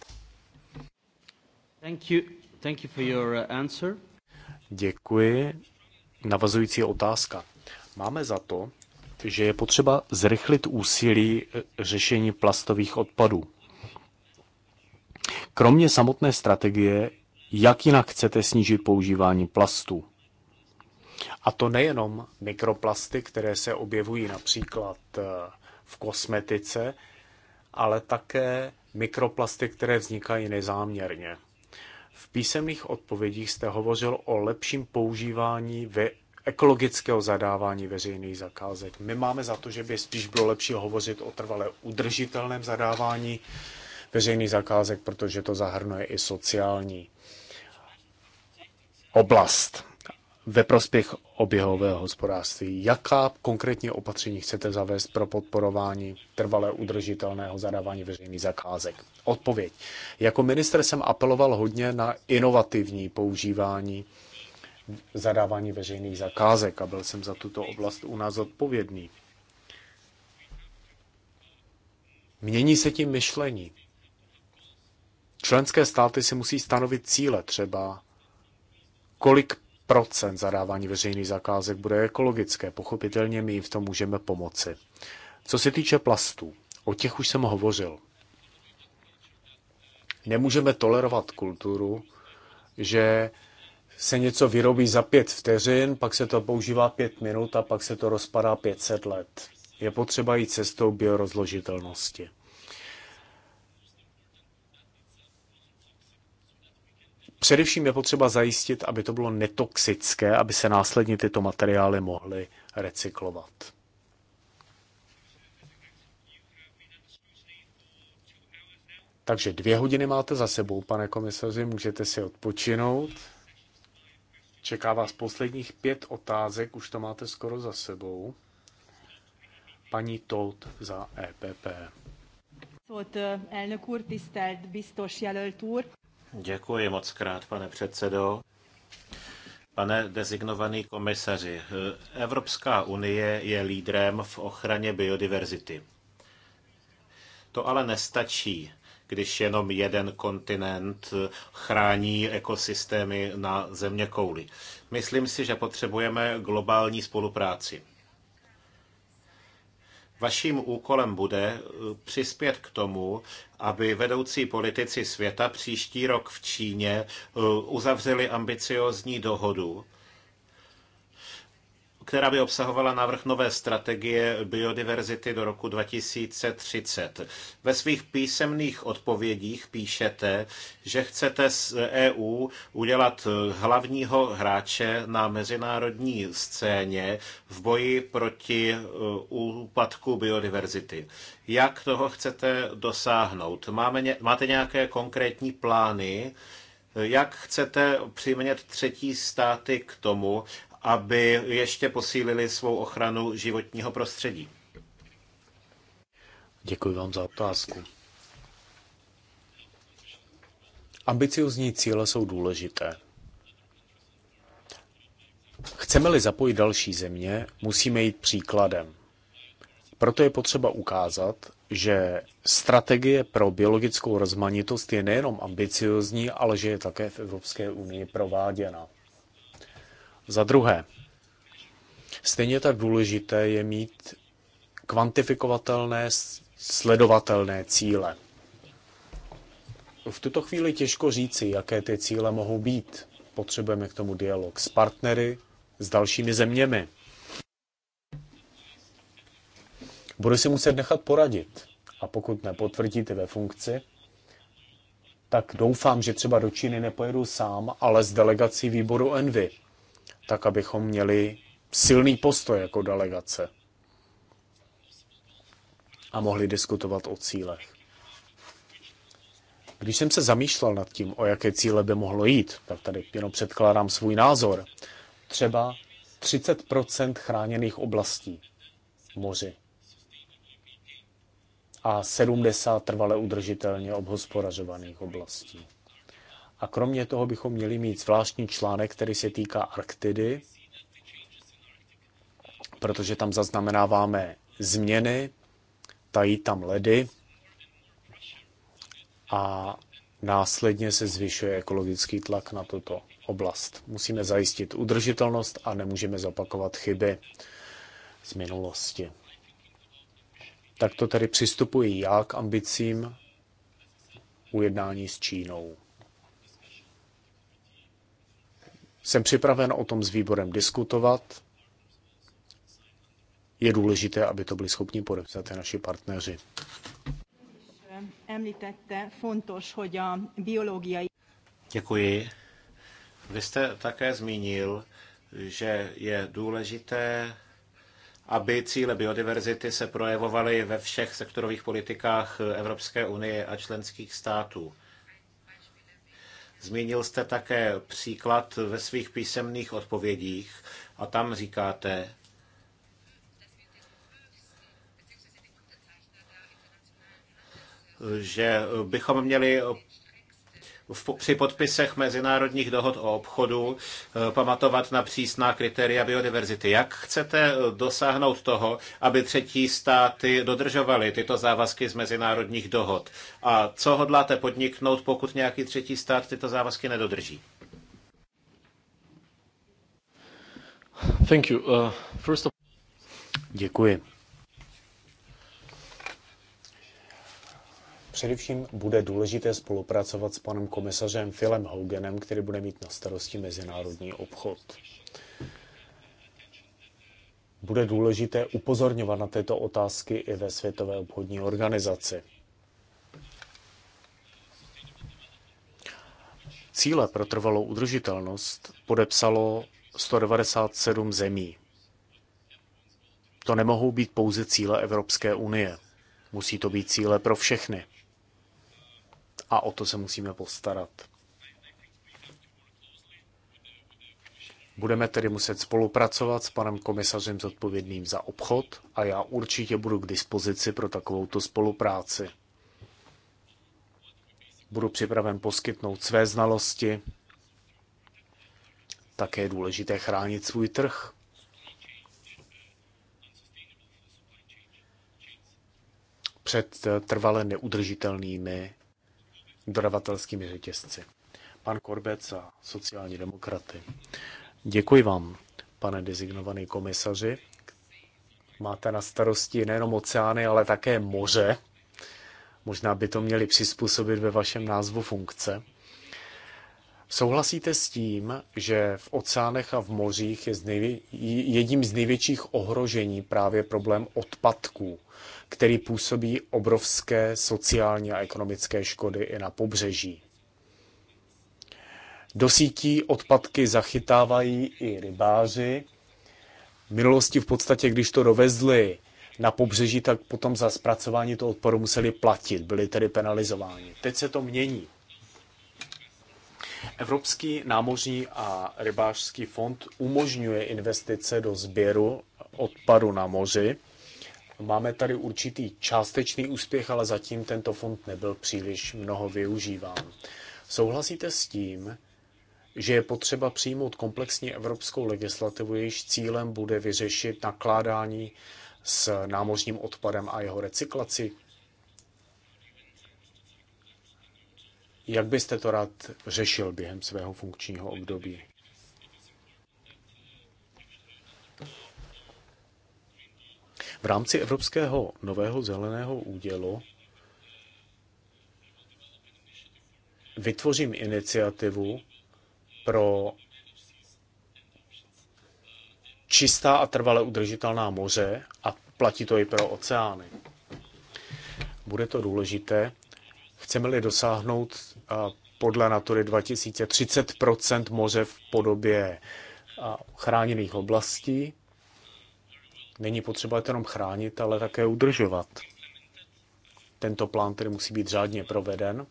Thank you. Thank you for your uh, answer. Děkuji. Navazující otázka. Máme za to, že je potřeba zrychlit úsilí uh, řešení plastových odpadů. Kromě samotné strategie, jak jinak chcete snížit používání plastů? A to nejenom mikroplasty, které se objevují například eh, v kosmetice, ale také mikroplasty, které vznikají nezáměrně. V písemných odpovědích jste hovořil o lepším používání ve ekologického zadávání veřejných zakázek. My máme za to, že by spíš bylo lepší hovořit o trvale udržitelném zadávání veřejných zakázek, protože to zahrnuje i sociální oblast ve prospěch oběhového hospodářství. Jaká konkrétně opatření chcete zavést pro podporování trvale udržitelného zadávání veřejných zakázek? Odpověď. Jako minister jsem apeloval hodně na inovativní používání zadávání veřejných zakázek a byl jsem za tuto oblast u nás odpovědný. Mění se tím myšlení. Členské státy si musí stanovit cíle, třeba kolik procent zadávání veřejných zakázek bude ekologické. Pochopitelně my jim v tom můžeme pomoci. Co se týče plastů, o těch už jsem hovořil. Nemůžeme tolerovat kulturu, že se něco vyrobí za pět vteřin, pak se to používá pět minut a pak se to rozpadá 500 let. Je potřeba jít cestou biorozložitelnosti. Především je potřeba zajistit, aby to bylo netoxické, aby se následně tyto materiály mohly recyklovat. Takže dvě hodiny máte za sebou, pane komisaři, můžete si odpočinout. Čeká vás posledních pět otázek, už to máte skoro za sebou. Paní Tolt za EPP. Szót, eh, elnök úr, tisztelt biztos jelölt úr. Děkuji moc krát, pane předsedo. Pane designovaný komisaři, Evropská unie je lídrem v ochraně biodiverzity. To ale nestačí, když jenom jeden kontinent chrání ekosystémy na země kouli. Myslím si, že potřebujeme globální spolupráci. Vaším úkolem bude eh, přispět k tomu, aby vedoucí politici světa příští rok v Číně eh, uzavřeli ambiciozní dohodu, která by obsahovala návrh nové strategie biodiverzity do roku 2030. Ve svých písemných odpovědích píšete, že chcete z EU udělat hlavního hráče na mezinárodní scéně v boji proti uh, úpadku biodiverzity. Jak toho chcete dosáhnout? Máme, máte nějaké konkrétní plány? Jak chcete přimět třetí státy k tomu, aby ještě posílili svou ochranu životního prostředí? Děkuji vám za otázku. Ambiciozní cíle jsou důležité. Chceme-li zapojit další země, musíme jít příkladem. Proto je potřeba ukázat, že strategie pro biologickou rozmanitost je nejenom ambiciozní, ale že je také v Evropské unii prováděna. Za druhé, stejně tak důležité je mít kvantifikovatelné, sledovatelné cíle. V tuto chvíli těžko říci, jaké ty cíle mohou být. Potřebujeme k tomu dialog s partnery, s dalšími zeměmi. Bude si muset nechat poradit. A pokud nepotvrdíte ve funkci, tak doufám, že třeba do Číny nepojedu sám, ale s delegací výboru Envy tak abychom měli silný postoj jako delegace a mohli diskutovat o cílech. Když jsem se zamýšlel nad tím, o jaké cíle by mohlo jít, tak tady jenom předkládám svůj názor. Třeba 30 chráněných oblastí moři a 70 trvale udržitelně obhospodařovaných oblastí. A kromě toho bychom měli mít zvláštní článek, který se týká Arktidy, protože tam zaznamenáváme změny, tají tam ledy a následně se zvyšuje ekologický tlak na tuto oblast. Musíme zajistit udržitelnost a nemůžeme zopakovat chyby z minulosti. Tak to tedy přistupuji já k ambicím ujednání s Čínou. Jsem připraven o tom s výborem diskutovat. Je důležité, aby to byli schopni podepsat i naši partneři. Děkuji. Vy jste také zmínil, že je důležité, aby cíle biodiverzity se projevovaly ve všech sektorových politikách Evropské unie a členských států. Zmínil jste také příklad ve svých písemných odpovědích a tam říkáte, že bychom měli v, při podpisech mezinárodních dohod o obchodu eh, pamatovat na přísná kritéria biodiverzity. Jak chcete eh, dosáhnout toho, aby třetí státy dodržovaly tyto závazky z mezinárodních dohod? A co hodláte podniknout, pokud nějaký třetí stát tyto závazky nedodrží? Thank you. Uh, first of... Děkuji. Především bude důležité spolupracovat s panem komisařem Filem Hougenem, který bude mít na starosti mezinárodní obchod. Bude důležité upozorňovat na tyto otázky i ve Světové obchodní organizaci. Cíle pro trvalou udržitelnost podepsalo 197 zemí. To nemohou být pouze cíle Evropské unie. Musí to být cíle pro všechny a o to se musíme postarat. Budeme tedy muset spolupracovat s panem komisařem zodpovědným za obchod a já určitě budu k dispozici pro takovouto spolupráci. Budu připraven poskytnout své znalosti. Také je důležité chránit svůj trh. před trvale neudržitelnými dodavatelskými řetězci. Pan Korbec a sociální demokraty. Děkuji vám, pane designovaný komisaři. Máte na starosti nejenom oceány, ale také moře. Možná by to měli přizpůsobit ve vašem názvu funkce. Souhlasíte s tím, že v oceánech a v mořích je z nejvě- jedním z největších ohrožení právě problém odpadků, který působí obrovské sociální a ekonomické škody i na pobřeží? Do sítí odpadky zachytávají i rybáři. V minulosti v podstatě, když to dovezli na pobřeží, tak potom za zpracování toho odpadu museli platit, byli tedy penalizováni. Teď se to mění. Evropský námořní a rybářský fond umožňuje investice do sběru odpadu na moři. Máme tady určitý částečný úspěch, ale zatím tento fond nebyl příliš mnoho využíván. Souhlasíte s tím, že je potřeba přijmout komplexní evropskou legislativu, jejíž cílem bude vyřešit nakládání s námořním odpadem a jeho recyklaci? Jak byste to rád řešil během svého funkčního období? V rámci Evropského nového zeleného údělu vytvořím iniciativu pro čistá a trvale udržitelná moře a platí to i pro oceány. Bude to důležité, chceme-li dosáhnout podle Natury 2000 30 moře v podobě chráněných oblastí. Není potřeba je jenom chránit, ale také udržovat. Tento plán tedy musí být řádně proveden.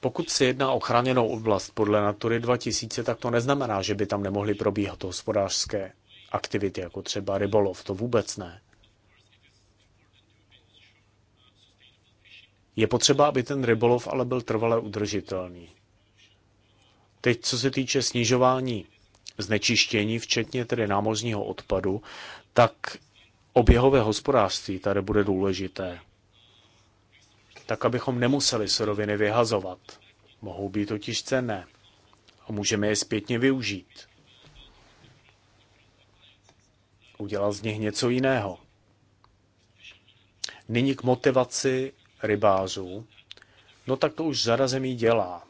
Pokud se jedná o chráněnou oblast podle Natury 2000, tak to neznamená, že by tam nemohly probíhat hospodářské aktivity, jako třeba rybolov. To vůbec ne. Je potřeba, aby ten rybolov ale byl trvale udržitelný. Teď, co se týče snižování znečištění, včetně tedy námořního odpadu, tak oběhové hospodářství tady bude důležité. Tak, abychom nemuseli suroviny vyhazovat. Mohou být totiž cenné a můžeme je zpětně využít. Udělat z nich něco jiného. Nyní k motivaci rybázů, no tak to už řada zemí dělá.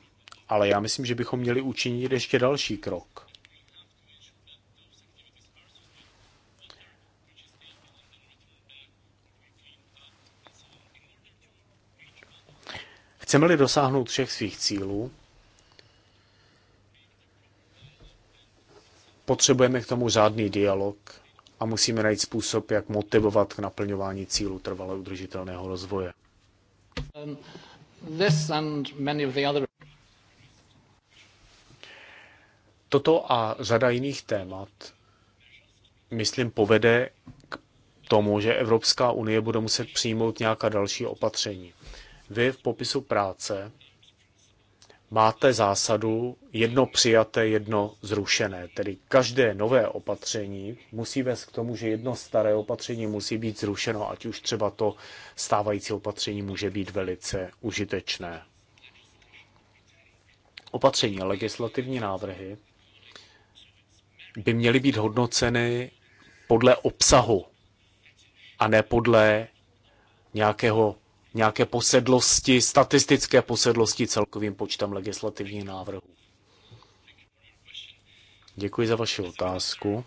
Ale já myslím, že bychom měli učinit ještě další krok. Chceme-li dosáhnout všech svých cílů, potřebujeme k tomu řádný dialog a musíme najít způsob, jak motivovat k naplňování cílu trvale udržitelného rozvoje. Um, Toto a řada jiných témat, myslím, povede k tomu, že Evropská unie bude muset přijmout nějaká další opatření. Vy v popisu práce máte zásadu jedno přijaté, jedno zrušené. Tedy každé nové opatření musí vést k tomu, že jedno staré opatření musí být zrušeno, ať už třeba to stávající opatření může být velice užitečné. Opatření a legislativní návrhy by měly být hodnoceny podle obsahu a ne podle nějakého nějaké posedlosti, statistické posedlosti celkovým počtem legislativních návrhů. Děkuji za vaši otázku.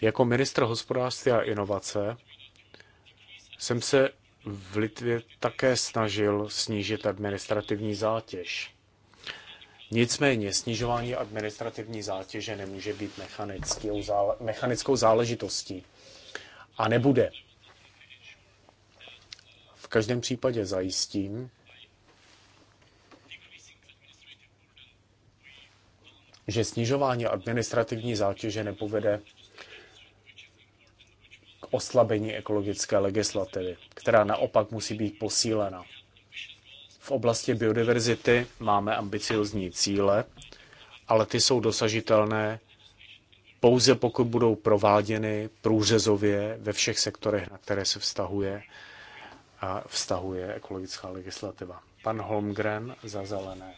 Jako ministr hospodářství a inovace jsem se v Litvě také snažil snížit administrativní zátěž. Nicméně snižování administrativní zátěže nemůže být mechanickou záležitostí. A nebude. V každém případě zajistím, že snižování administrativní zátěže nepovede k oslabení ekologické legislativy, která naopak musí být posílena. V oblasti biodiverzity máme ambiciozní cíle, ale ty jsou dosažitelné pouze pokud budou prováděny průřezově ve všech sektorech, na které se vztahuje a vztahuje ekologická legislativa. Pan Holmgren za zelené.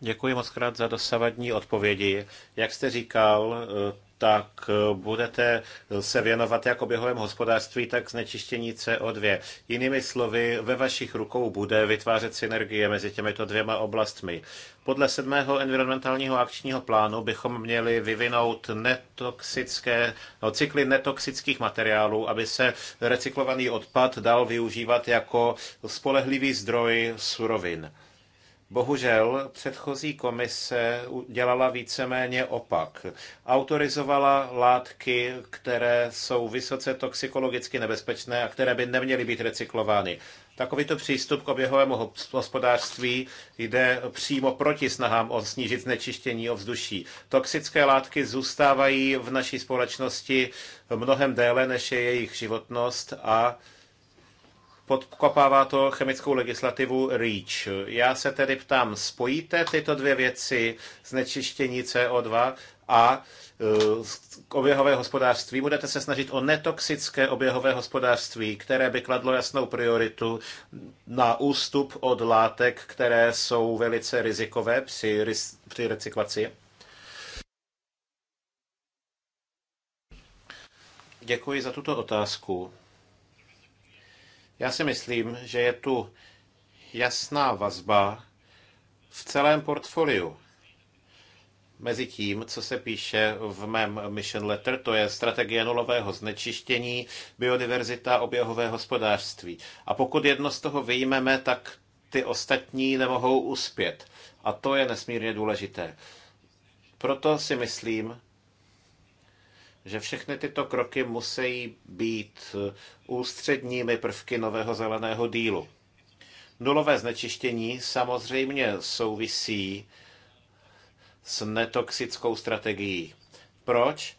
Děkuji moc krát za dosavadní odpovědi. Jak jste říkal, tak eh, budete eh, se věnovat jak oběhovém hospodářství, tak znečištění CO2. Jinými slovy, ve vašich rukou bude vytvářet synergie mezi těmito dvěma oblastmi. Podle sedmého environmentálního akčního plánu bychom měli vyvinout netoxické, no, cykly netoxických materiálů, aby se recyklovaný odpad dal využívat jako spolehlivý zdroj surovin. Bohužel předchozí komise dělala víceméně opak. Autorizovala látky, které jsou vysoce toxikologicky nebezpečné a které by neměly být recyklovány. Takovýto přístup k oběhovému hospodářství jde přímo proti snahám o snížit znečištění ovzduší. Toxické látky zůstávají v naší společnosti mnohem déle, než je jejich životnost a podkopává to chemickou legislativu REACH. Já se tedy ptám, spojíte tyto dvě věci, znečištění CO2 a eh, oběhové hospodářství. Budete se snažit o netoxické oběhové hospodářství, které by kladlo jasnou prioritu na ústup od látek, které jsou velice rizikové při, při recyklaci. Děkuji za tuto otázku. Já si myslím, že je tu jasná vazba v celém portfoliu mezi tím, co se píše v mém mission letter, to je strategie nulového znečištění, biodiverzita, oběhové hospodářství. A pokud jedno z toho vyjmeme, tak ty ostatní nemohou uspět. A to je nesmírně důležité. Proto si myslím, že všechny tyto kroky musí být eh, ústředními prvky nového zeleného dílu. Nulové znečištění samozřejmě souvisí s netoxickou strategií. Proč?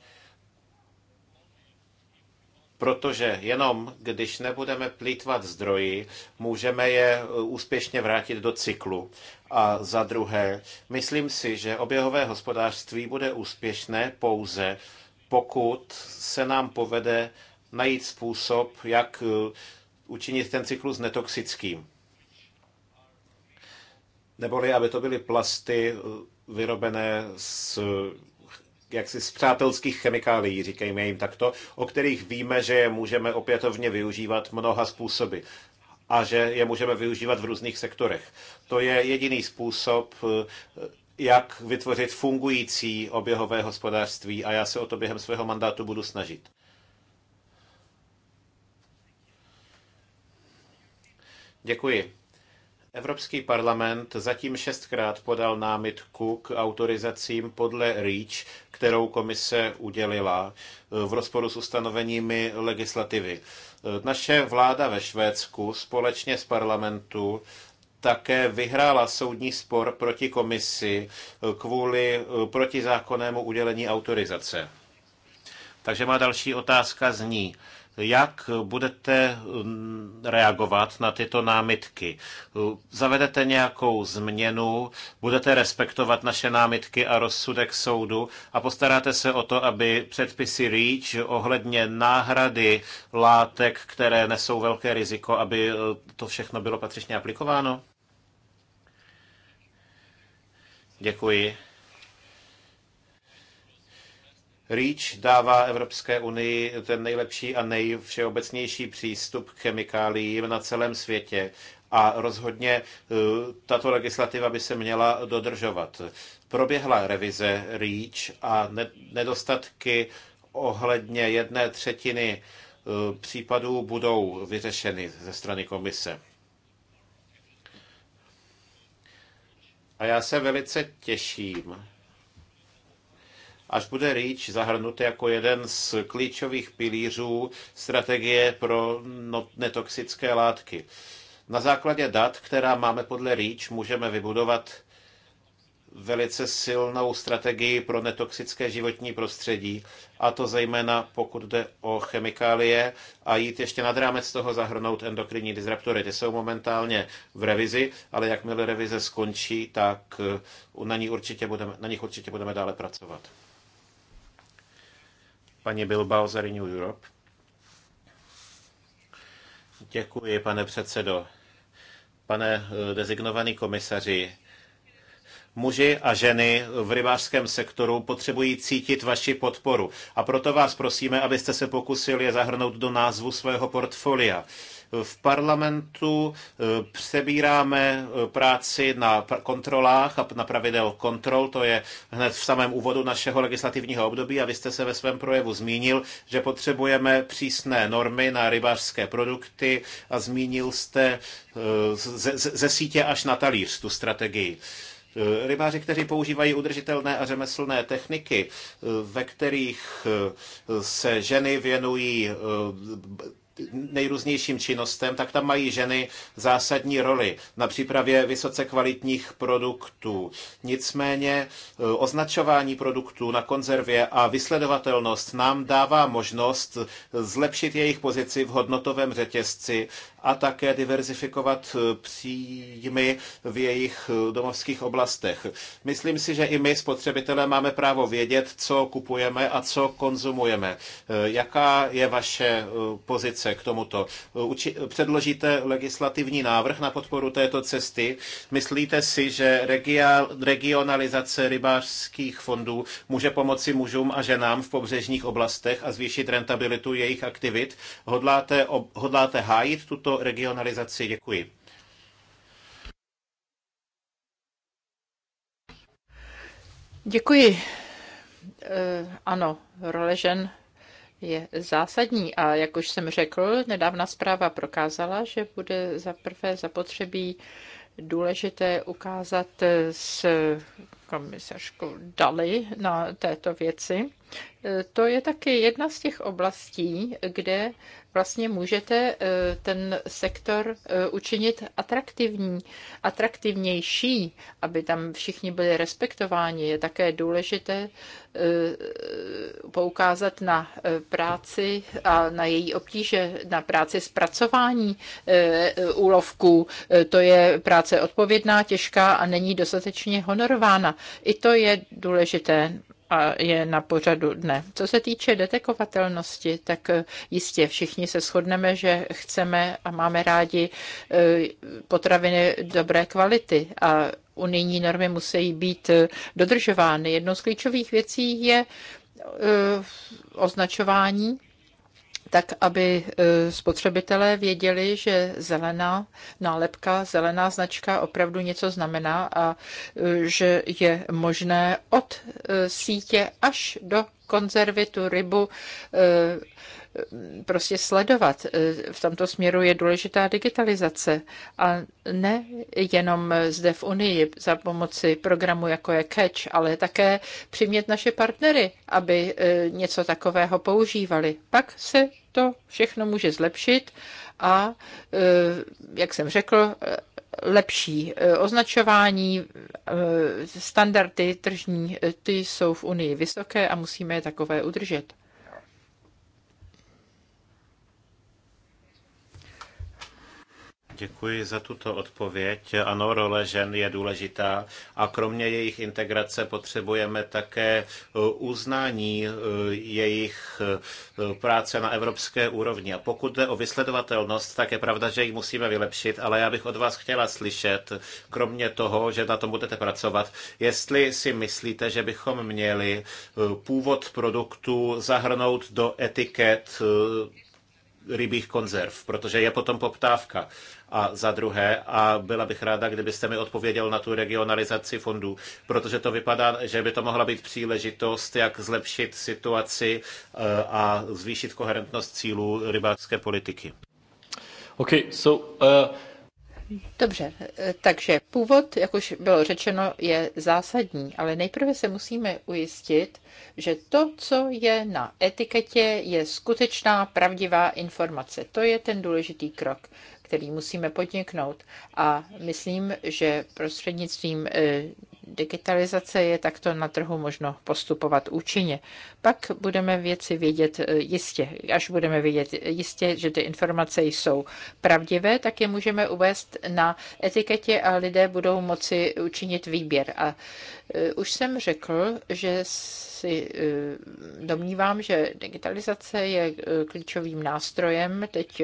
Protože jenom když nebudeme plítvat zdroji, můžeme je eh, úspěšně vrátit do cyklu. A za druhé, myslím si, že oběhové hospodářství bude úspěšné pouze, pokud se nám povede najít způsob, jak eh, učinit ten cyklus netoxickým. Neboli, aby to byly plasty eh, vyrobené z eh, jaksi z přátelských chemikálií, říkejme jim takto, o kterých víme, že je můžeme opětovně využívat mnoha způsoby a že je můžeme využívat v různých sektorech. To je jediný způsob, jak vytvořit fungující oběhové hospodářství a já se o to během svého mandátu budu snažit. Děkuji. Evropský parlament zatím šestkrát podal námitku k autorizacím podle REACH, kterou komise udělila eh, v rozporu s ustanoveními legislativy. Eh, naše vláda ve Švédsku společně s parlamentu také vyhrála soudní spor proti komisi kvůli eh, protizákonnému udělení autorizace. Takže má další otázka zní, jak budete mm, reagovat na tyto námitky? Zavedete nějakou změnu, budete respektovat naše námitky a rozsudek soudu a postaráte se o to, aby předpisy REACH ohledně náhrady látek, které nesou velké riziko, aby eh, to všechno bylo patřičně aplikováno? Děkuji. REACH dává Evropské unii ten nejlepší a nejvšeobecnější přístup k chemikáliím na celém světě. A rozhodně e, tato legislativa by se měla dodržovat. Proběhla revize REACH a nedostatky ohledně jedné třetiny e, případů budou vyřešeny ze strany komise. A já se velice těším až bude REACH zahrnut jako jeden z klíčových pilířů strategie pro no- netoxické látky. Na základě dat, která máme podle REACH, můžeme vybudovat velice silnou strategii pro netoxické životní prostředí, a to zejména pokud jde o chemikálie a jít ještě nad rámec toho zahrnout endokrinní disruptory. Ty jsou momentálně v revizi, ale jakmile revize skončí, tak eh, na, ní určitě budeme, na nich určitě budeme dále pracovat paní Bilbao za Renew Europe. Děkuji, pane předsedo. Pane eh, dezignovaný komisaři, Muži a ženy v rybářském sektoru potřebují cítit vaši podporu a proto vás prosíme, abyste se pokusili je zahrnout do názvu svého portfolia. V parlamentu eh, přebíráme eh, práci na kontrolách a na pravidel kontrol, to je hned v samém úvodu našeho legislativního období a vy jste se ve svém projevu zmínil, že potřebujeme přísné normy na rybářské produkty a zmínil jste eh, ze, ze sítě až na talíř tu strategii. Rybáři, kteří používají udržitelné a řemeslné techniky, ve kterých se ženy věnují nejrůznějším činnostem, tak tam mají ženy zásadní roli na přípravě vysoce kvalitních produktů. Nicméně e, označování produktů na konzervě a vysledovatelnost nám dává možnost zlepšit jejich pozici v hodnotovém řetězci a také diverzifikovat eh, příjmy v jejich eh, domovských oblastech. Myslím si, že i my, spotřebitelé, máme právo vědět, co kupujeme a co konzumujeme. Eh, jaká je vaše pozice k tomuto? předložíte legislativní návrh na podporu této cesty? Myslíte si, že regionalizace rybářských fondů může pomoci mužům a ženám v pobřežních oblastech a zvýšit rentabilitu jejich aktivit? Hodláte, hodláte hájit tuto tuto regionalizaci. Děkuji. Děkuji. Eh, ano, role žen je zásadní a jak už jsem řekl, nedávna zpráva prokázala, že bude za prvé zapotřebí důležité ukázat s komisařkou Dali na této věci. Eh, to je taky jedna z těch oblastí, kde vlastně můžete e, ten sektor e, učinit atraktivní, atraktivnější, aby tam všichni byli respektováni. Je také důležité e, poukázat na práci a na její obtíže, na práci zpracování úlovků. To je práce odpovědná, těžká a není dostatečně honorována. I to je důležité a je na pořadu dne. Co se týče detekovatelnosti, tak eh, jistě všichni se shodneme, že chceme a máme rádi eh, potraviny dobré kvality a unijní normy musí být eh, dodržovány. Jednou z klíčových věcí je označování tak aby e, spotřebitelé věděli, že zelená nálepka, zelená značka opravdu něco znamená a e, že je možné od e, sítě až do konzervy tu rybu prostě sledovat. E, v tomto směru je důležitá digitalizace a ne jenom zde v Unii za pomoci programu jako je Catch, ale také přimět naše partnery, aby e, něco takového používali. Pak se to všechno může zlepšit a, e, jak jsem řekl, lepší označování, standardy tržní, ty jsou v Unii vysoké a musíme je takové udržet. Děkuji za tuto odpověď. Ano, role žen je důležitá a kromě jejich integrace potřebujeme také e, uznání e, jejich e, práce na evropské úrovni. A pokud jde o vysledovatelnost, tak je pravda, že ji musíme vylepšit, ale já bych od vás chtěla slyšet, kromě toho, že na tom budete pracovat, jestli si myslíte, že bychom měli původ produktů zahrnout do etiket rybích konzerv, protože je potom poptávka. A za druhé, a byla bych ráda, kdybyste mi odpověděl na tu regionalizaci fondů, protože to vypadá, že by to mohla být příležitost, jak zlepšit situaci eh, a zvýšit koherentnost cílů rybářské politiky. Okay, so uh, Dobře, eh, takže původ, jak už bylo řečeno, je zásadní, ale nejprve se musíme ujistit, že to, co je na etiketě, je skutečná, pravdivá informace. To je ten důležitý krok, který musíme podniknout. A myslím, že prostřednictvím eh, digitalizace je takto na trhu možno postupovat účinně. Pak budeme věci vědět e, jistě. Až budeme vědět jistě, že ty informace jsou pravdivé, tak je můžeme uvést na etiketě a lidé budou moci učinit výběr. A e, už jsem řekl, že si e, domnívám, že digitalizace je klíčovým nástrojem. Teď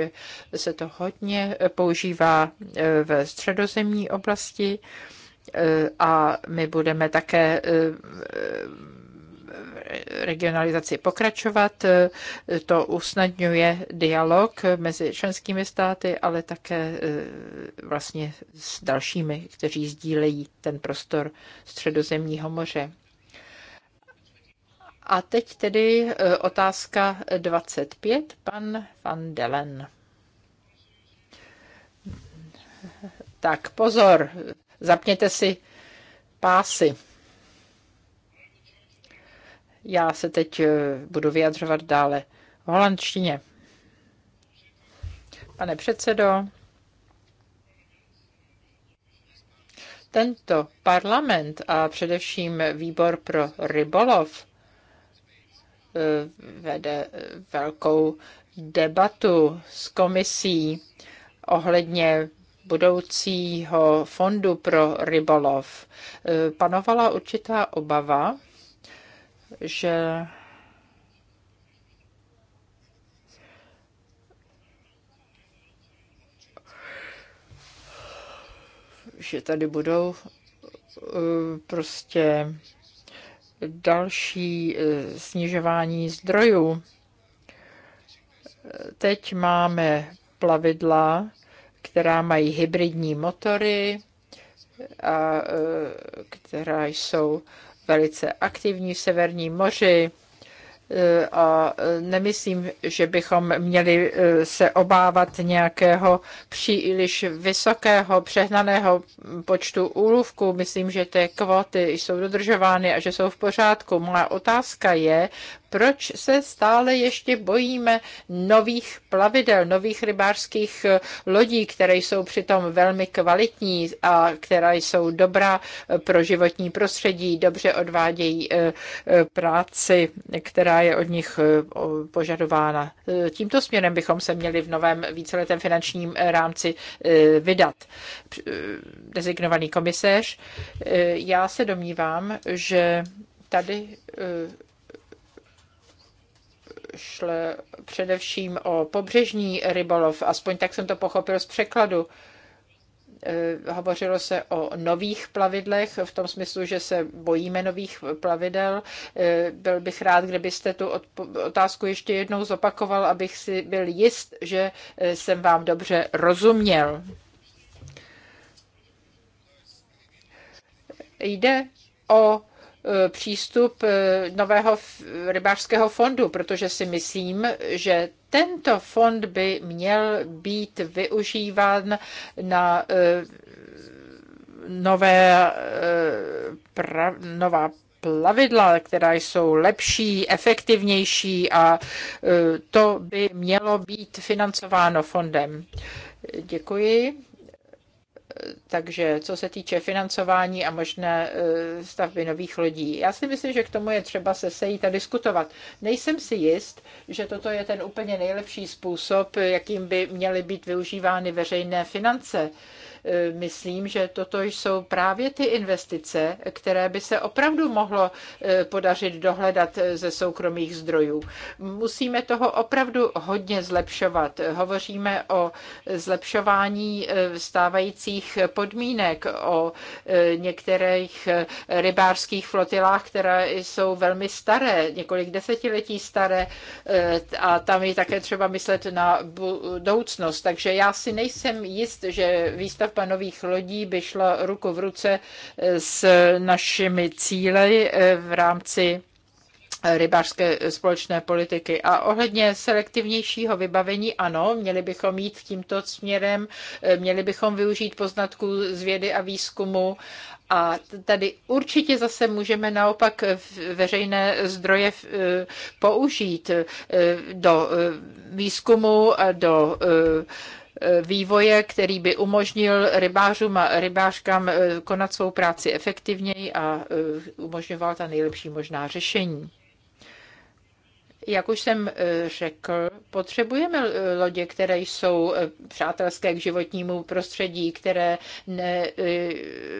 se to hodně používá v středozemní oblasti a my budeme také e, e, regionalizaci pokračovat. E, to usnadňuje dialog mezi členskými státy, ale také vlastně s dalšími, kteří sdílejí ten prostor středozemního moře. A teď tedy otázka 25, pan Van Delen. Tak pozor, Zapněte si pásy. Já se teď eh, budu vyjadřovat dále v holandštině. Pane předsedo, tento parlament a především výbor pro rybolov eh, vede velkou debatu s komisí ohledně budoucího fondu pro rybolov e, panovala určitá obava, že že tady budou e, prostě další e, snižování zdrojů. Teď máme plavidla, která mají hybridní motory a e, která jsou velice aktivní v Severním moři e, a nemyslím, že bychom měli e, se obávat nějakého příliš vysokého, přehnaného počtu úlovků. Myslím, že ty kvóty jsou dodržovány a že jsou v pořádku. Má otázka je, proč se stále ještě bojíme nových plavidel, nových rybářských eh, lodí, které jsou přitom velmi kvalitní a které jsou dobrá eh, pro životní prostředí, dobře odvádějí eh, práci, která je od nich požadována. Tímto směrem bychom se měli v novém víceletém finančním rámci vydat. Designovaný komisař, já se domnívám, že tady šle především o pobřežní rybolov, aspoň tak jsem to pochopil z překladu. Eh, hovořilo se o nových plavidlech v tom smyslu, že se bojíme nových plavidel. Eh, byl bych rád, kdybyste tu otázku ještě jednou zopakoval, abych si byl jist, že eh, jsem vám dobře rozuměl. Jde o Eh, přístup eh, nového rybářského fondu, protože si myslím, že tento fond by měl být využíván na eh, nové, pra, nová plavidla, která jsou lepší, efektivnější a to by mělo být financováno fondem. Děkuji. Takže co se týče financování a možné eh, stavby nových lodí, já si myslím, že k tomu je třeba se sejít a diskutovat. Nejsem si jist, že toto je ten úplně nejlepší způsob, jakým by měly být využívány veřejné finance Eh, myslím, že toto jsou právě ty investice, které by se opravdu mohlo eh, podařit dohledat eh, ze soukromých zdrojů. Musíme toho opravdu hodně zlepšovat. Hovoříme o zlepšování stávajících podmínek, o některých rybářských flotilách, které jsou velmi staré, několik desetiletí staré a tam je také třeba myslet na budoucnost. Takže já si nejsem jist, že výstav Evropa nových lodí by šla ruku v ruce eh, s našimi cíly eh, v rámci eh, rybářské společné politiky. A ohledně selektivnějšího vybavení, ano, měli bychom jít tímto směrem, měli bychom využít poznatků z vědy a výzkumu a tady určitě zase můžeme naopak veřejné zdroje použít do výzkumu a do vývoje, který by umožnil rybářům a rybářkám eh, konat svou práci efektivněji a eh, umožňoval ta nejlepší možná řešení. Jak už jsem e, řekl, potřebujeme e, lodě, které jsou e, přátelské k životnímu prostředí, které ne,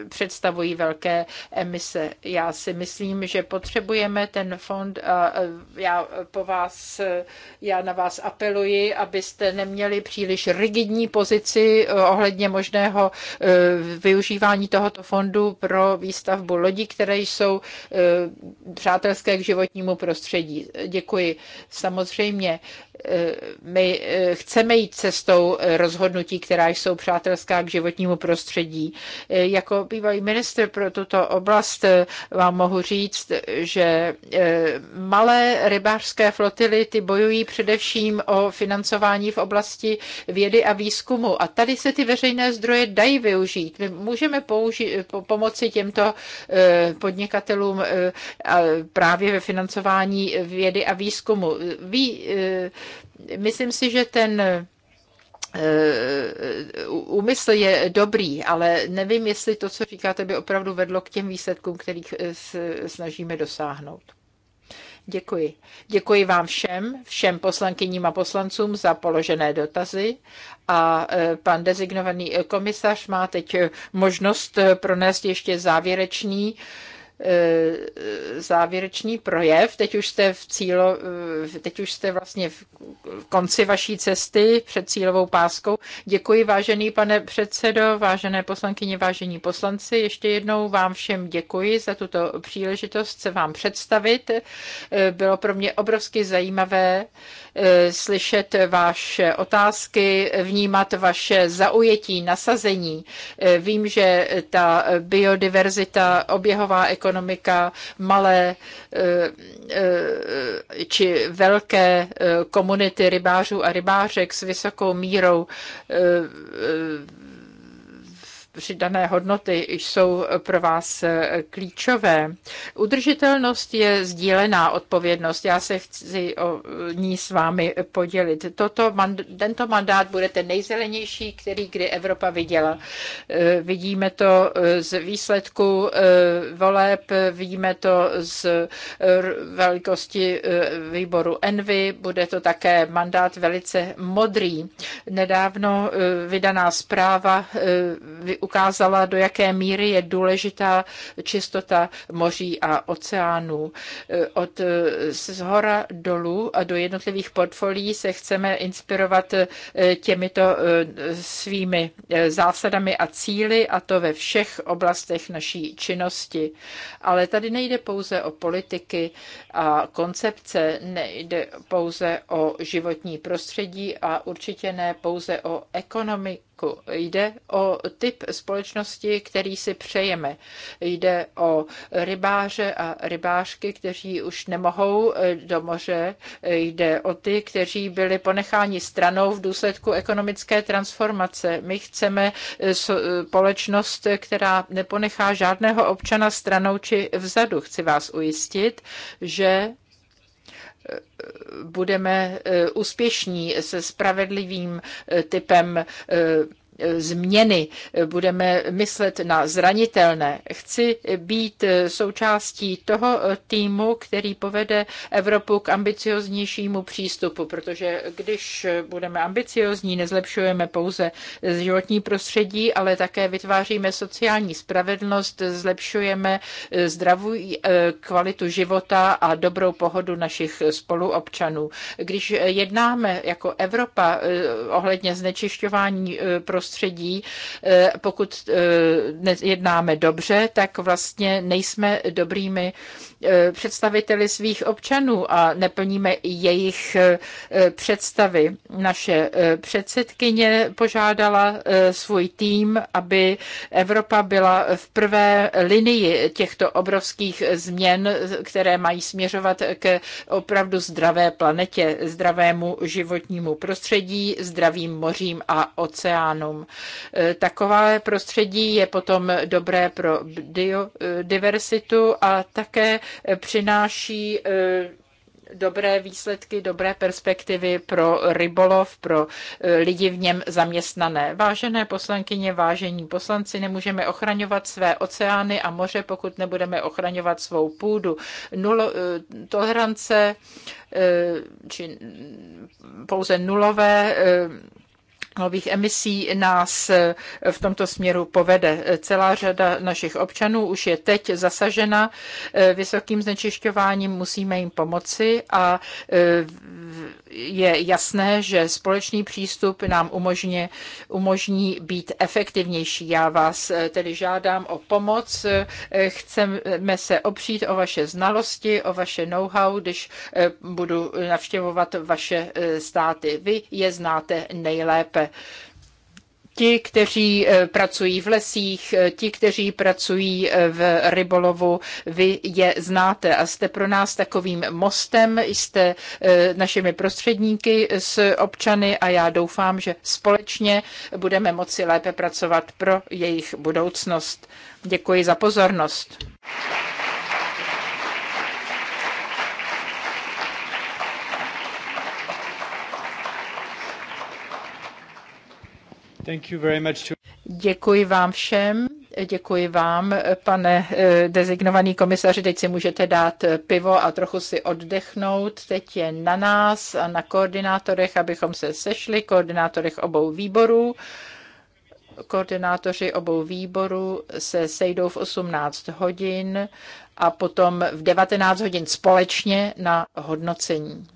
představují velké emise. Já si myslím, že potřebujeme ten fond a já po vás, já na vás apeluji, abyste neměli příliš rigidní pozici ohledně možného využívání tohoto fondu pro výstavbu lodí, které jsou přátelské k životnímu prostředí. Děkuji. Samozřejmě my eh, chceme jít cestou eh, rozhodnutí, která jsou přátelská k životnímu prostředí. Eh, jako bývalý minister pro tuto oblast vám mohu říct, že malé rybářské flotily ty bojují především o financování v oblasti vědy a výzkumu. A tady se ty veřejné zdroje dají využít. My můžeme použi- pomoci těmto podnikatelům právě ve financování vědy a výzkumu. Ví, Myslím si, že ten eh, úmysl je dobrý, ale nevím, jestli to, co říkáte, by opravdu vedlo k těm výsledkům, kterých eh, snažíme dosáhnout. Děkuji. Děkuji vám všem, všem poslankyním a poslancům za položené dotazy a eh, pan dezignovaný komisař má teď možnost pronést ještě závěrečný Eh, závěrečný projev. Teď už jste v cílo, eh, teď už jste vlastně v konci vaší cesty před cílovou páskou. Děkuji, vážený pane předsedo, vážené poslankyně, vážení poslanci. Ještě jednou vám všem děkuji za tuto příležitost se vám představit. Eh, bylo pro mě obrovsky zajímavé slyšet vaše otázky, vnímat vaše zaujetí, nasazení. Vím, že ta biodiverzita, oběhová ekonomika, ekonomika, malé eh, eh, či velké eh, komunity rybářů a rybářek s vysokou mírou přidané hodnoty jsou pro vás klíčové. Udržitelnost je sdílená odpovědnost. Já se chci o ní s vámi podělit. Toto, tento mandát bude ten nejzelenější, který kdy Evropa viděla. Eh, vidíme to eh, z výsledku eh, voleb, vidíme to z velikosti výboru Envy, bude to také mandát velice modrý. Nedávno vydaná zpráva ukázala, do jaké míry je důležitá čistota moří a oceánů. Eh, od eh, zhora dolů a do jednotlivých portfolií se chceme inspirovat eh, těmito svými zásadami a cíly a to ve všech oblastech naší činnosti. Ale tady nejde pouze o politiky a koncepce, nejde pouze o životní prostředí a určitě ne pouze o ekonomiku podniku. Jde o typ společnosti, který si přejeme. Jde o rybáře a rybářky, kteří už nemohou eh, do moře. Jde o ty, kteří byli ponecháni stranou v důsledku ekonomické transformace. My chceme eh, eh, společnost, která neponechá žádného občana stranou či vzadu. Chci vás ujistit, že budeme eh, úspěšní se spravedlivým eh, typem eh, změny, budeme myslet na zranitelné. Chci být součástí toho týmu, který povede Evropu k ambicioznějšímu přístupu, protože když budeme ambiciozní, nezlepšujeme pouze životní prostředí, ale také vytváříme sociální spravedlnost, zlepšujeme zdravou kvalitu života a dobrou pohodu našich spoluobčanů. Když jednáme jako Evropa eh, ohledně znečišťování prostředí, eh, prostředí, eh, pokud eh, jednáme dobře, tak vlastně nejsme dobrými Eh, představiteli svých občanů a neplníme jejich eh, představy. Naše eh, předsedkyně požádala svůj tým, aby Evropa byla v prvé linii těchto obrovských změn, které mají směřovat k opravdu zdravé planetě, zdravému životnímu prostředí, zdravým mořím a oceánům. Takové prostředí je potom dobré pro biodiverzitu a také přináší eh, dobré výsledky, dobré perspektivy pro rybolov, pro eh, lidi v něm zaměstnané. Vážené poslankyně, vážení poslanci, nemůžeme ochraňovat své oceány a moře, pokud nebudeme ochraňovat svou půdu. Nulo, eh, tolerance či pouze nulové nových emisí nás eh, v tomto směru povede. Celá řada našich občanů už je teď zasažena eh, vysokým znečišťováním, musíme jim pomoci a eh, je jasné, že společný přístup nám umožně, umožní být efektivnější. Já vás tedy žádám o pomoc, chceme se opřít o vaše znalosti, o vaše know-how, když budu navštěvovat vaše státy. Vy je znáte nejlépe. Eh, eh, ti, kteří pracují v lesích, ti, kteří pracují v rybolovu, vy je znáte a jste pro nás takovým mostem, jste eh, našimi prostředníky s občany a já doufám, že společně budeme moci lépe pracovat pro jejich budoucnost. Děkuji za pozornost. Děkuji vám všem. Děkuji vám, pane eh, dezignovaný komisaři. Teď si můžete dát eh, pivo a trochu si oddechnout. Teď je na nás a na koordinátorech, abychom se sešli, koordinátorech obou výborů. Koordinátoři obou výborů se sejdou v 18 hodin a potom v 19 hodin společně na hodnocení.